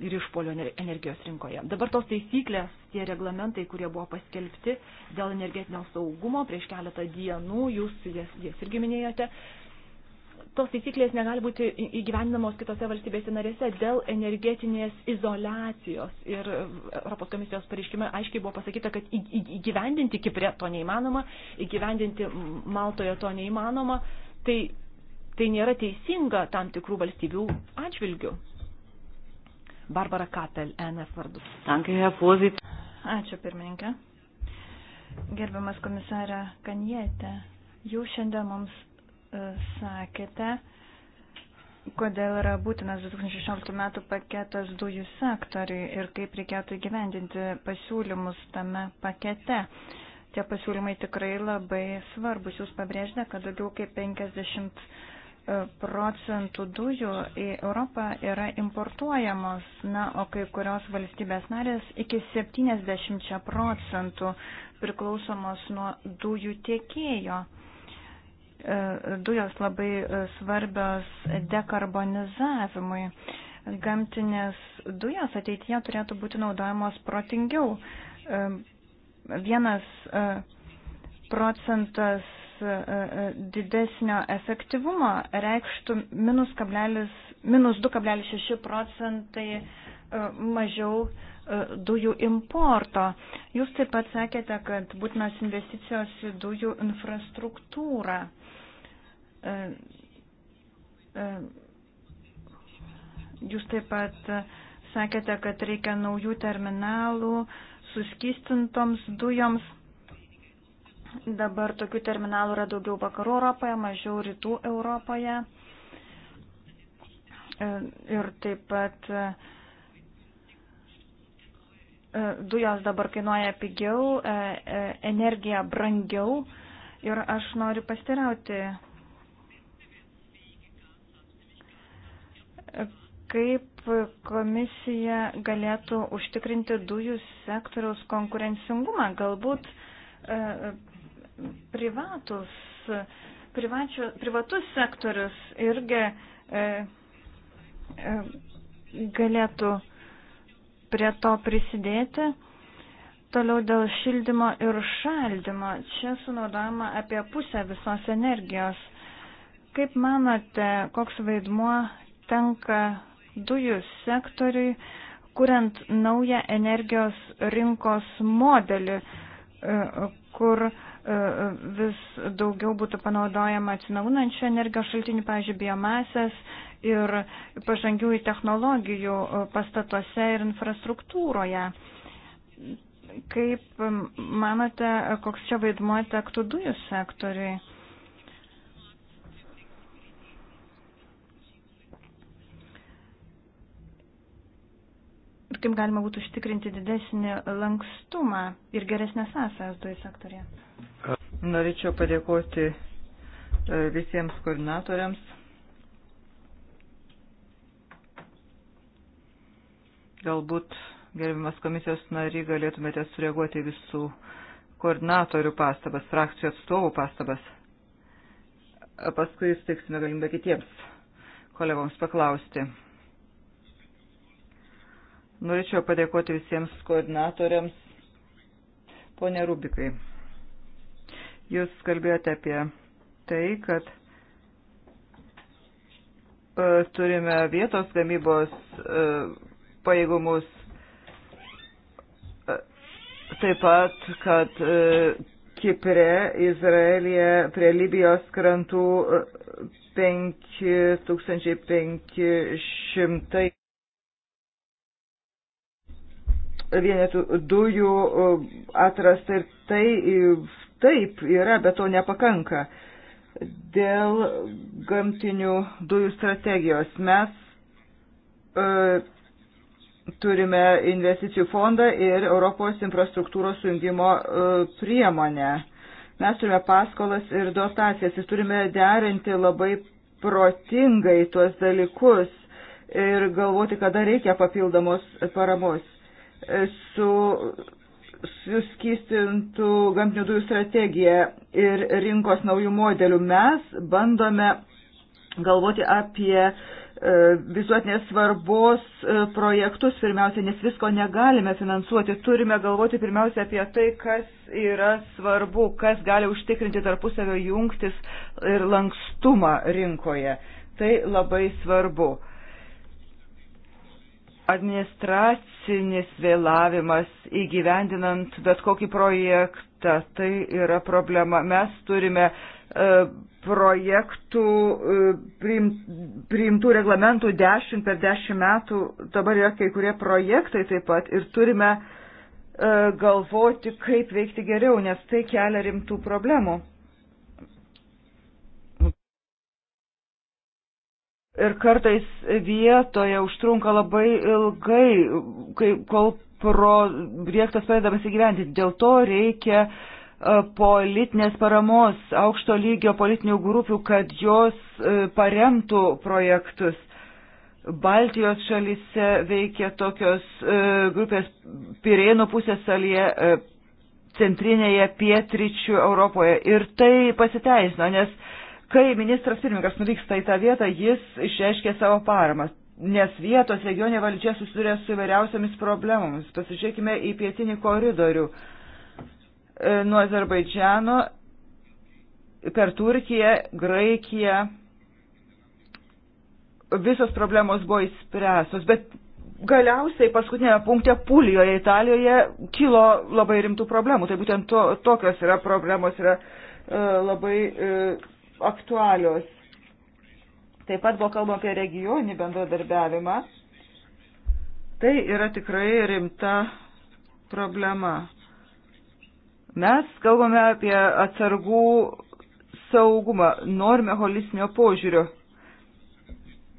ir išpolio energijos rinkoje. Dabar tos taisyklės, tie reglamentai, kurie buvo paskelbti dėl energetinio saugumo prieš keletą dienų, jūs jas, jas irgi minėjote, tos taisyklės negali būti įgyvendinamos kitose valstybėse narėse dėl energetinės izolacijos. Ir Europos komisijos pareiškime aiškiai buvo pasakyta, kad įgyvendinti Kiprė to neįmanoma, įgyvendinti Maltoje to neįmanoma. Tai, tai nėra teisinga tam tikrų valstybių atžvilgių. Barbara Kapel, NF vardu. Ačiū, pirmininkė. Gerbiamas komisarė Kanjėte, jūs šiandien mums e, sakėte, kodėl yra būtinas 2016 metų paketas dujų sektoriui ir kaip reikėtų įgyvendinti pasiūlymus tame pakete. Tie pasiūlymai tikrai labai svarbus. Jūs pabrėžėte, kad daugiau kaip 50 procentų dujų į Europą yra importuojamos, na, o kai kurios valstybės narės iki 70 procentų priklausomos nuo dujų tiekėjo. E, dujos labai e, svarbios dekarbonizavimui. Gamtinės dujos ateityje turėtų būti naudojamos protingiau. E, vienas procentas E, e, didesnio efektyvumo reikštų minus, kablelis, minus 2,6 procentai e, mažiau dujų importo. Jūs taip pat sakėte, kad būtinos investicijos į dujų infrastruktūrą. Jūs taip pat sakėte, kad reikia naujų terminalų suskystintoms dujoms. Dabar tokių terminalų yra daugiau vakarų Europoje, mažiau rytų Europoje. E, ir taip pat e, dujos dabar kainuoja pigiau, e, energija brangiau. Ir aš noriu pastirauti, kaip komisija galėtų užtikrinti dujų sektoriaus konkurencingumą. Galbūt privatus, privačio, privatus sektorius irgi e, e, galėtų prie to prisidėti. Toliau dėl šildymo ir šaldymo. Čia sunaudojama apie pusę visos energijos. Kaip manote, koks vaidmuo tenka dujų sektoriui, kuriant naują energijos rinkos modelį, e, kur uh, vis daugiau būtų panaudojama atsinaunančių energijos šaltinių, pavyzdžiui, biomasės ir pažangiųjų technologijų pastatuose ir infrastruktūroje. Kaip manote, koks čia vaidmuo tektų dujų sektoriui? ir kaip galima būtų užtikrinti didesnį lankstumą ir geresnę sąsąją dujų sektorėje. Norėčiau padėkoti e, visiems koordinatoriams. Galbūt, gerbimas komisijos nary, galėtumėte sureaguoti visų koordinatorių pastabas, frakcijų atstovų pastabas. E, paskui suteiksime galimybę kitiems kolegoms paklausti. Norėčiau padėkoti visiems koordinatoriams. Pone Rubikai, jūs kalbėjote apie tai, kad e, turime vietos gamybos e, pajėgumus, e, taip pat, kad Kipre, Izraelija, prie Libijos krantų 5500 vienetų dujų atrasta ir tai taip yra, bet to nepakanka. Dėl gamtinių dujų strategijos mes e, turime investicijų fondą ir Europos infrastruktūros sujungimo e, priemonę. Mes turime paskolas ir dotacijas ir turime derinti labai protingai tuos dalykus ir galvoti, kada reikia papildomos paramos su suskystintų gamtinių dujų strategija ir rinkos naujų modelių. Mes bandome galvoti apie e, visuotinės svarbos e, projektus pirmiausia, nes visko negalime finansuoti. Turime galvoti pirmiausia apie tai, kas yra svarbu, kas gali užtikrinti tarpusavio jungtis ir lankstumą rinkoje. Tai labai svarbu. Uh, administracinis vėlavimas įgyvendinant bet kokį projektą, tai yra problema. Mes turime e, projektų e, priimtų reglamentų 10 per 10 metų, dabar yra kai kurie projektai taip pat ir turime e, galvoti, kaip veikti geriau, nes tai kelia rimtų problemų. Ir kartais vietoje užtrunka labai ilgai, kai, kol projektas pradedamas įgyvendinti. Dėl to reikia e, politinės paramos aukšto lygio politinių grupių, kad jos e, paremtų projektus. Baltijos šalyse veikia tokios e, grupės Pirėnų pusės salyje, centrinėje pietričių Europoje. Ir tai pasiteisino, nes Kai ministras pirmininkas nuvyksta į tą vietą, jis išreiškia savo paramą, nes vietos regionė valdžia susiduria su įvairiausiamis problemomis. Pasižiūrėkime į pietinį koridorių e, nuo Azerbaidžiano per Turkiją, Graikiją. Visos problemos buvo įspręstos, bet galiausiai paskutinėme punkte Pulijoje, Italijoje, kilo labai rimtų problemų. Tai būtent to, tokios yra problemos, yra e, labai e, aktualios. Taip pat buvo kalbama apie regioninį bendradarbiavimą. Tai yra tikrai rimta problema. Mes kalbame apie atsargų saugumą, norime holistinio požiūrio.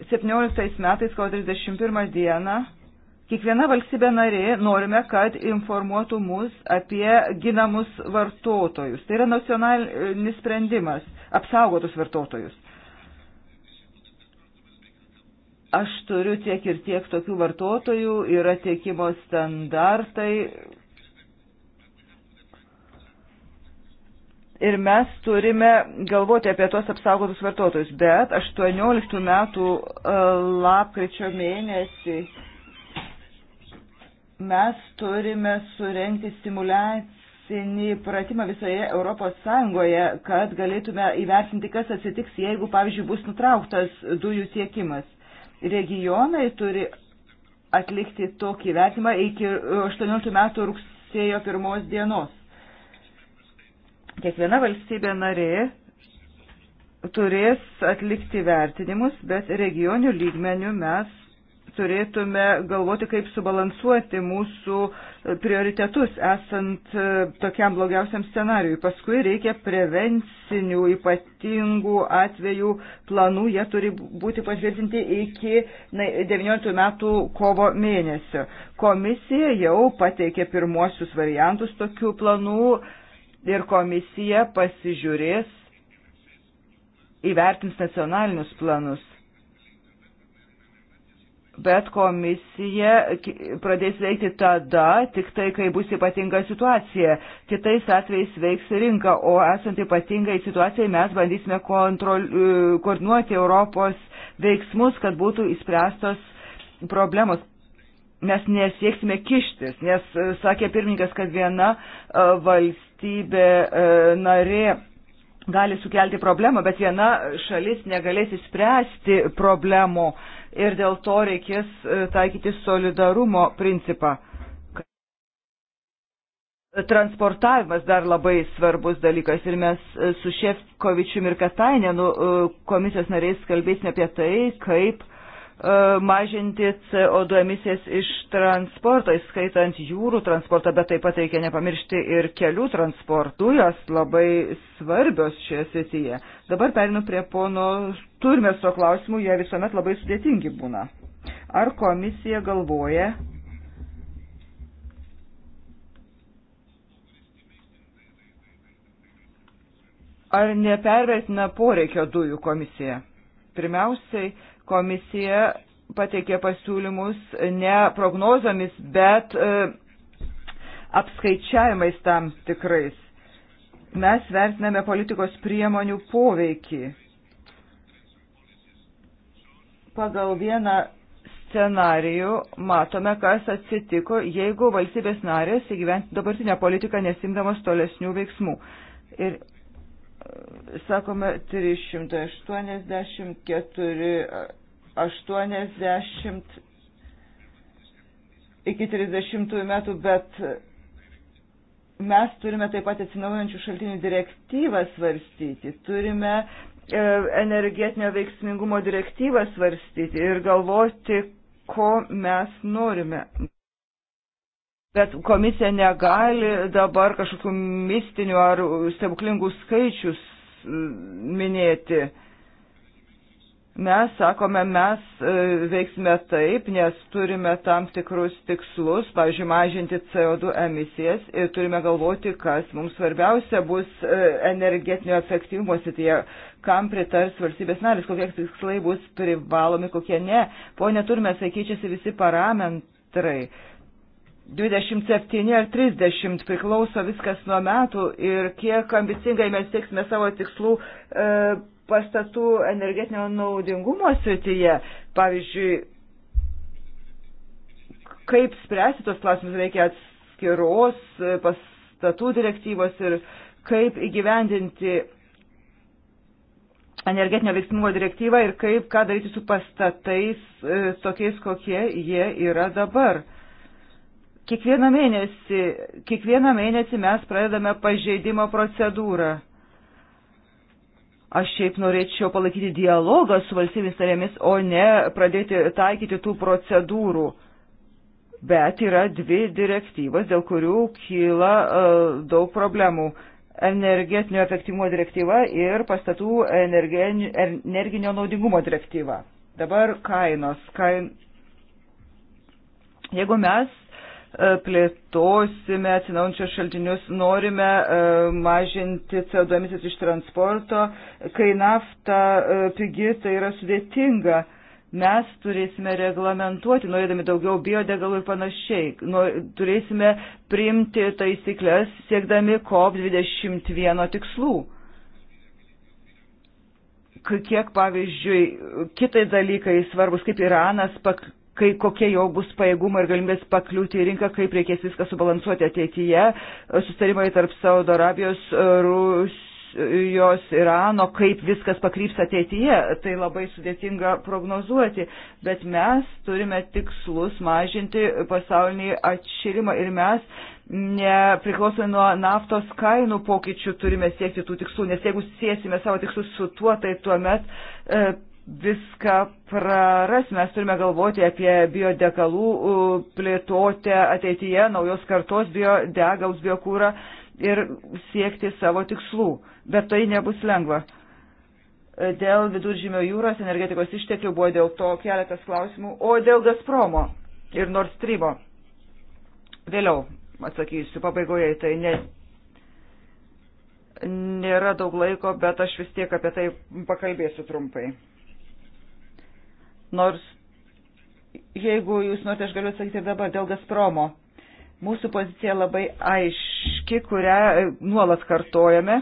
17 metais, kovo 31 dieną, kiekviena valstybė narė norime, kad informuotų mus apie ginamus vartotojus. Tai yra nacionalinis sprendimas apsaugotus vartotojus. Aš turiu tiek ir tiek tokių vartotojų, yra tiekimo standartai. Ir mes turime galvoti apie tos apsaugotus vartotojus, bet 18 metų e, lapkričio mėnesį mes turime surenkti simulaciją teisinį pratimą visoje Europos Sąjungoje, kad galėtume įvertinti, kas atsitiks, jeigu, pavyzdžiui, bus nutrauktas dujų tiekimas. Regionai turi atlikti tokį vertimą iki 18 metų rugsėjo pirmos dienos. Kiekviena valstybė narė turės atlikti vertinimus, bet regionių lygmenių mes turėtume galvoti, kaip subalansuoti mūsų prioritetus esant e, tokiam blogiausiam scenariui. Paskui reikia prevencinių ypatingų atvejų planų, jie turi būti patvirtinti iki 19 metų kovo mėnesio. Komisija jau pateikė pirmuosius variantus tokių planų ir komisija pasižiūrės, įvertins nacionalinius planus bet komisija pradės veikti tada, tik tai, kai bus ypatinga situacija. Kitais atvejais veiks rinka, o esant ypatingai situacijai mes bandysime kontrol, e, koordinuoti Europos veiksmus, kad būtų įspręstos problemos. Mes nesieksime kištis, nes e, sakė pirmininkas, kad viena e, valstybė narė gali sukelti problemą, bet viena šalis negalės įspręsti problemų ir dėl to reikės e, taikyti solidarumo principą. Transportavimas dar labai svarbus dalykas ir mes e, su Šefkovičium ir Katainenu e, komisijos nariais kalbėsime apie tai, kaip uh, E, mažinti CO2 emisijas iš transporto, įskaitant jūrų transportą, bet taip pat reikia nepamiršti ir kelių transportų, jos labai svarbios šioje srityje. Dabar perinu prie pono Turmeso klausimų, jie visuomet labai sudėtingi būna. Ar komisija galvoja? Ar nepervertina poreikio dujų komisija? Pirmiausiai, Komisija pateikė pasiūlymus ne prognozomis, bet e, apskaičiavimais tam tikrais. Mes vertiname politikos priemonių poveikį. Pagal vieną scenarijų matome, kas atsitiko, jeigu valstybės narės įgyventi dabartinę politiką nesimdamas tolesnių veiksmų. Ir sakome 384, 80 iki 30 metų, bet mes turime taip pat atsinaujančių šaltinių direktyvą svarstyti, turime e, energetinio veiksmingumo direktyvą svarstyti ir galvoti, ko mes norime. Bet komisija negali dabar kažkokių mistinių ar stebuklingų skaičius minėti. Mes sakome, mes e, veiksime taip, nes turime tam tikrus tikslus, pavyzdžiui, mažinti CO2 emisijas ir turime galvoti, kas mums svarbiausia bus e, energetinio efektyvumo srityje, kam pritars valstybės narys, kokie tikslai bus privalomi, kokie ne. Pone, turime, sakyčiasi visi parametrai 27 ar 30 priklauso viskas nuo metų ir kiek ambicingai mes sieksime savo tikslų e, pastatų energetinio naudingumo srityje. Pavyzdžiui, kaip spręsti tos klausimus reikia atskiros e, pastatų direktyvos ir kaip įgyvendinti energetinio veiksmingo direktyvą ir kaip ką daryti su pastatais e, tokiais, kokie jie yra dabar. E, Kiekvieną mėnesį, kiekvieną mėnesį mes pradedame pažeidimo procedūrą. Aš šiaip norėčiau palaikyti dialogą su valstybės narėmis, o ne pradėti taikyti tų procedūrų. Bet yra dvi direktyvas, dėl kurių kyla uh, daug problemų. Energetinio efektyvumo direktyva ir pastatų energinio naudingumo direktyva. Dabar kainos. Kain... Jeigu mes E, plėtosime atsinaujančius šaltinius, norime e, mažinti CO2 emisijas iš transporto, kai nafta e, pigi, tai yra sudėtinga. Mes turėsime reglamentuoti, norėdami daugiau biodegalų ir panašiai. Turėsime priimti taisyklės, siekdami COP21 tikslų kiek, pavyzdžiui, kitai dalykai svarbus, kaip Iranas pak, kai kokie jo bus pajėgumai ir galimybės pakliūti į rinką, kaip reikės viską subalansuoti ateityje, sustarimai tarp Saudo Arabijos, Rusijos, Irano, kaip viskas pakryps ateityje, tai labai sudėtinga prognozuoti, bet mes turime tikslus mažinti pasaulinį atšilimą ir mes nepriklausomai nuo naftos kainų pokyčių turime siekti tų tikslų, nes jeigu siesime savo tikslus su tuo, tai tuomet e, viską praras. Mes turime galvoti apie biodegalų plėtotę ateityje, naujos kartos biodegalus, biokūrą ir siekti savo tikslų. Bet tai nebus lengva. Dėl viduržymio jūros energetikos išteklių buvo dėl to keletas klausimų, o dėl Gazpromo ir Nord Streamo. Vėliau atsakysiu pabaigoje į tai, nes nėra daug laiko, bet aš vis tiek apie tai pakalbėsiu trumpai. Nors, jeigu jūs norite, aš galiu atsakyti dabar dėl Gazpromo. Mūsų pozicija labai aiški, kurią e, nuolat kartojame.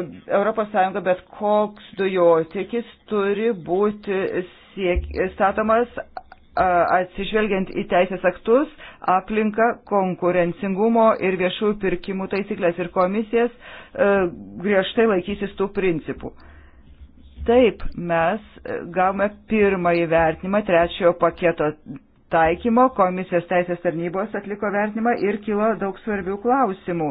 ES bet koks dujotikis turi būti siek, statomas atsižvelgiant į teisės aktus, aplinką, konkurencingumo ir viešųjų pirkimų taisyklės ir komisijas griežtai laikysis tų principų. Taip, mes e, gavome pirmąjį vertinimą trečiojo paketo taikymo, komisijos teisės tarnybos atliko vertinimą ir kilo daug svarbių klausimų,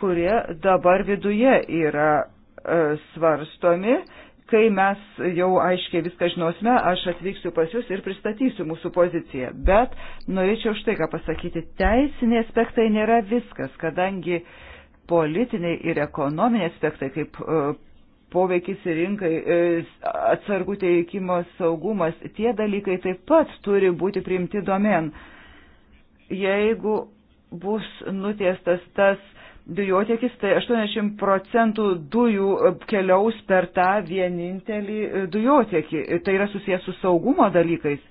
kurie dabar viduje yra e, svarstomi. E, Kai mes jau aiškiai viską žinosime, aš atvyksiu pas jūs ir pristatysiu mūsų poziciją. Bet norėčiau štai ką pasakyti. Teisiniai aspektai nėra viskas, kadangi politiniai ir ekonominiai aspektai, kaip e, poveikis rinkai, e, atsargų teikimo saugumas, tie dalykai taip pat turi būti priimti domen. Jeigu bus nutiestas tas dujotiekis, tai 80 procentų dujų e, keliaus per tą vienintelį e, dujotiekį. Tai yra susijęs su saugumo dalykais.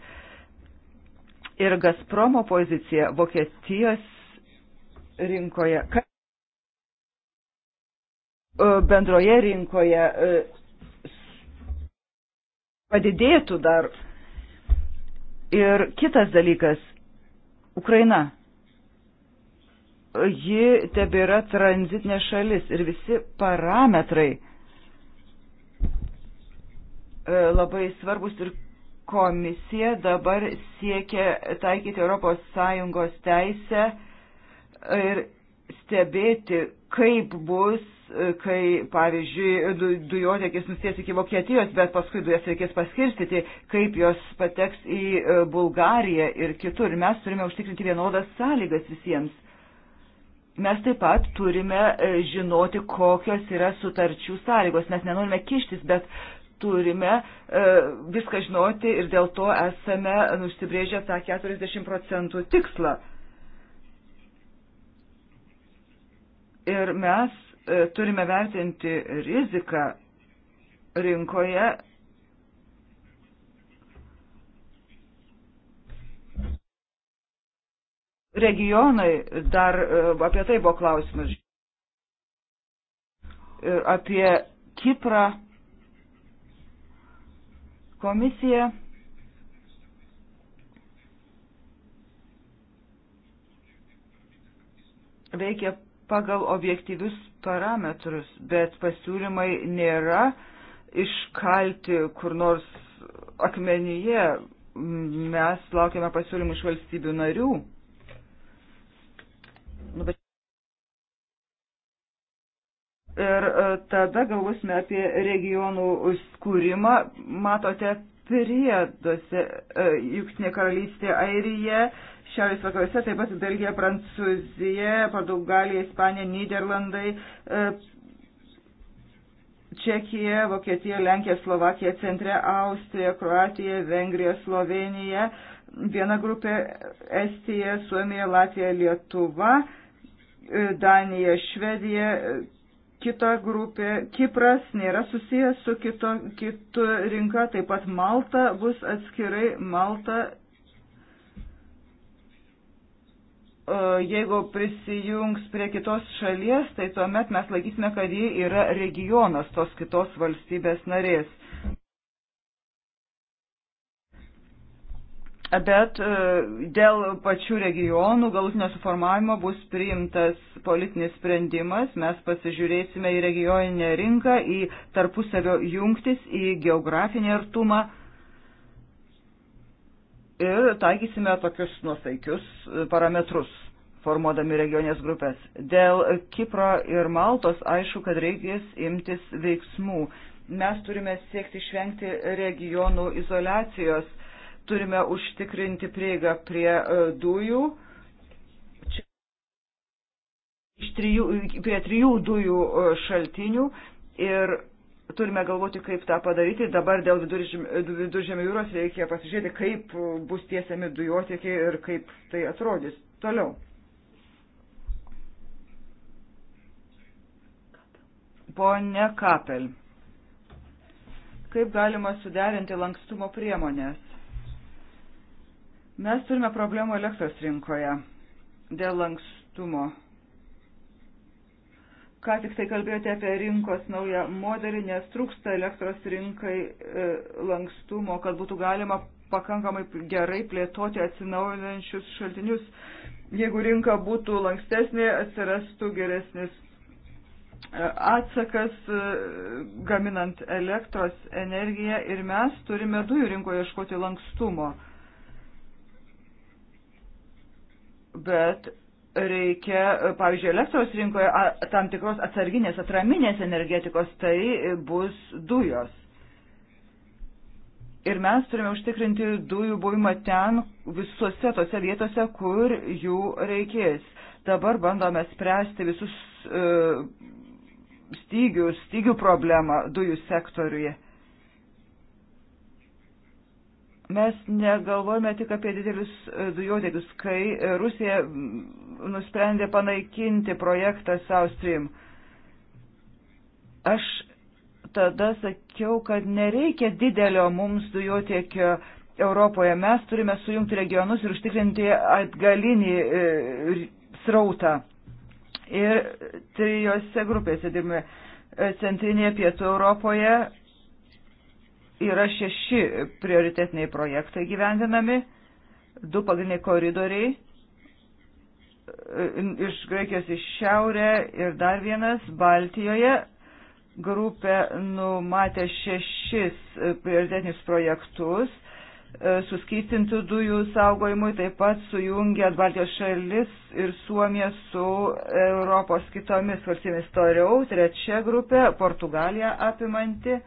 Ir Gazpromo pozicija Vokietijos rinkoje, e, bendroje rinkoje padidėtų dar. Ir kitas dalykas - Ukraina ji tebėra tranzitinė šalis ir visi parametrai e, labai svarbus ir komisija dabar siekia taikyti ES teisę ir stebėti, kaip bus, e, kai, pavyzdžiui, dujotekis nusties iki Vokietijos, bet paskui dujas reikės paskirstyti, kaip jos pateks į e, Bulgariją ir kitur. Mes turime užtikrinti vienodas sąlygas visiems Mes taip pat turime e, žinoti, kokios yra sutarčių sąlygos. Mes nenorime kištis, bet turime e, viską žinoti ir dėl to esame nusibrėžę tą 40 procentų tikslą. Ir mes e, turime vertinti riziką rinkoje regionai dar e, apie tai buvo klausimas. Ir e, apie Kiprą komisija veikia pagal objektyvius parametrus, bet pasiūlymai nėra iškalti kur nors akmenyje. Mes laukiame pasiūlymų iš valstybių narių. Nu, Ir e, tada galvosime apie regionų skūrimą. Matote, prieduose, e, Junktinė karalystė, Airija, Šiaurės vakaruose, taip pat Belgija, Prancūzija, Portugalija, Ispanija, Niderlandai, e, Čekija, Vokietija, Lenkija, Slovakija, Centre, Austrija, Kroatija, Vengrija, Slovenija, viena grupė Estija, Suomija, Latvija, Lietuva. E, Danija, Švedija, e, kita grupė, Kipras nėra susijęs su kito, kitu rinka, taip pat Malta bus atskirai, Malta e, jeigu prisijungs prie kitos šalies, tai tuomet mes laikysime, kad ji yra regionas tos kitos valstybės narės. Bet e, dėl pačių regionų galutinio suformavimo bus priimtas politinis sprendimas. Mes pasižiūrėsime į regioninę rinką, į tarpusavio jungtis, į geografinį artumą ir taikysime tokius nuosaikius e, parametrus formuodami regionės grupės. Dėl Kipro ir Maltos aišku, kad reikės imtis veiksmų. Mes turime siekti išvengti regionų izolacijos turime užtikrinti prieigą prie e, dujų. Trijų, prie trijų dujų e, šaltinių ir turime galvoti, kaip tą padaryti. Dabar dėl viduržėmio jūros reikia pasižiūrėti, kaip bus tiesiami dujotiekiai ir kaip tai atrodys toliau. Pone Kapel, kaip galima suderinti lankstumo priemonės? Mes turime problemų elektros rinkoje dėl lankstumo. Ką tik tai kalbėjote apie rinkos naują modelį, nes trūksta elektros rinkai e, lankstumo, kad būtų galima pakankamai gerai plėtoti atsinaujinančius šaltinius. Jeigu rinka būtų lankstesnė, atsirastų geresnis e, atsakas e, gaminant elektros energiją ir mes turime dujų rinkoje ieškoti lankstumo. bet reikia, pavyzdžiui, elektros rinkoje tam tikros atsarginės, atraminės energetikos, tai bus dujos. Ir mes turime užtikrinti dujų buvimą ten visuose tose vietose, kur jų reikės. Dabar bandome spręsti visus e, stygius, stygių problemą dujų sektoriuje. Mes negalvojame tik apie didelius e, dujodėlius, kai e, Rusija nusprendė panaikinti projektą South Stream. Aš tada sakiau, kad nereikia didelio mums dujotiekio Europoje. Mes turime sujungti regionus ir užtikrinti atgalinį e, srautą. Ir trijose grupėse dirbame centrinėje pietų Europoje, yra šeši prioritetiniai projektai gyvendinami, du pagrindiniai koridoriai e, iš Graikijos į šiaurę ir dar vienas Baltijoje. Grupė numatė šešis e, prioritetinius projektus e, suskystintų dujų saugojimui, taip pat sujungia Baltijos šalis ir Suomija su Europos kitomis valstybėmis toliau. Trečia grupė - Portugalija apimanti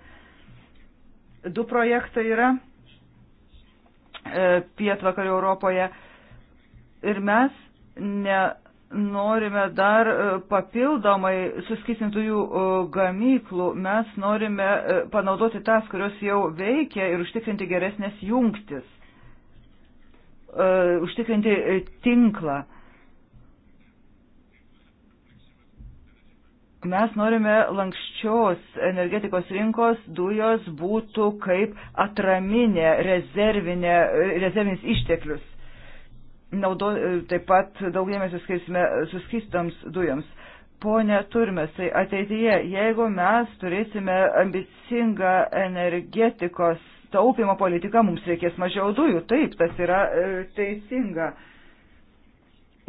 Du projektai yra e, pietvakarių Europoje ir mes nenorime dar e, papildomai suskisintųjų e, gamyklų, mes norime panaudoti tas, kurios jau veikia ir užtikrinti geresnės jungtis, užtikrinti tinklą. Mes norime lankščios energetikos rinkos, dujos būtų kaip atraminė, rezervinė, rezervinis išteklius. Naudo, taip pat daug dėmesio skirsime suskistams dujoms. Pone Turmesai, ateityje, jeigu mes turėsime ambicingą energetikos taupimo politiką, mums reikės mažiau dujų. Taip, tas yra e, teisinga.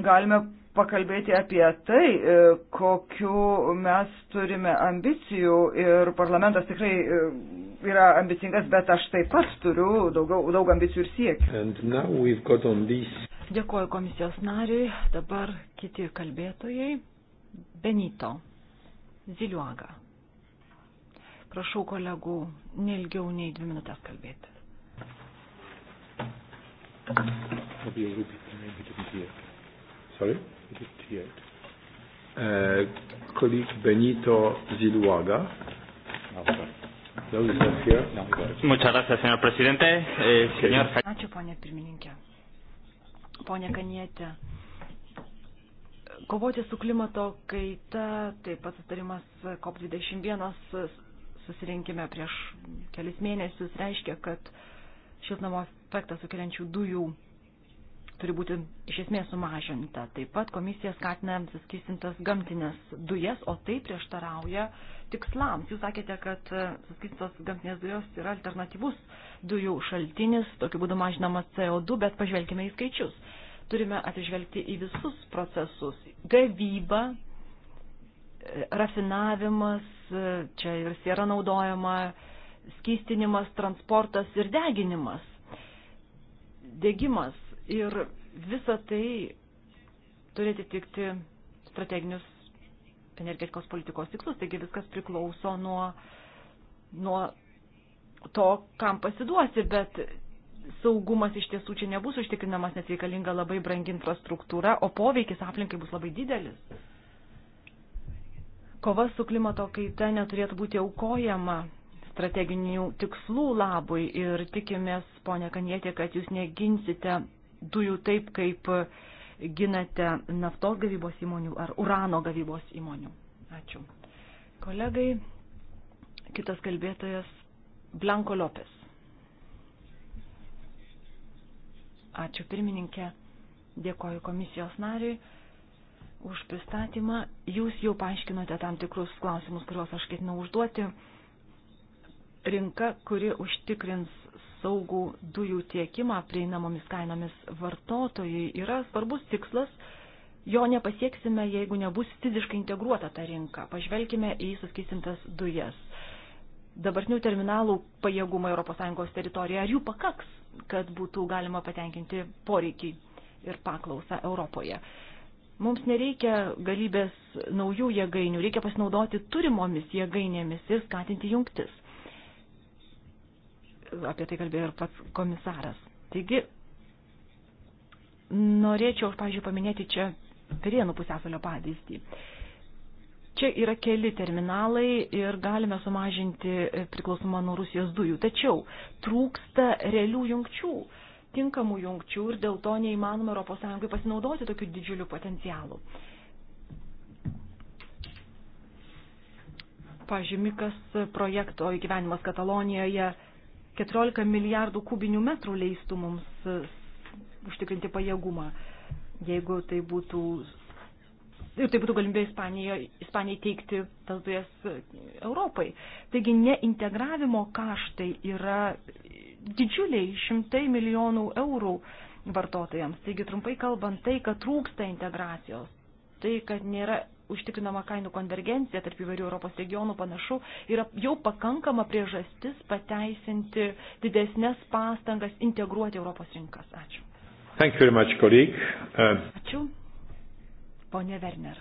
Galime pakalbėti apie tai, e, kokiu mes turime ambicijų ir parlamentas tikrai e, yra ambicingas, bet aš taip pat turiu daugiau, daug ambicijų ir siekių. Dėkuoju komisijos nariui, dabar kiti kalbėtojai. Benito Ziliuaga. Prašau kolegų nelgiau nei dvi minutės kalbėti. Labai rūpi, kad nebūtų Sorry? 58. Uh, colleague Benito Ziluaga. Muchas gracias, señor presidente. Eh, señor... Ačiū, ponė pirmininkė. Ponė Kanietė, kovoti su klimato kaita, taip pat sutarimas COP21 susirinkime prieš kelis mėnesius reiškia, kad šiltnamo efektą sukeliančių dujų turi būti iš esmės sumažinta. Taip pat komisija skatina suskistintas gamtinės dujas, o tai prieštarauja tikslams. Jūs sakėte, kad suskistintos gamtinės dujos yra alternatyvus dujų šaltinis, tokiu būdu mažinamas CO2, bet pažvelkime į skaičius. Turime atsižvelgti į visus procesus. Gavyba, rafinavimas, čia ir siera naudojama, skystinimas, transportas ir deginimas degimas Ir visa tai turi atitikti strateginius energetikos politikos tikslus, taigi viskas priklauso nuo, nuo to, kam pasiduosi, bet saugumas iš tiesų čia nebus užtikrinamas, nes reikalinga labai brangi infrastruktūra, o poveikis aplinkai bus labai didelis. Kova su klimato kaita neturėtų būti aukojama strateginių tikslų labui ir tikimės, ponia Kanietė, kad jūs neginsite dujų taip, kaip ginate naftos gavybos įmonių ar urano gavybos įmonių. Ačiū. Kolegai, kitas kalbėtojas Blanko Lopes. Ačiū pirmininkė, dėkoju komisijos nariui už pristatymą. Jūs jau paaiškinote tam tikrus klausimus, kuriuos aš ketinau užduoti. Rinka, kuri užtikrins saugų dujų tiekimą prieinamomis kainomis vartotojai yra svarbus tikslas. Jo nepasieksime, jeigu nebus fiziškai integruota ta rinka. Pažvelkime į suskistintas dujas. Dabartinių terminalų pajėgumai ES teritorijoje, ar jų pakaks, kad būtų galima patenkinti poreikį ir paklausą Europoje? Mums nereikia galybės naujų jėgainių, reikia pasinaudoti turimomis jėgainėmis ir skatinti jungtis apie tai kalbėjo ir pats komisaras. Taigi, norėčiau, aš, pavyzdžiui, paminėti čia Pirienų pusęsalio pavyzdį. Čia yra keli terminalai ir galime sumažinti priklausomą nuo Rusijos dujų, tačiau trūksta realių jungčių, tinkamų jungčių ir dėl to neįmanoma ES pasinaudoti tokiu didžiuliu potencialu. Pažymikas projekto įgyvenimas Katalonijoje 14 milijardų kubinių metrų leistų mums e, užtikrinti pajėgumą, jeigu tai būtų. Ir tai būtų galimybė Ispanijoje, Ispanijai teikti tas dujas e, Europai. Taigi neintegravimo kaštai yra didžiuliai šimtai milijonų eurų vartotojams. Taigi trumpai kalbant, tai, kad trūksta integracijos, tai, kad nėra užtikrinama kainų konvergencija tarp įvairių Europos regionų panašu yra jau pakankama priežastis pateisinti didesnės pastangas integruoti Europos rinkas. Ačiū. Thank you very much, colleague. Uh... Ačiū. Pone Werner.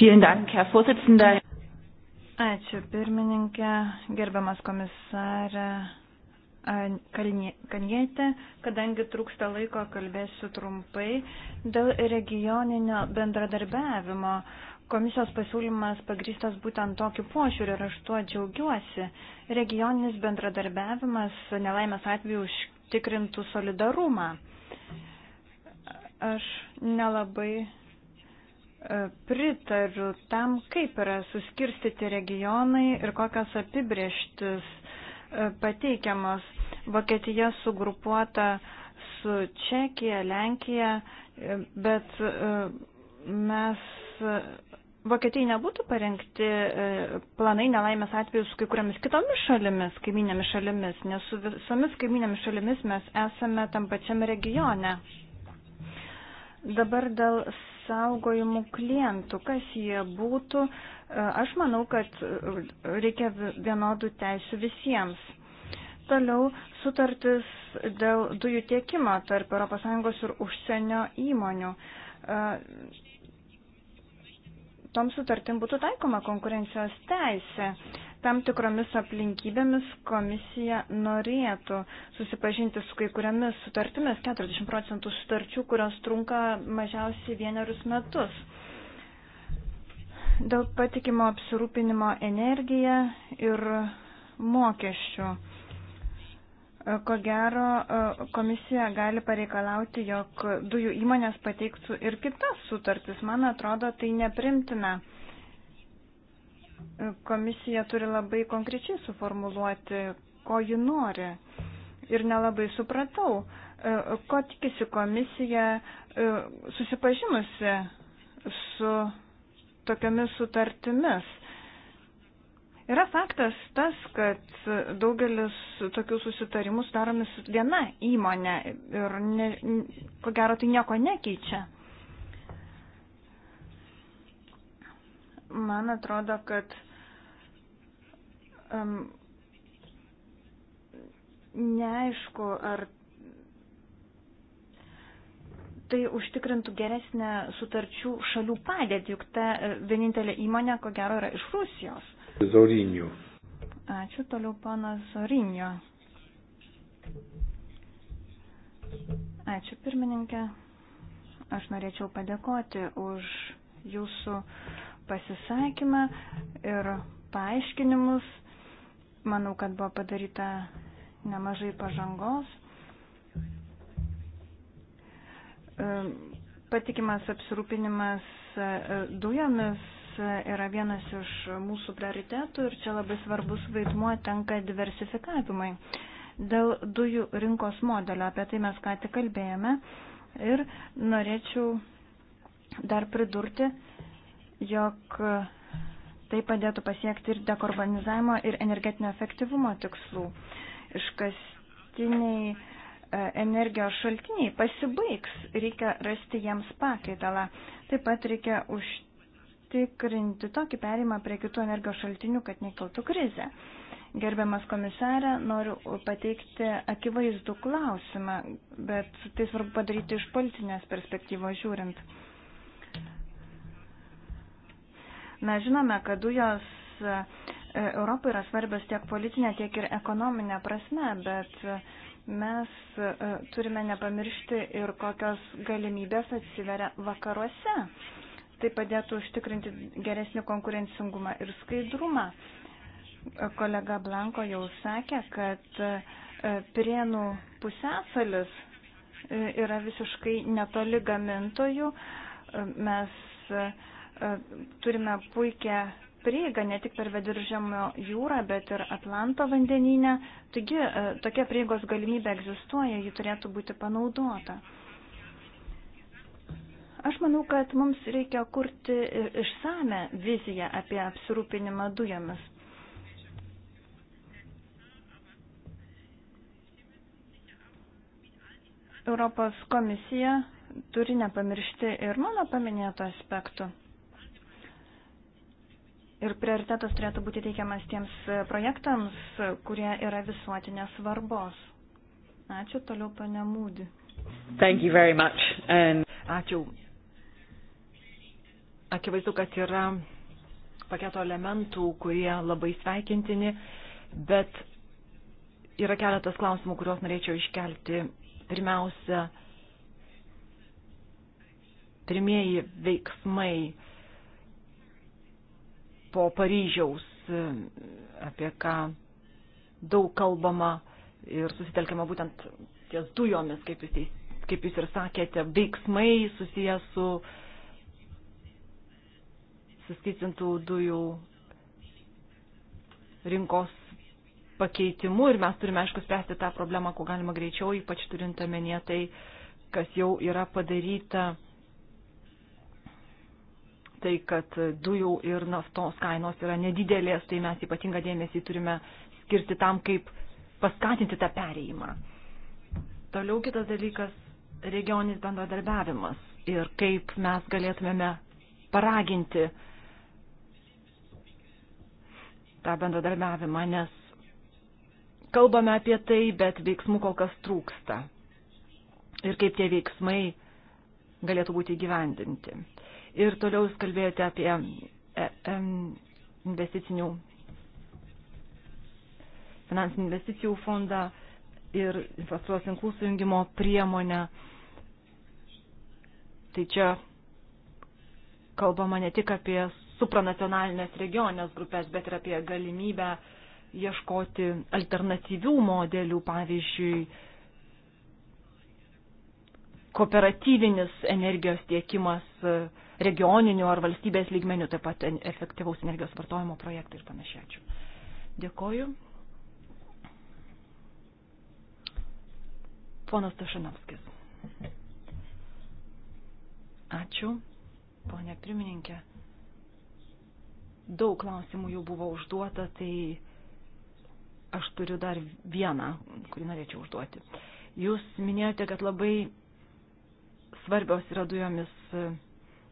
Vielen Dank, Herr Vorsitzender. Ačiū, pirmininkė, gerbiamas komisarė Kalnietė, kadangi trūksta laiko, kalbėsiu trumpai. Dėl regioninio bendradarbiavimo komisijos pasiūlymas pagrįstas būtent tokiu požiūriu ir aš tuo džiaugiuosi. Regioninis bendradarbiavimas nelaimės atveju užtikrintų solidarumą. Aš nelabai e, pritariu tam, kaip yra suskirstyti regionai ir kokias apibrieštis pateikiamos. Vokietija sugrupuota su Čekija, Lenkija, bet e, mes. Vokietijai nebūtų parengti e, planai nelaimės atveju su kai kuriamis kitomis šalimis, kaiminėmis šalimis, nes su visomis kaiminėmis šalimis mes esame tam pačiam regione. Dabar dėl saugojimų klientų, kas jie būtų, e, aš manau, kad e, reikia vienodų teisų visiems. Toliau sutartis dėl dujų tiekimo tarp ES ir užsienio įmonių. E, tom sutartim būtų taikoma konkurencijos teisė. Tam tikromis aplinkybėmis komisija norėtų susipažinti su kai kuriamis sutartimis, 40 procentų sutarčių, kurios trunka mažiausiai vienerius metus. Dėl patikimo apsirūpinimo energiją ir mokesčių. Ko gero, komisija gali pareikalauti, jog dujų įmonės pateiktų ir kitas sutartis. Man atrodo, tai neprimtina. Komisija turi labai konkrečiai suformuluoti, ko ji nori. Ir nelabai supratau, e, ko tikisi komisija e, susipažinusi su tokiamis sutartimis. Yra faktas tas, kad daugelis tokių susitarimų sudaromi su viena įmonė ir ne, ko gero tai nieko nekeičia. Man atrodo, kad um, neaišku, ar tai užtikrintų geresnę sutarčių šalių padėtį, juk ta e, vienintelė įmonė, ko gero, yra iš Rusijos. Zorinių. Ačiū toliau, panas Zorinio. Ačiū pirmininkė. Aš norėčiau padėkoti už jūsų pasisakymą ir paaiškinimus. Manau, kad buvo padaryta nemažai pažangos. Patikimas apsirūpinimas e, dujomis yra vienas iš mūsų prioritetų ir čia labai svarbus vaidmuo tenka diversifikavimui. Dėl dujų rinkos modelio, apie tai mes ką tik kalbėjome ir norėčiau dar pridurti, jog tai padėtų pasiekti ir dekarbonizavimo ir energetinio efektyvumo tikslų. Iškastiniai e, energijos šaltiniai pasibaigs, reikia rasti jiems pakaitalą. Taip pat reikia užtikrinti tokį perimą prie kitų energijos šaltinių, kad nekiltų krizė. Gerbiamas komisarė, noriu pateikti akivaizdų klausimą, bet tai svarbu padaryti iš politinės perspektyvos žiūrint. Mes žinome, kad dujos e, Europai yra svarbios tiek politinė, tiek ir ekonominė prasme, bet mes e, turime nepamiršti ir kokios galimybės atsiveria vakaruose. Tai padėtų užtikrinti geresnį konkurencingumą ir skaidrumą. Kolega Blanko jau sakė, kad e, Prienų pusęsalis yra visiškai netoli gamintojų. Mes E, turime puikią prieigą ne tik per Viduržemio jūrą, bet ir Atlanto vandeninę. Taigi e, tokia prieigos galimybė egzistuoja, ji turėtų būti panaudota. Aš manau, kad mums reikia kurti išsame viziją apie apsirūpinimą dujomis. Europos komisija turi nepamiršti ir mano paminėto aspektų. Ir prioritetas turėtų būti teikiamas tiems projektams, kurie yra visuotinės svarbos. Ačiū toliau, pane Mūdi. And... Ačiū. Akivaizdu, kad yra paketo elementų, kurie labai sveikintini, bet yra keletas klausimų, kuriuos norėčiau iškelti. Pirmiausia, pirmieji veiksmai po Paryžiaus, apie ką daug kalbama ir susitelkiama būtent ties dujomis, kaip jūs, kaip jūs ir sakėte, veiksmai susiję su suskaitintų dujų rinkos pakeitimu ir mes turime, aišku, spręsti tą problemą, kuo galima greičiau, ypač turint omenyje tai, kas jau yra padaryta tai, kad dujų ir naftos kainos yra nedidelės, tai mes ypatingą dėmesį turime skirti tam, kaip paskatinti tą pereimą. Toliau kitas dalykas - regioninis bendradarbiavimas ir kaip mes galėtumėme paraginti tą bendradarbiavimą, nes kalbame apie tai, bet veiksmų kol kas trūksta. Ir kaip tie veiksmai galėtų būti įgyvendinti. Ir toliau jūs kalbėjote apie e, investicinių, finansinių investicijų fondą ir infrastruos tinklų sujungimo priemonę. Tai čia kalbama ne tik apie supranacionalinės regioninės grupės, bet ir apie galimybę ieškoti alternatyvių modelių, pavyzdžiui, kooperatyvinis energijos tiekimas regioniniu ar valstybės lygmeniu, taip pat efektyvaus energijos vartojimo projektai ir panašiai. Ačiū. Dėkoju. Ponas Tašanovskis. Ačiū, ponė pirmininkė. Daug klausimų jau buvo užduota, tai aš turiu dar vieną, kurį norėčiau užduoti. Jūs minėjote, kad labai svarbios yra dujomis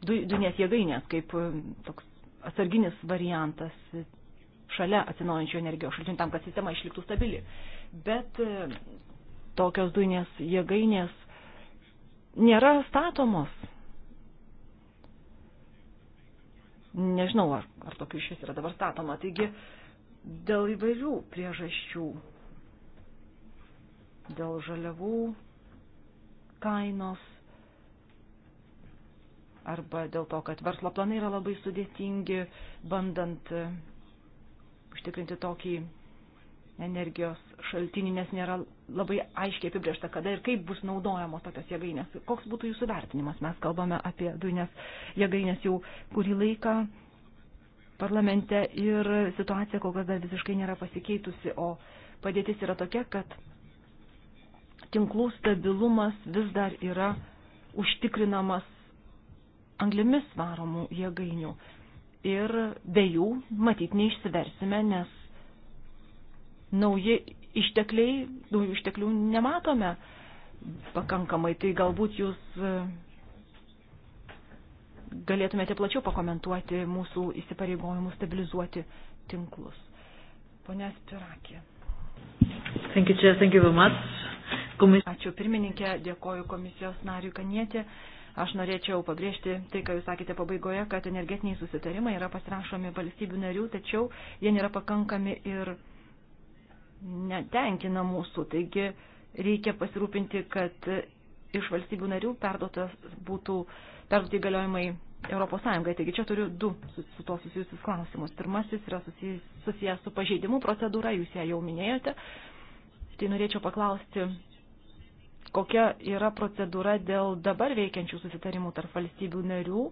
dujinės jėgainės kaip e, toks atsarginis variantas šalia atsinaujančių energijos šaltinių tam, kad sistema išliktų stabili. Bet e, tokios dujinės jėgainės nėra statomos. Nežinau, ar, ar tokių iš vis yra dabar statoma. Taigi, dėl įvairių priežasčių, dėl žaliavų kainos, arba dėl to, kad verslo planai yra labai sudėtingi, bandant e, užtikrinti tokį energijos šaltinį, nes nėra labai aiškiai apibriešta, kada ir kaip bus naudojamos tokios jėgainės. Koks būtų jūsų vertinimas? Mes kalbame apie dujines jėgainės jau kurį laiką parlamente ir situacija kol kas dar visiškai nėra pasikeitusi, o padėtis yra tokia, kad tinklų stabilumas vis dar yra užtikrinamas anglimis varomų jėgainių. Ir be jų matyt neišsiversime, nes nauji ištekliai, naujų išteklių nematome pakankamai. Tai galbūt jūs e, galėtumėte plačiau pakomentuoti mūsų įsipareigojimus stabilizuoti tinklus. Pone Spirakė. Thank you, Chair. Thank you very much. Komis... Ačiū pirmininkė, dėkoju komisijos nariui Kanietė. Aš norėčiau pabrėžti tai, ką jūs sakėte pabaigoje, kad energetiniai susitarimai yra pasirašomi valstybių narių, tačiau jie nėra pakankami ir netenkina mūsų. Taigi reikia pasirūpinti, kad iš valstybių narių perduotas būtų perduoti įgaliojimai Europos Sąjungai. Taigi čia turiu du su, su to susijusius klausimus. Pirmasis yra susijęs, susijęs su pažeidimų procedūra, jūs ją jau minėjote. Tai norėčiau paklausti, kokia yra procedūra dėl dabar veikiančių susitarimų tarp valstybių narių,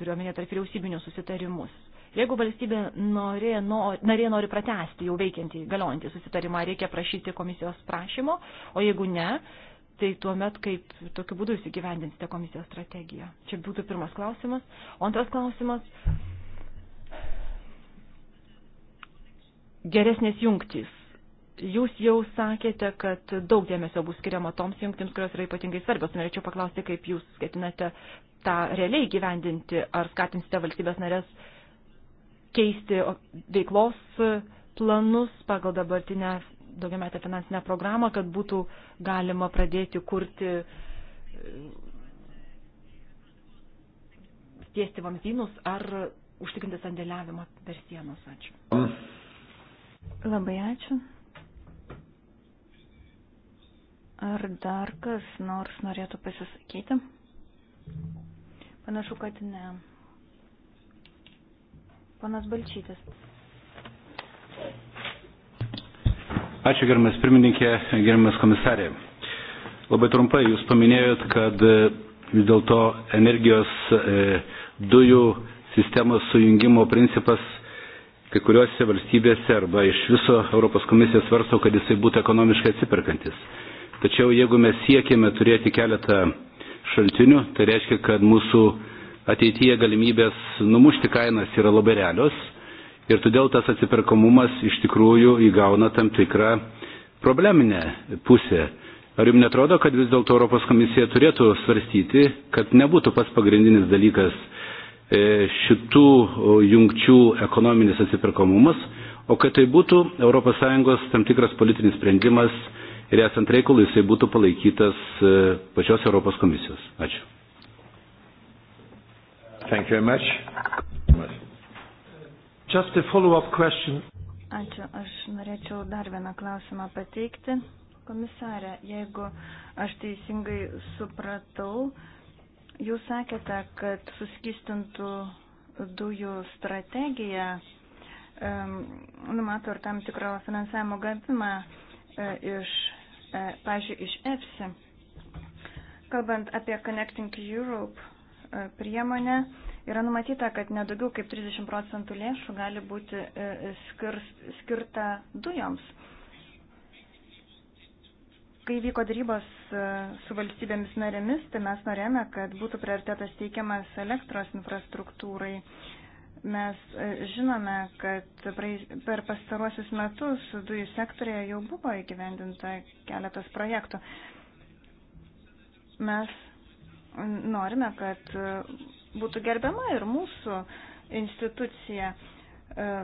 turiuomenė tarp vyriausybinių susitarimus. Jeigu valstybė norė, nor, narė nori pratesti jau veikiantį, galiojantį susitarimą, reikia prašyti komisijos prašymo, o jeigu ne, tai tuomet kaip tokiu būdu jūs įgyvendinsite komisijos strategiją. Čia būtų pirmas klausimas. O antras klausimas. Geresnės jungtys Jūs jau sakėte, kad daug dėmesio bus skiriama toms jungtims, kurios yra ypatingai svarbios. Norėčiau paklausti, kaip jūs ketinate tą realiai gyvendinti, ar skatinsite valstybės narės keisti veiklos planus pagal dabartinę daugiametę finansinę programą, kad būtų galima pradėti kurti e, tiesti vamzdynus ar užtikrinti sandėliavimą per sienos. Ačiū. Labai ačiū. Ar dar kas nors norėtų pasisakyti? Panašu, kad ne. Panas Balčytis. Ačiū, gerbiamas pirmininkė, gerbiamas komisarė. Labai trumpai, jūs paminėjot, kad e, vis dėlto energijos e, dujų sistemos sujungimo principas kai kuriuose valstybėse arba iš viso Europos komisijos svarsto, kad jisai būtų ekonomiškai atsiperkantis. Tačiau jeigu mes siekime turėti keletą šaltinių, tai reiškia, kad mūsų ateityje galimybės numušti kainas yra labai realios ir todėl tas atsiperkamumas iš tikrųjų įgauna tam tikrą probleminę pusę. Ar jums netrodo, kad vis dėlto Europos komisija turėtų svarstyti, kad nebūtų pats pagrindinis dalykas e, šitų jungčių ekonominis atsipirkamumas, o kad tai būtų ES tam tikras politinis sprendimas ir esant reikalui jisai būtų palaikytas e, pačios Europos komisijos. Ačiū. Thank you very much. Just a follow-up question. Ačiū. Aš norėčiau dar vieną klausimą pateikti. Komisarė, jeigu aš teisingai supratau, jūs sakėte, kad suskistintų dujų strategija numato ir tam tikro finansavimo gavimą e, iš E, pažiūrėjau, iš EFSI. Kalbant apie Connecting Europe e, priemonę, yra numatyta, kad nedaugiau kaip 30 procentų lėšų gali būti e, skirs, skirta dujoms. Kai vyko darybos su valstybėmis narėmis, tai mes norėjome, kad būtų prioritetas teikiamas elektros infrastruktūrai. Mes e, žinome, kad per pastaruosius metus dujų sektorėje jau buvo įgyvendinta keletas projektų. Mes norime, kad būtų gerbiama ir mūsų institucija. E,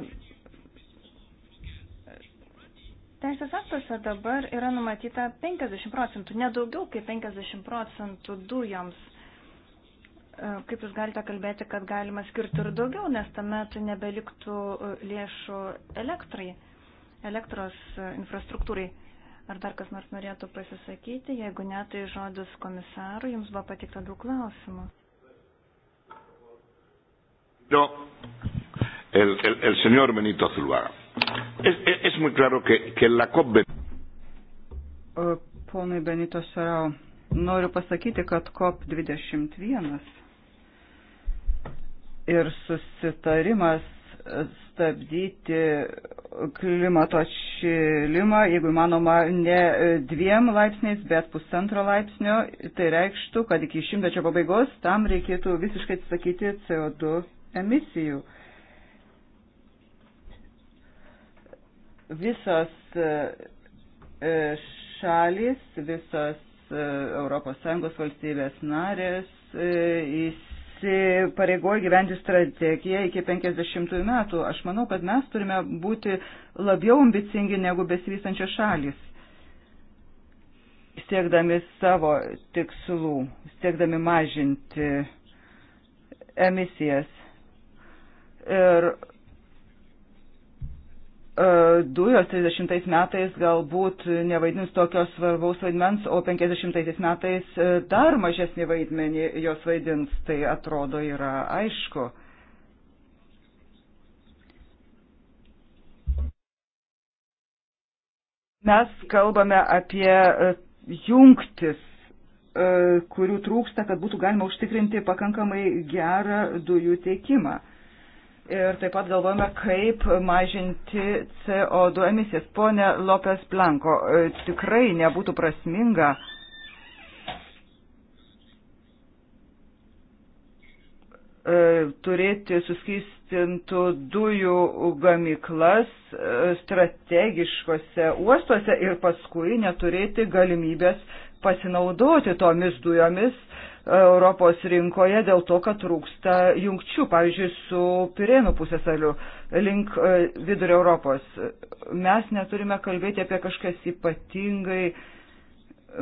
Teisės aktuose dabar yra numatyta 50 procentų, nedaugiau kaip 50 procentų dujoms E, kaip Jūs galite kalbėti, kad galima skirti ir daugiau, nes tuomet nebeliktų e, lėšų elektrai, elektros e, infrastruktūrai. Ar dar kas nors norėtų pasisakyti? Jeigu ne, tai žodis komisarui, jums buvo patikta daug klausimų. No. El, el, el señor Benito Zuluaga. Es, es, es muy claro que, que la COP. Ponui Benito Serau, noriu pasakyti, kad COP21 ir susitarimas stabdyti klimato atšilimą, jeigu įmanoma, ne dviem laipsniais, bet pusantro laipsnio, tai reikštų, kad iki šimtmečio pabaigos tam reikėtų visiškai atsisakyti CO2 emisijų. Visos e, šalis, visos ES valstybės narės e, įsitikinti įsipareigoja gyventi strategiją iki 50 metų. Aš manau, kad mes turime būti labiau ambicingi negu besivystančios šalis, siekdami savo tikslų, siekdami mažinti emisijas. Ir E, dujos 30 metais galbūt nevaidins tokios svarbaus vaidmens, o 50 metais e, dar mažesnį vaidmenį jos vaidins, tai atrodo yra aišku. Mes kalbame apie e, jungtis, kurių trūksta, kad būtų galima užtikrinti pakankamai gerą dujų tiekimą ir taip pat galvojame, kaip mažinti CO2 emisijas. Pone Lopes Blanko, e, tikrai nebūtų prasminga e, turėti suskystintų dujų gamyklas e, strategiškose uostuose ir paskui neturėti galimybės pasinaudoti tomis dujomis e, Europos rinkoje dėl to, kad trūksta jungčių, pavyzdžiui, su Pirėnų pusėsaliu link e, vidurio Europos. Mes neturime kalbėti apie kažkas ypatingai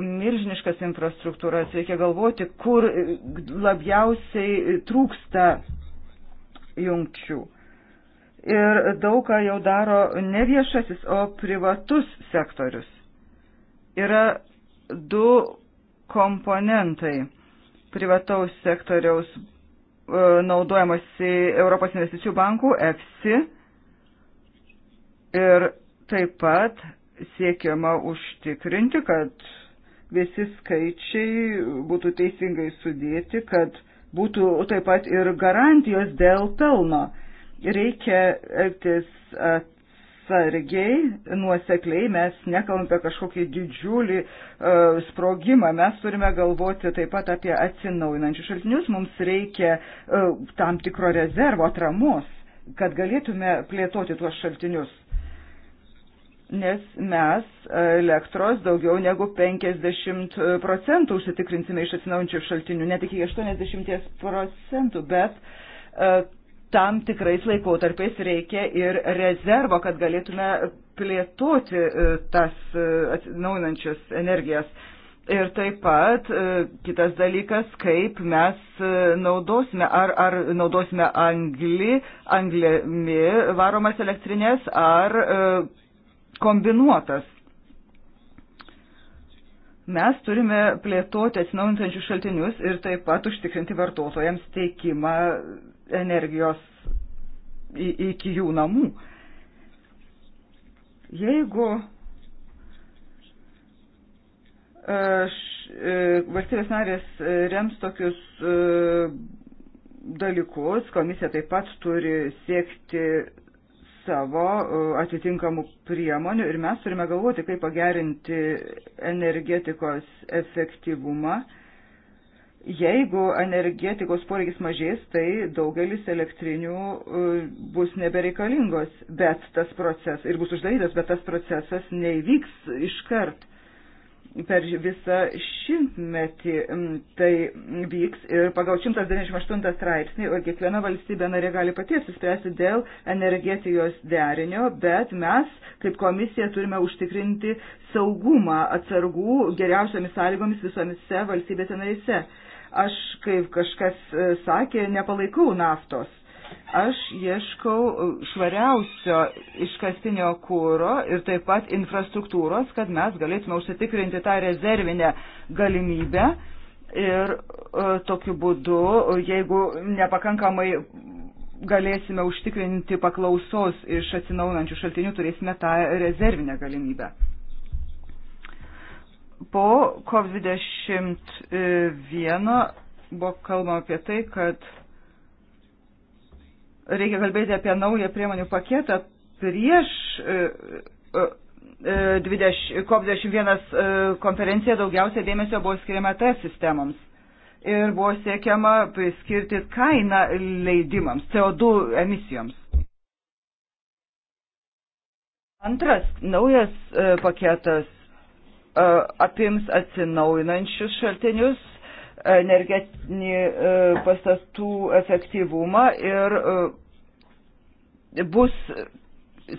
milžiniškas infrastruktūras, reikia galvoti, kur labiausiai trūksta jungčių. Ir daug ką jau daro ne viešasis, o privatus sektorius. Yra du komponentai privataus sektoriaus e, naudojamasi Europos investicijų bankų EFSI ir taip pat siekiama užtikrinti, kad visi skaičiai būtų teisingai sudėti, kad būtų taip pat ir garantijos dėl pelno. Reikia elgtis atsargiai, nuosekliai, mes nekalbame apie kažkokį didžiulį e, sprogimą, mes turime galvoti taip pat apie atsinaujinančius šaltinius, mums reikia e, tam tikro rezervo atramos, kad galėtume plėtoti tuos šaltinius. Nes mes elektros daugiau negu 50 procentų užsitikrinsime iš atsinaujančių šaltinių, net iki 80 procentų, bet e, tam tikrais laikotarpiais reikia ir rezervo, kad galėtume plėtoti e, tas e, atsinaujinančias energijas. Ir taip pat e, kitas dalykas, kaip mes naudosime, ar, ar naudosime anglį, anglėmi varomas elektrinės, ar kombinuotas. Mes turime plėtoti atsinaujantančius šaltinius ir taip pat užtikrinti vartotojams teikimą energijos iki jų namų. Jeigu e, e, valstybės narės rems tokius e, dalykus, komisija taip pat turi siekti savo atitinkamų priemonių ir mes turime galvoti, kaip pagerinti energetikos efektyvumą Jeigu energetikos poreikis mažės, tai daugelis elektrinių e, bus nebereikalingos, bet tas procesas ir bus uždarytas, bet tas procesas neįvyks iškart. Per visą šimtmetį mm, tai vyks ir pagal 198 straipsnį, o kiekviena valstybė narė gali pati apsispręsti dėl energetijos derinio, bet mes kaip komisija turime užtikrinti saugumą atsargų geriausiamis sąlygomis visomise valstybėse narėse Aš, kaip kažkas e, sakė, nepalaikau naftos. Aš ieškau švariausio iškastinio kūro ir taip pat infrastruktūros, kad mes galėtume užsitikrinti tą rezervinę galimybę ir e, tokiu būdu, jeigu nepakankamai galėsime užtikrinti paklausos iš atsinaunančių šaltinių, turėsime tą rezervinę galimybę. Po COP21 buvo kalbama apie tai, kad reikia kalbėti apie naują priemonių paketą prieš e, e, e, COP21 konferencija daugiausia dėmesio buvo skiriama T sistemoms. Ir buvo siekiama priskirti kainą leidimams, CO2 emisijoms. Antras naujas paketas E, apims atsinaujinančius šaltinius, energetinį e, pastatų efektyvumą ir e, bus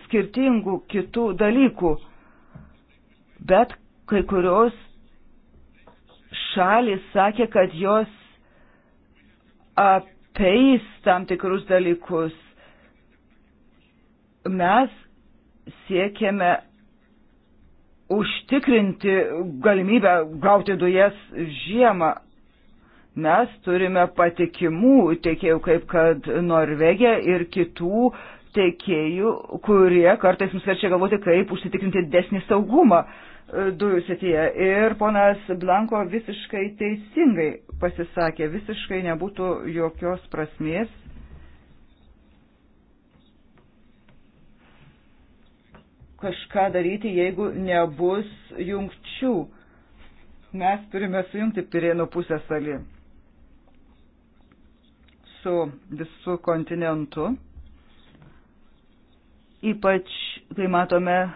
skirtingų kitų dalykų. Bet kai kurios šalis sakė, kad jos apeis tam tikrus dalykus. Mes siekiame užtikrinti galimybę gauti dujas žiemą. Mes turime patikimų tiekėjų, kaip kad Norvegija ir kitų tiekėjų, kurie kartais mums verčia galvoti, kaip užsitikrinti didesnį saugumą e, dujų srityje. Ir ponas Blanko visiškai teisingai pasisakė, visiškai nebūtų jokios prasmės kažką daryti, jeigu nebus jungčių. Mes turime sujungti Pirėnų pusęsalį su visu kontinentu. Ypač, kai matome e,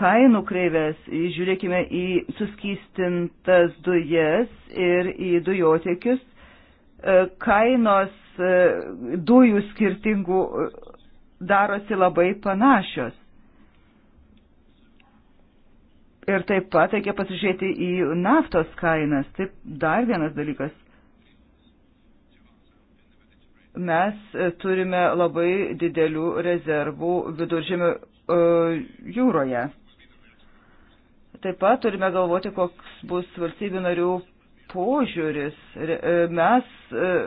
kainų kreivės, žiūrėkime į suskystintas dujas ir į dujotiekius, e, kainos e, dujų skirtingų darosi labai panašios. Ir taip pat reikia pasižiūrėti į naftos kainas. Taip, dar vienas dalykas. Mes e, turime labai didelių rezervų viduržėmio uh, jūroje. Taip pat turime galvoti, koks bus valstybių narių požiūris. E, mes uh,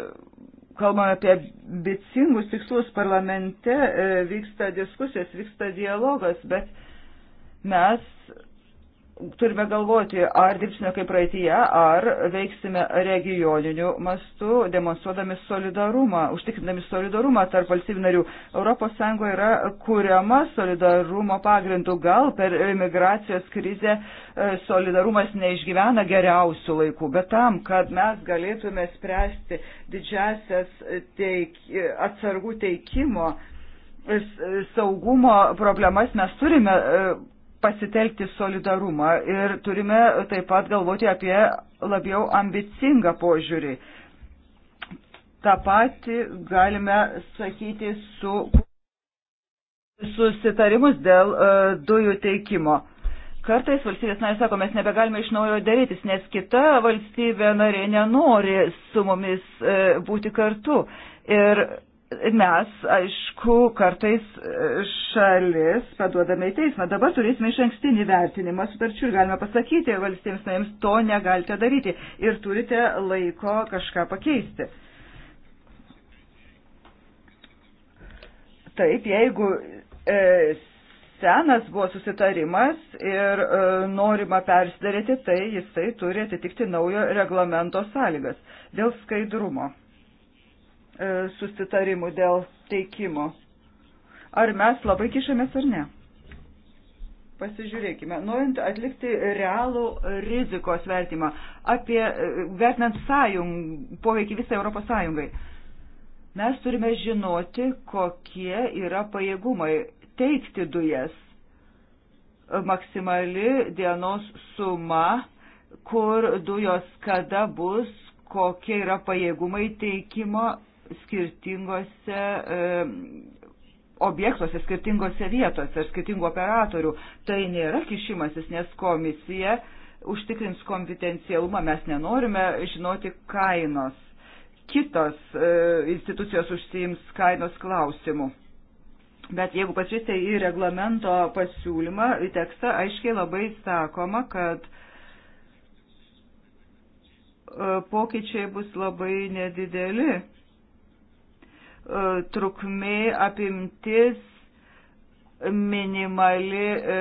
kalbame apie ambicingus tikslus parlamente, uh, vyksta diskusijos, vyksta dialogas, bet mes turime galvoti, ar dirbsime kaip praeitie, ar veiksime regioniniu mastu, demonstruodami solidarumą, užtikrindami solidarumą tarp valstybių narių. ES yra kuriama solidarumo pagrindu, gal per migracijos krizę e, solidarumas neišgyvena geriausių laikų, bet tam, kad mes galėtume spręsti didžiasias teik, atsargų teikimo e, saugumo problemas, mes turime e, pasitelkti solidarumą ir turime taip pat galvoti apie labiau ambicingą požiūrį. Ta pati galime sakyti su susitarimus dėl uh, dujų teikimo. Kartais valstybės narės sako, mes nebegalime iš naujo dėrėtis, nes kita valstybė narė nenori su mumis uh, būti kartu. Ir mes, aišku, kartais e, šalis paduodame į teismą. Dabar turėsime iš ankstinį vertinimą sutarčių ir galime pasakyti valstybėms narėms, to negalite daryti ir turite laiko kažką pakeisti. Taip, jeigu e, senas buvo susitarimas ir e, norima persidaryti, tai jisai turi atitikti naujo reglamento sąlygas dėl skaidrumo. E, susitarimų dėl teikimo. Ar mes labai kišamės ar ne? Pasižiūrėkime, norint atlikti realų rizikos vertimą, apie e, vertinant sąjung, poveikį visą Europos Sąjungai, mes turime žinoti, kokie yra pajėgumai teikti dujas. Maksimali dienos suma, kur dujos kada bus, kokie yra pajėgumai teikimo skirtingose e, objektuose, skirtingose vietose ir skirtingų operatorių. Tai nėra kišimasis, nes komisija užtikrins kompetencialumą, mes nenorime žinoti kainos. Kitos e, institucijos užsiims kainos klausimų. Bet jeigu pasižiūrėsite į reglamento pasiūlymą, į tekstą, aiškiai labai sakoma, kad e, pokyčiai bus labai nedideli E, trukmė, apimtis, minimali e,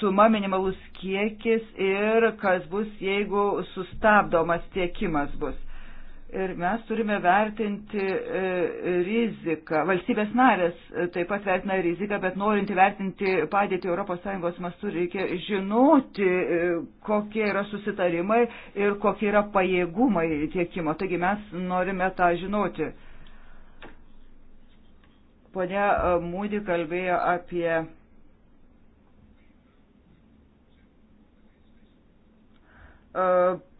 suma, minimalus kiekis ir kas bus, jeigu sustabdomas tiekimas bus. Ir mes turime vertinti e, riziką. Valstybės narės taip pat vertina riziką, bet norint įvertinti padėtį ES mastu, reikia žinoti, kokie yra susitarimai ir kokie yra pajėgumai tiekimo. Taigi mes norime tą žinoti. Pone e, Mūdi kalbėjo apie e,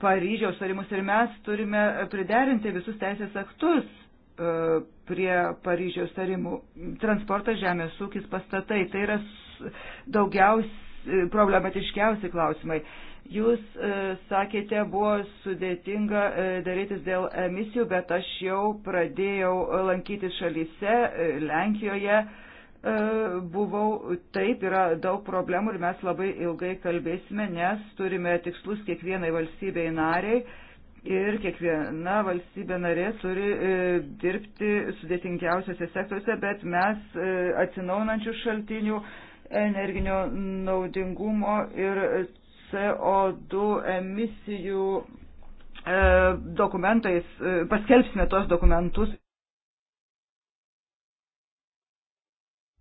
Paryžiaus tarimus ir mes turime priderinti visus teisės aktus e, prie Paryžiaus tarimų. Transportas, žemės ūkis, pastatai, tai yra daugiausiai problematiškiausi klausimai. Jūs e, sakėte, buvo sudėtinga e, darytis dėl emisijų, bet aš jau pradėjau lankyti šalyse, e, Lenkijoje buvau, taip yra daug problemų ir mes labai ilgai kalbėsime, nes turime tikslus kiekvienai valstybei nariai ir kiekviena valstybė narė turi dirbti sudėtingiausiose sektoriuose, bet mes atsinaunančių šaltinių energinio naudingumo ir CO2 emisijų e, dokumentais, e, paskelbsime tos dokumentus.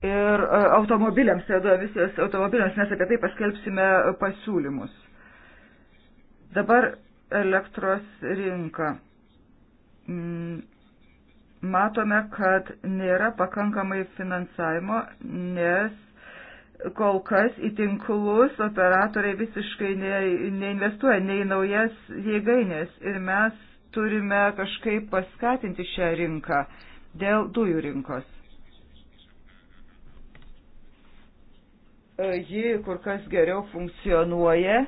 Ir e, automobiliams, CO2 emisijos automobiliams, mes apie tai paskelbsime pasiūlymus. Dabar elektros rinka. Mm, matome, kad nėra pakankamai finansavimo, nes kol kas į tinklus operatoriai visiškai ne, neinvestuoja nei naujas jėgainės ir mes turime kažkaip paskatinti šią rinką dėl dujų rinkos. Ji kur kas geriau funkcionuoja.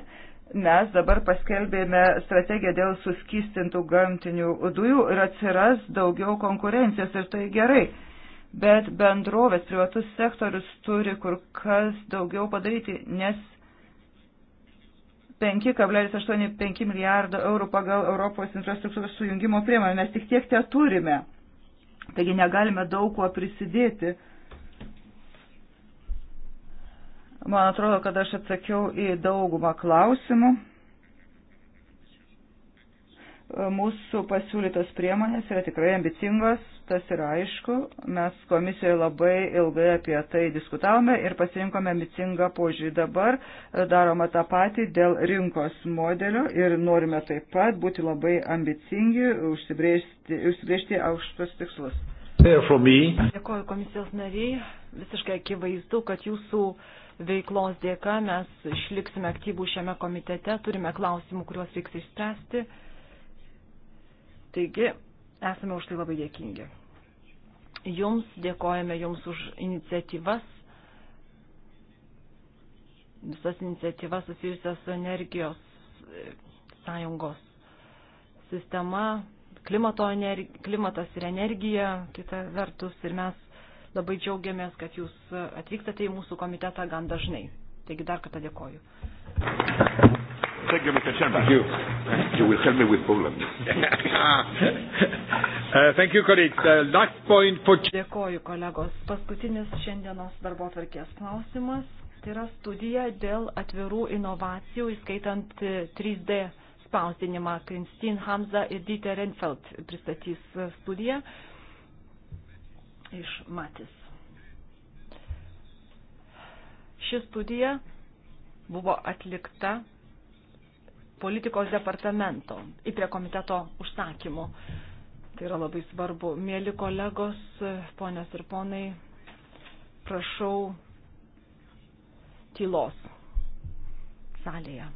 Mes dabar paskelbėme strategiją dėl suskystintų gamtinių dujų ir atsiras daugiau konkurencijos ir tai gerai bet bendrovės privatus sektorius turi kur kas daugiau padaryti, nes 5,85 milijardo eurų pagal Europos infrastruktūros sujungimo priemonę mes tik tiek te turime. Taigi negalime daug kuo prisidėti. Man atrodo, kad aš atsakiau į daugumą klausimų. Mūsų pasiūlytos priemonės yra tikrai ambicingos tas yra aišku. Mes komisijoje labai ilgai apie tai diskutavome ir pasirinkome micingą požiūrį. Dabar e, daroma tą patį dėl rinkos modelio ir norime taip pat būti labai ambicingi, užsibriežti, užsibriežti aukštus tikslus. Dėkoju komisijos nariai. Visiškai akivaizdu, kad jūsų veiklos dėka mes išliksime aktyvų šiame komitete, turime klausimų, kuriuos reiks išspręsti. Taigi, esame už tai labai dėkingi. Jums dėkojame Jums už iniciatyvas, visas iniciatyvas susijusias su energijos e, sąjungos sistema, klimato energi, klimatas ir energija, kita vertus, ir mes labai džiaugiamės, kad Jūs atvykstate į mūsų komitetą gan dažnai. Taigi dar kartą dėkoju. Thank you, Mr. Chairman. Thank you. You will help me with Poland. uh, thank you, colleagues. Uh, last point for... Dėkoju, kolegos. Paskutinis šiandienos darbo tvarkės klausimas. Tai yra studija dėl atvirų inovacijų, įskaitant 3D e, spausdinimą. Kristin Hamza ir Dieter Renfeld pristatys e, studiją iš Matis. Ši studija buvo atlikta politikos departamento į prie komiteto užsakymų. Tai yra labai svarbu. Mėly kolegos, ponios ir ponai, prašau tylos salėje.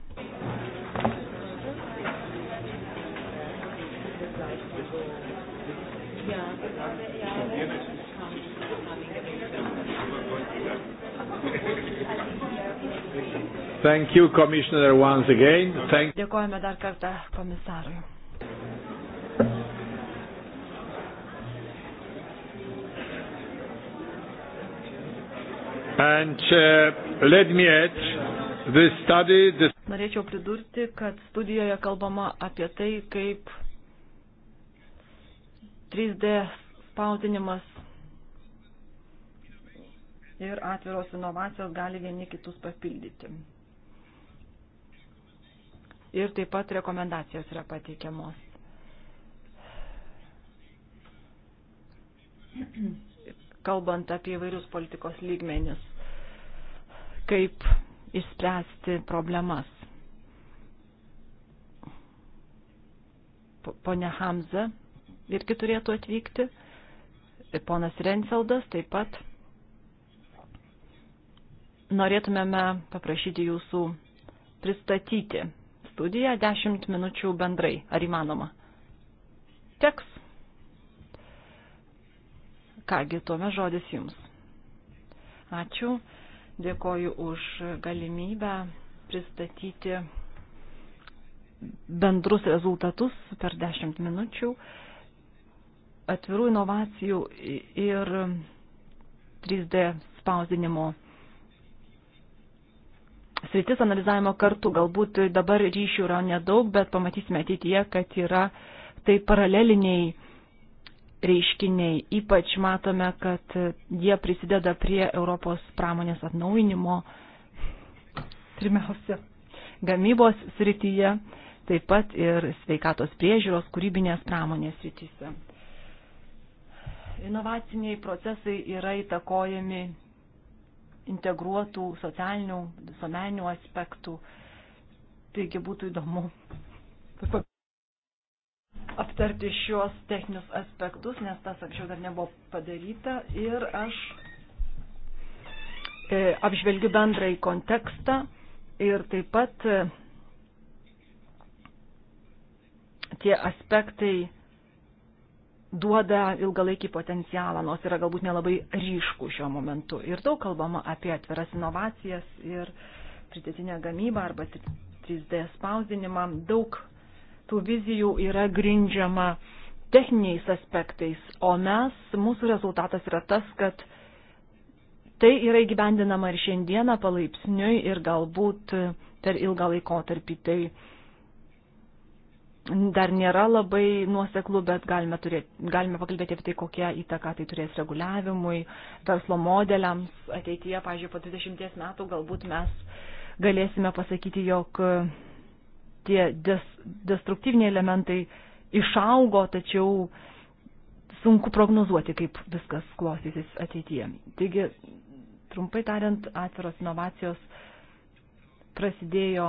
Yeah. Thank you, Commissioner, once again. Thank... Dėkojame dar kartą komisarui. And uh, let me add, the study, the... Norėčiau pridurti, kad studijoje kalbama apie tai, kaip 3D spausdinimas ir atviros inovacijos gali vieni kitus papildyti ir taip pat rekomendacijos yra pateikiamos. Kalbant apie įvairius politikos lygmenis, kaip išspręsti problemas. Pone Hamza irgi turėtų atvykti, ponas Renfeldas taip pat. Norėtumėme paprašyti jūsų pristatyti studiją, 10 minučių bendrai, ar įmanoma? Teks. Kągi, tuome žodis jums. Ačiū, dėkoju už galimybę pristatyti bendrus rezultatus per 10 minučių atvirų inovacijų ir 3D spausdinimo sritis analizavimo kartu. Galbūt dabar ryšių yra nedaug, bet pamatysime ateityje, kad yra tai paraleliniai reiškiniai. Ypač matome, kad jie prisideda prie Europos pramonės atnauinimo, pirmiausia, gamybos srityje, taip pat ir sveikatos priežiūros kūrybinės pramonės srityse. Inovaciniai procesai yra įtakojami integruotų socialinių, visuomeninių aspektų. Taigi būtų įdomu aptarti šios techninius aspektus, nes tas anksčiau dar nebuvo padaryta. Ir aš e, apžvelgiu bendrąjį kontekstą ir taip pat e, tie aspektai, duoda ilgalaikį potencialą, nors yra galbūt nelabai ryškų šiuo momentu. Ir daug kalbama apie atviras inovacijas ir pridėtinę gamybą arba 3D spausdinimą. Daug tų vizijų yra grindžiama techniniais aspektais, o mes, mūsų rezultatas yra tas, kad tai yra įgyvendinama ir šiandieną palaipsniui ir galbūt per ilgą laikotarpį tai dar nėra labai nuoseklu, bet galime, turėti, galime pakalbėti apie tai, kokią įtaką tai turės reguliavimui, verslo modeliams. Ateityje, pažiūrėjau, po 20 metų galbūt mes galėsime pasakyti, jog e, tie des, destruktyviniai elementai išaugo, tačiau sunku prognozuoti, kaip viskas klostysis ateityje. Taigi, trumpai tariant, atviros inovacijos prasidėjo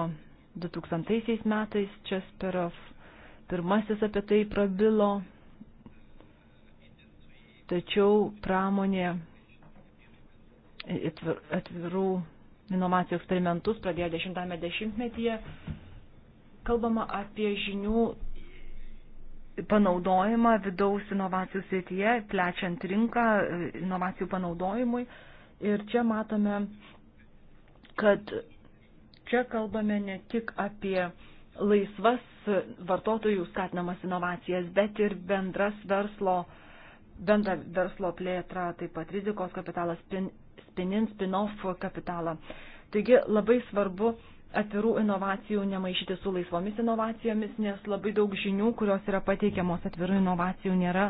2000 metais Česperov pirmasis apie tai prabilo, tačiau pramonė atvirų inovacijų eksperimentus pradėjo 10-ame dešimtmetyje. Kalbama apie žinių panaudojimą vidaus inovacijų srityje, plečiant rinką inovacijų panaudojimui. Ir čia matome, kad čia kalbame ne tik apie laisvas vartotojų skatinamas inovacijas, bet ir bendras verslo, bendra verslo plėtra, taip pat rizikos kapitalas, spin, spinin, spin-off kapitalą. Taigi labai svarbu atvirų inovacijų nemaišyti su laisvomis inovacijomis, nes labai daug žinių, kurios yra pateikiamos atvirų inovacijų, nėra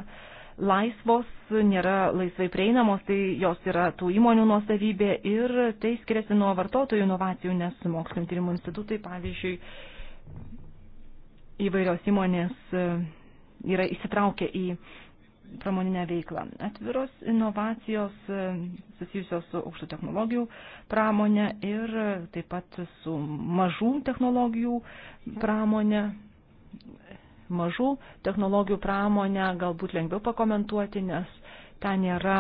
laisvos, nėra laisvai prieinamos, tai jos yra tų įmonių nuosavybė ir tai skiriasi nuo vartotojų inovacijų, nes mokslinio tyrimų institutai, pavyzdžiui, įvairios įmonės e, yra įsitraukę į pramoninę veiklą. Atviros inovacijos e, susijusios su aukštų technologijų pramonė ir e, taip pat su mažų technologijų pramonė. Mažų technologijų pramonę galbūt lengviau pakomentuoti, nes ten nėra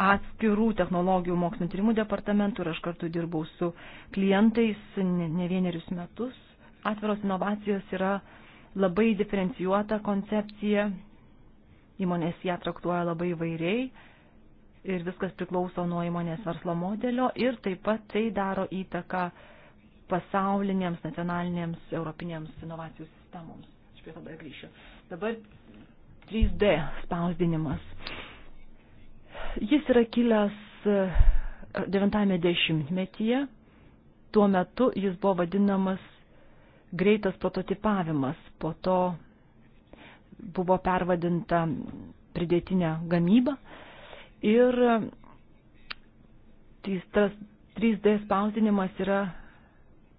atskirų technologijų mokslinio tyrimų departamentų ir aš kartu dirbau su klientais ne, ne vienerius metus atviros inovacijos yra labai diferencijuota koncepcija, įmonės ją traktuoja labai vairiai ir viskas priklauso nuo įmonės verslo modelio ir taip pat tai daro įtaką pasaulinėms, nacionalinėms, europinėms inovacijų sistemoms. Aš prie to dar grįšiu. Dabar 3D spausdinimas. Jis yra kilęs 90-metyje. E, Tuo metu jis buvo vadinamas greitas prototipavimas, po to buvo pervadinta pridėtinė gamyba ir tas 3D spausdinimas yra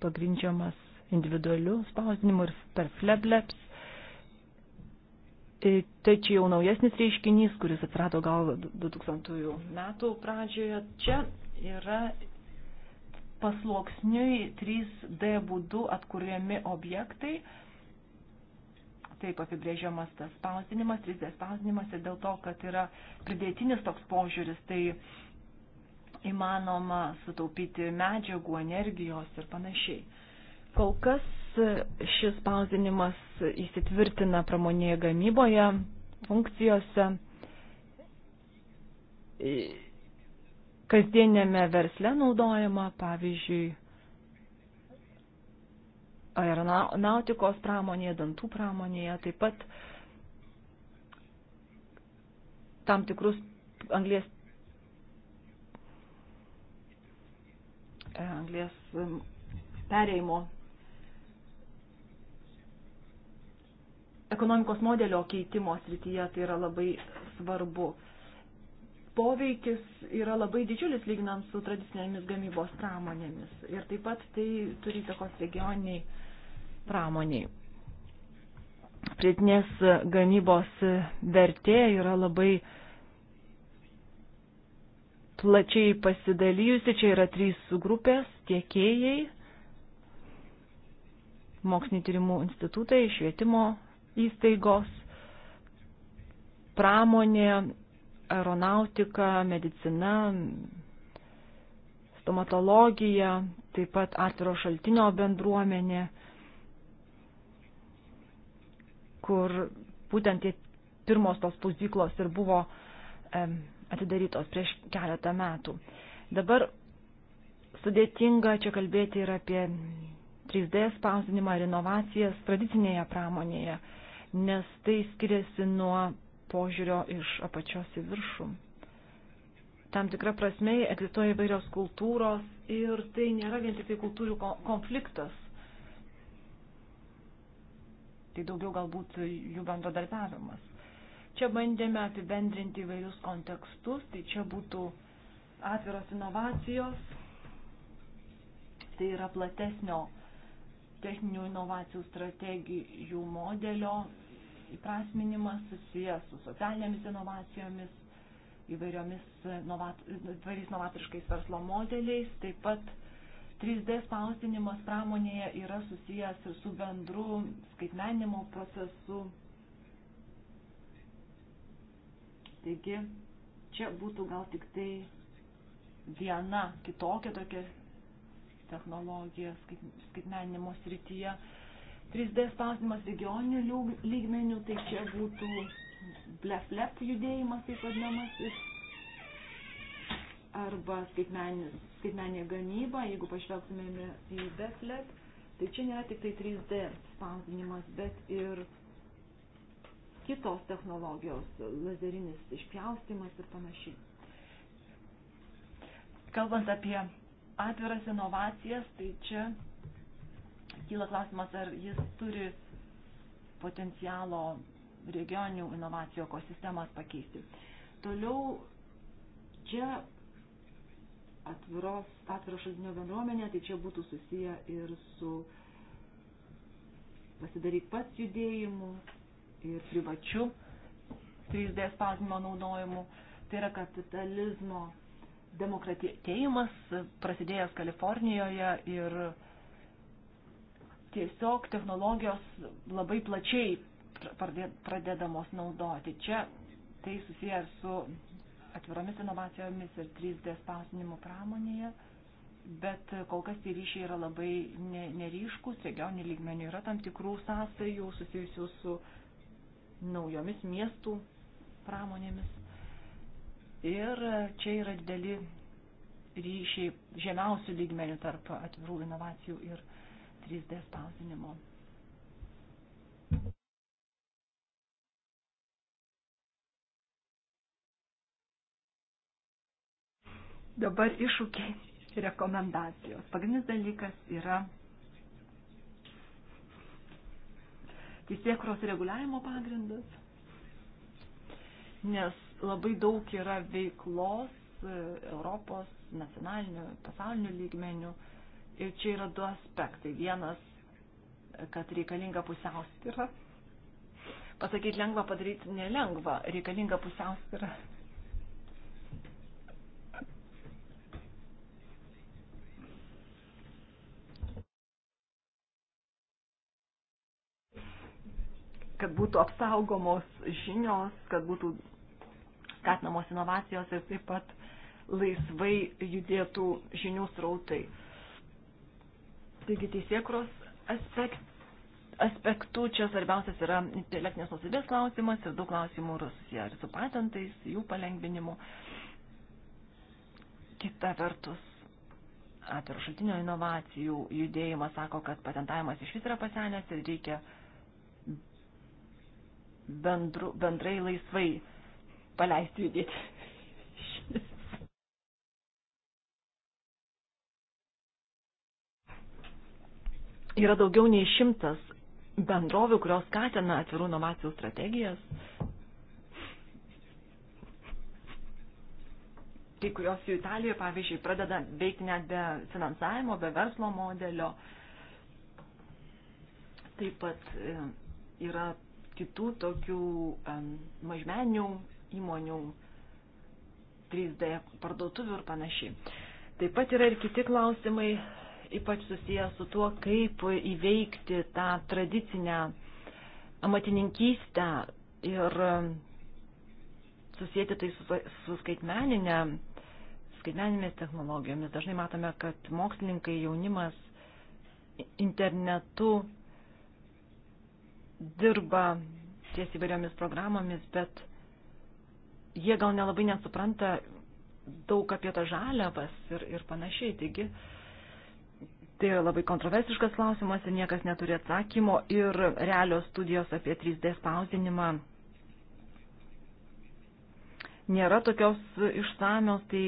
pagrindžiamas individualiu spausdinimu ir per fleblebs. E, tai čia jau naujesnis reiškinys, kuris atsirado gal 2000 metų pradžioje. Čia yra pasloksniui 3D būdu atkūrėmi objektai. Taip apibrėžiamas tas spausdinimas, 3D spausdinimas ir dėl to, kad yra pridėtinis toks požiūris, tai įmanoma sutaupyti medžiagų, energijos ir panašiai. Kol kas šis spausdinimas įsitvirtina pramonėje gamyboje, funkcijose kasdienėme versle naudojama, pavyzdžiui, aeronautikos pramonėje, dantų pramonėje, taip pat tam tikrus anglės, anglės um, pereimo ekonomikos modelio keitimo srityje tai yra labai svarbu poveikis yra labai didžiulis lyginant su tradicinėmis gamybos pramonėmis. Ir taip pat tai turi įtakos regioniniai pramoniai. Pritinės gamybos vertė yra labai plačiai pasidalijusi. Čia yra trys grupės - tiekėjai, mokslinio tyrimų institutai, švietimo įstaigos, pramonė aeronautika, medicina, stomatologija, taip pat atviro šaltinio bendruomenė, kur būtent tie pirmos tos spausdyklos ir buvo atidarytos prieš keletą metų. Dabar sudėtinga čia kalbėti ir apie 3D spausdinimą ir inovacijas tradicinėje pramonėje, nes tai skiriasi nuo požiūrio iš apačios į viršų. Tam tikra prasme egzistuoja įvairios kultūros ir tai nėra vien tik tai kultūrių konfliktas. Tai daugiau galbūt jų bendradarbiavimas. Čia bandėme apibendrinti įvairius kontekstus, tai čia būtų atviros inovacijos, tai yra platesnio techninių inovacijų strategijų modelio įprasminimas susijęs su socialinėmis inovacijomis, įvairiomis novat, tvariais novatoriškais verslo modeliais. Taip pat 3D spausdinimas pramonėje yra susijęs ir su bendru skaitmenimo procesu. Taigi, čia būtų gal tik tai viena kitokia tokia technologija skaitmenimo srityje. 3D spausdimas regioninių lygmenių, tai čia būtų blef-lep judėjimas, taip vadinamasis, arba skaitmeninė gamyba, jeigu pažvelgtumėme į blef-lep, tai čia nėra tik tai 3D spausdinimas, bet ir kitos technologijos, lazerinis išpjaustimas ir panašiai. Kalbant apie atviras inovacijas, tai čia kyla klausimas, ar jis turi potencialo regioninių inovacijų ekosistemas pakeisti. Toliau čia atviros, atviro šaltinio bendruomenė, tai čia būtų susiję ir su pasidaryk pats judėjimu ir privačiu 3D spausdinimo naudojimu. Tai yra kapitalizmo demokratėjimas prasidėjęs Kalifornijoje ir tiesiog technologijos labai plačiai pradedamos naudoti. Čia tai susiję su atviromis inovacijomis ir 3D spausdinimu pramonėje, bet kol kas tie ryšiai yra labai neryškus, regioninių lygmenių yra tam tikrų sąsajų susijusių su naujomis miestų pramonėmis. Ir čia yra dideli ryšiai žemiausių lygmenių tarp atvirų inovacijų ir 3D spausdinimo. Dabar iššūkiai rekomendacijos. Pagrindinis dalykas yra teisėkros reguliavimo pagrindas, nes labai daug yra veiklos e, Europos, nacionalinių, pasaulinių lygmenių, Ir čia yra du aspektai. Vienas, kad reikalinga pusiausvyra. Pasakyti lengva padaryti nelengva, reikalinga pusiausvyra. kad būtų apsaugomos žinios, kad būtų skatinamos inovacijos ir taip pat laisvai judėtų žinių srautai. Uh, Taigi teisėkros aspekt, aspektų čia svarbiausias yra intelektinės nusibės klausimas ir daug klausimų yra susiję ir su patentais, jų palengvinimu. Kita vertus, atviro šaltinio inovacijų judėjimas sako, kad patentavimas iš vis yra pasenęs ir reikia bendru, bendrai laisvai paleisti judėti yra daugiau nei šimtas bendrovių, kurios skatina atvirų inovacijų strategijas. Kai kurios jų Italijoje, pavyzdžiui, pradeda veikti net be finansavimo, be verslo modelio. Taip pat e, yra kitų tokių um, e, mažmenių įmonių, 3D parduotuvių ir panašiai. Taip pat yra ir kiti klausimai ypač susijęs su tuo, kaip įveikti tą tradicinę amatininkystę ir um, susijęti tai su, su skaitmeninė, skaitmeninėmis technologijomis. Dažnai matome, kad mokslininkai, jaunimas internetu dirba ties įvairiomis programomis, bet jie gal nelabai nesupranta daug apie tą žaliavas ir, ir panašiai. Taigi, uh, Tai labai kontroversiškas klausimas ir niekas neturi atsakymo ir realios studijos apie 3D spausdinimą nėra tokios išsamios, tai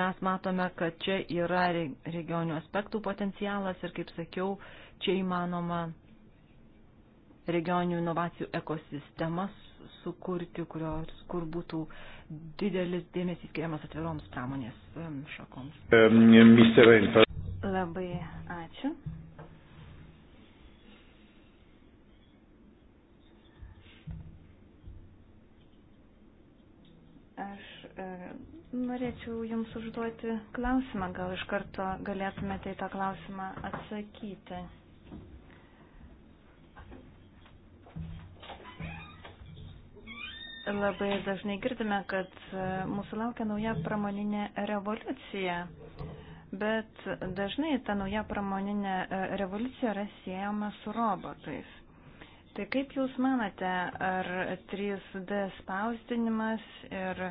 mes matome, kad čia yra regionių aspektų potencialas ir, kaip sakiau, čia įmanoma regioninių inovacijų ekosistemas sukurti, kurios, kur būtų didelis dėmesys skiriamas atviroms pramonės um, šakoms. Um, Labai ačiū. Aš e, norėčiau Jums užduoti klausimą, gal iš karto galėtumėte į tą klausimą atsakyti. Labai dažnai girdime, kad e, mūsų laukia nauja pramoninė revoliucija. E, bet dažnai ta nauja pramoninė e, revoliucija yra siejama su robotais. Tai kaip Jūs manate, ar 3D spausdinimas ir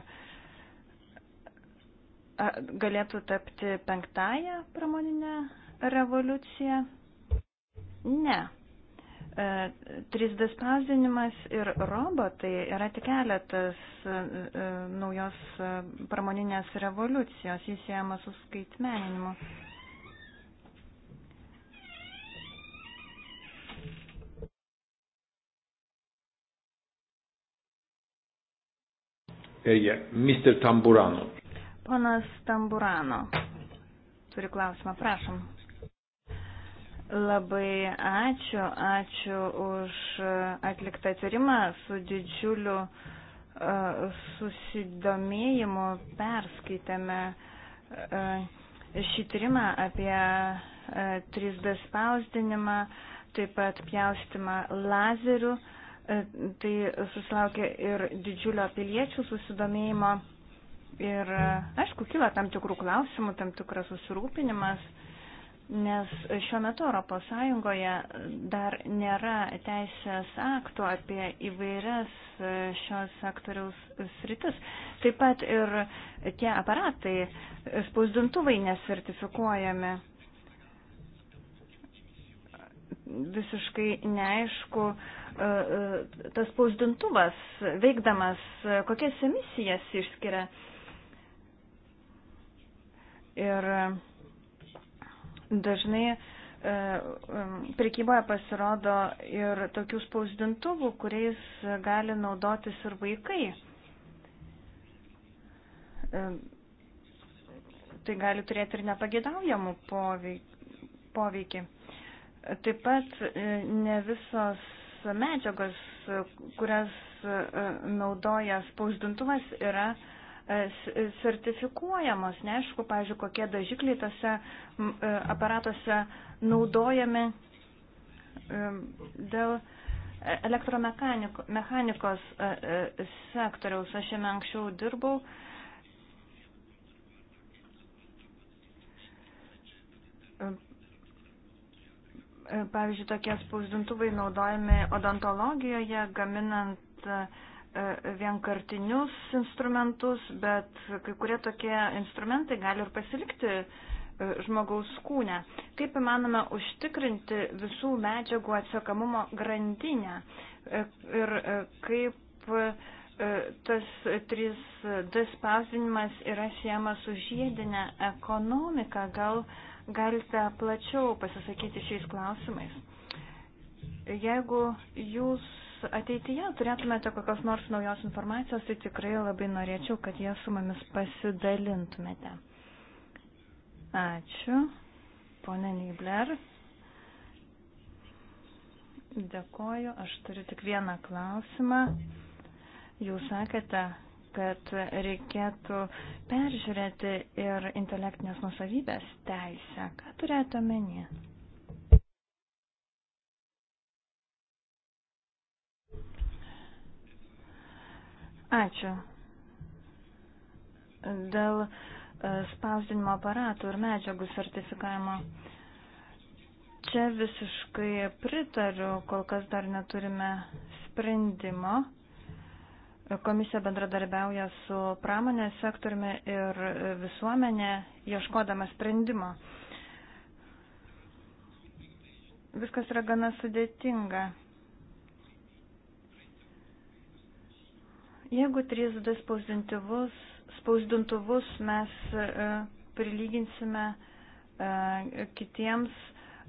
galėtų tapti penktąją pramoninę revoliuciją? Ne. 3D e, spausdinimas ir robotai yra tik keletas e, e, naujos pramoninės revoliucijos, jis siejama su skaitmeninimu. Eja, Mr. Tamburano. Ponas Tamburano turi klausimą, prašom. Labai ačiū, ačiū už atliktą tyrimą su didžiuliu e, susidomėjimu perskaitėme e, šį tyrimą apie 3D e, spausdinimą, taip pat pjaustimą lazerių. Tai susilaukė ir didžiulio piliečių susidomėjimo. Ir, aišku, kyla tam tikrų klausimų, tam tikras susirūpinimas nes šiuo metu ES dar nėra teisės aktų apie įvairias šios sektoriaus sritis. Taip pat ir tie aparatai, spausdintuvai nesertifikuojami. Visiškai neaišku, e, e, tas spausdintuvas veikdamas, kokias emisijas išskiria. Ir Dažnai e, e, prekyboje pasirodo ir tokių spausdintuvų, kuriais gali naudotis ir vaikai. E, tai gali turėti ir nepagėdaujamų poveikį. Taip pat ne visos medžiagos, kurias naudoja spausdintuvas, yra uh, E, e, sertifikuojamos, neaišku, pažiūrėjau, kokie dažikliai tose e, aparatuose naudojami dėl elektromechanikos sektoriaus. Aš jame anksčiau dirbau. Pavyzdžiui, tokie spausdintuvai naudojami odontologijoje, gaminant uh, E, vienkartinius instrumentus, bet kai kurie tokie instrumentai gali ir pasilikti e, žmogaus kūne. Kaip įmanome užtikrinti visų medžiagų atsiekamumo grandinę e, ir kaip tas 3D spausdinimas yra siejamas su žiedinė ekonomika, gal galite plačiau pasisakyti šiais klausimais. Jeigu jūs ateityje turėtumėte kokios nors naujos informacijos, tai tikrai labai norėčiau, kad jie su mumis pasidalintumėte. Ačiū, ponė Nibler. Dėkoju, aš turiu tik vieną klausimą. Jūs sakėte, kad reikėtų peržiūrėti ir intelektinės nusavybės teisę. Ką turėjote omenyje? Ačiū. Dėl e, spausdinimo aparatų ir medžiagų sertifikavimo. Čia visiškai pritariu, kol kas dar neturime sprendimo. Komisija bendradarbiauja su pramonės sektoriumi ir visuomenė, ieškodama sprendimo. Viskas yra gana sudėtinga. Jeigu 3D spausdintuvus, spausdintuvus mes e, prilyginsime e, kitiems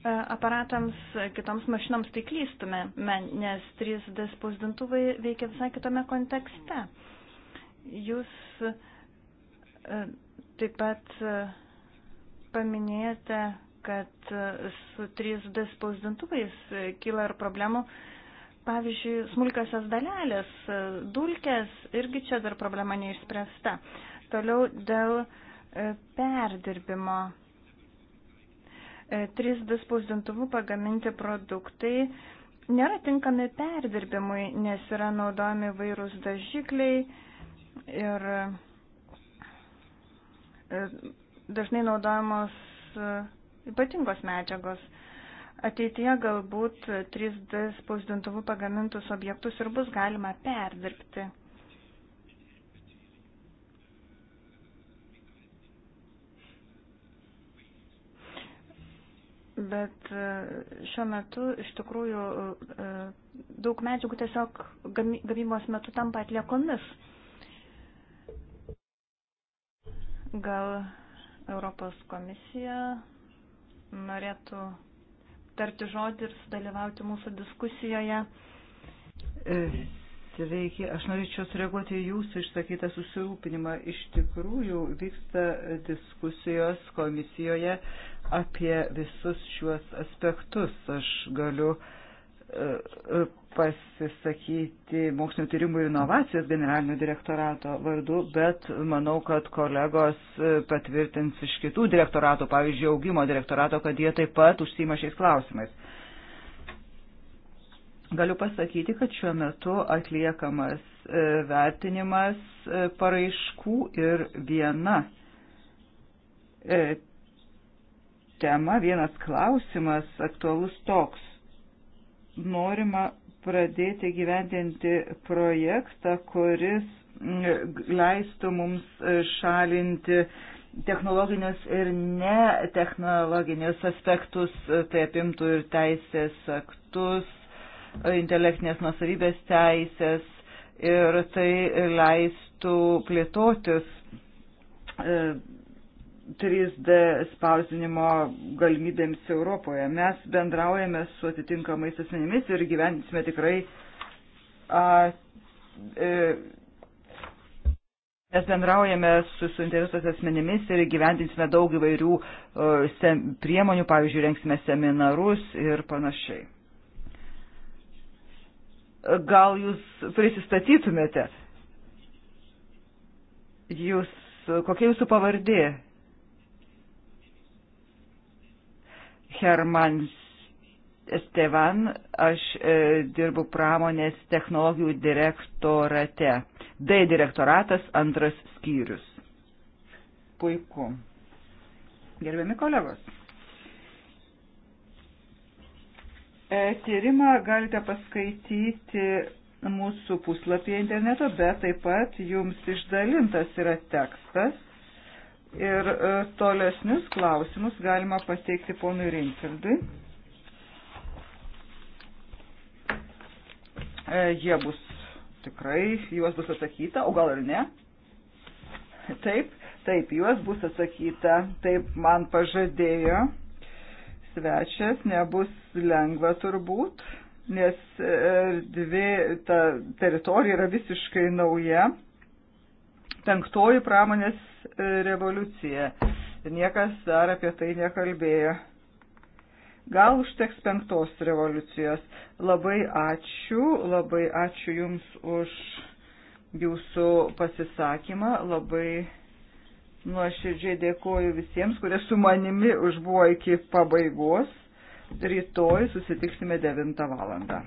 e, aparatams, kitoms mašinoms, tai klystume, nes 3D spausdintuvai veikia visai kitame kontekste. Jūs taip pat paminėjote, kad su 3D spausdintuvais kyla ir problemų Pavyzdžiui, smulkiosios dalelės, dulkės, irgi čia dar problema neišspręsta. Toliau dėl e, perdirbimo. E, Tris dispausdintuvų pagaminti produktai nėra tinkami perdirbimui, nes yra naudojami vairūs dažikliai ir e, dažnai naudojamos ypatingos medžiagos. Ateityje galbūt 3D spausdintuvų pagamintus objektus ir bus galima perdirbti. Bet e, šiuo metu iš tikrųjų e, daug medžiagų tiesiog gamybos metu tampa atliekomis. Gal Europos komisija norėtų tarti žodį ir sudalyvauti mūsų diskusijoje. E, sveiki, aš norėčiau sureaguoti į jūsų išsakytą susirūpinimą. Iš tikrųjų vyksta diskusijos komisijoje apie visus šiuos aspektus. Aš galiu uh, pasisakyti mokslinio tyrimų ir inovacijos generalinio direktorato vardu, bet manau, kad kolegos patvirtins iš kitų direktorato, pavyzdžiui, augimo direktorato, kad jie taip pat užsima šiais klausimais. Galiu pasakyti, kad šiuo metu atliekamas e, vertinimas e, paraiškų ir viena e, tema, vienas klausimas aktualus toks norima pradėti gyventinti projektą, kuris leistų mums e, šalinti technologinius ir netechnologinius aspektus, e, tai apimtų ir teisės aktus, e, intelektinės nusavybės teisės ir tai leistų plėtotis 3D spausdinimo galimybėms Europoje. Mes bendraujame su atitinkamais asmenimis ir gyvensime tikrai. A, e, Mes bendraujame su suinteresuotais asmenimis ir gyvendinsime daug įvairių sem, priemonių, pavyzdžiui, renksime seminarus ir panašiai. Gal jūs prisistatytumėte? Jūs, kokia jūsų pavardė? Hermans Estevan, aš e, dirbu pramonės technologijų direktorate. D direktoratas antras skyrius. Puiku. Gerbiami kolegos. E, tyrimą galite paskaityti mūsų puslapyje interneto, bet taip pat jums išdalintas yra tekstas Ir e, tolesnius klausimus galima pateikti ponui Rinkildui. E, jie bus tikrai, juos bus atsakyta, o gal ir ne. Taip, taip, juos bus atsakyta, taip man pažadėjo. Svečias nebus lengva turbūt, nes e, dvi ta teritorija yra visiškai nauja penktoji pramonės e, revoliucija. Niekas dar apie tai nekalbėjo. Gal užteks penktos revoliucijos. Labai ačiū, labai ačiū Jums už Jūsų pasisakymą. Labai nuoširdžiai dėkoju visiems, kurie su manimi užbuvo iki pabaigos. Rytoj susitiksime 9 valandą.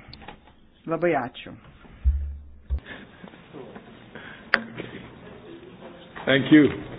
Labai ačiū. Thank you.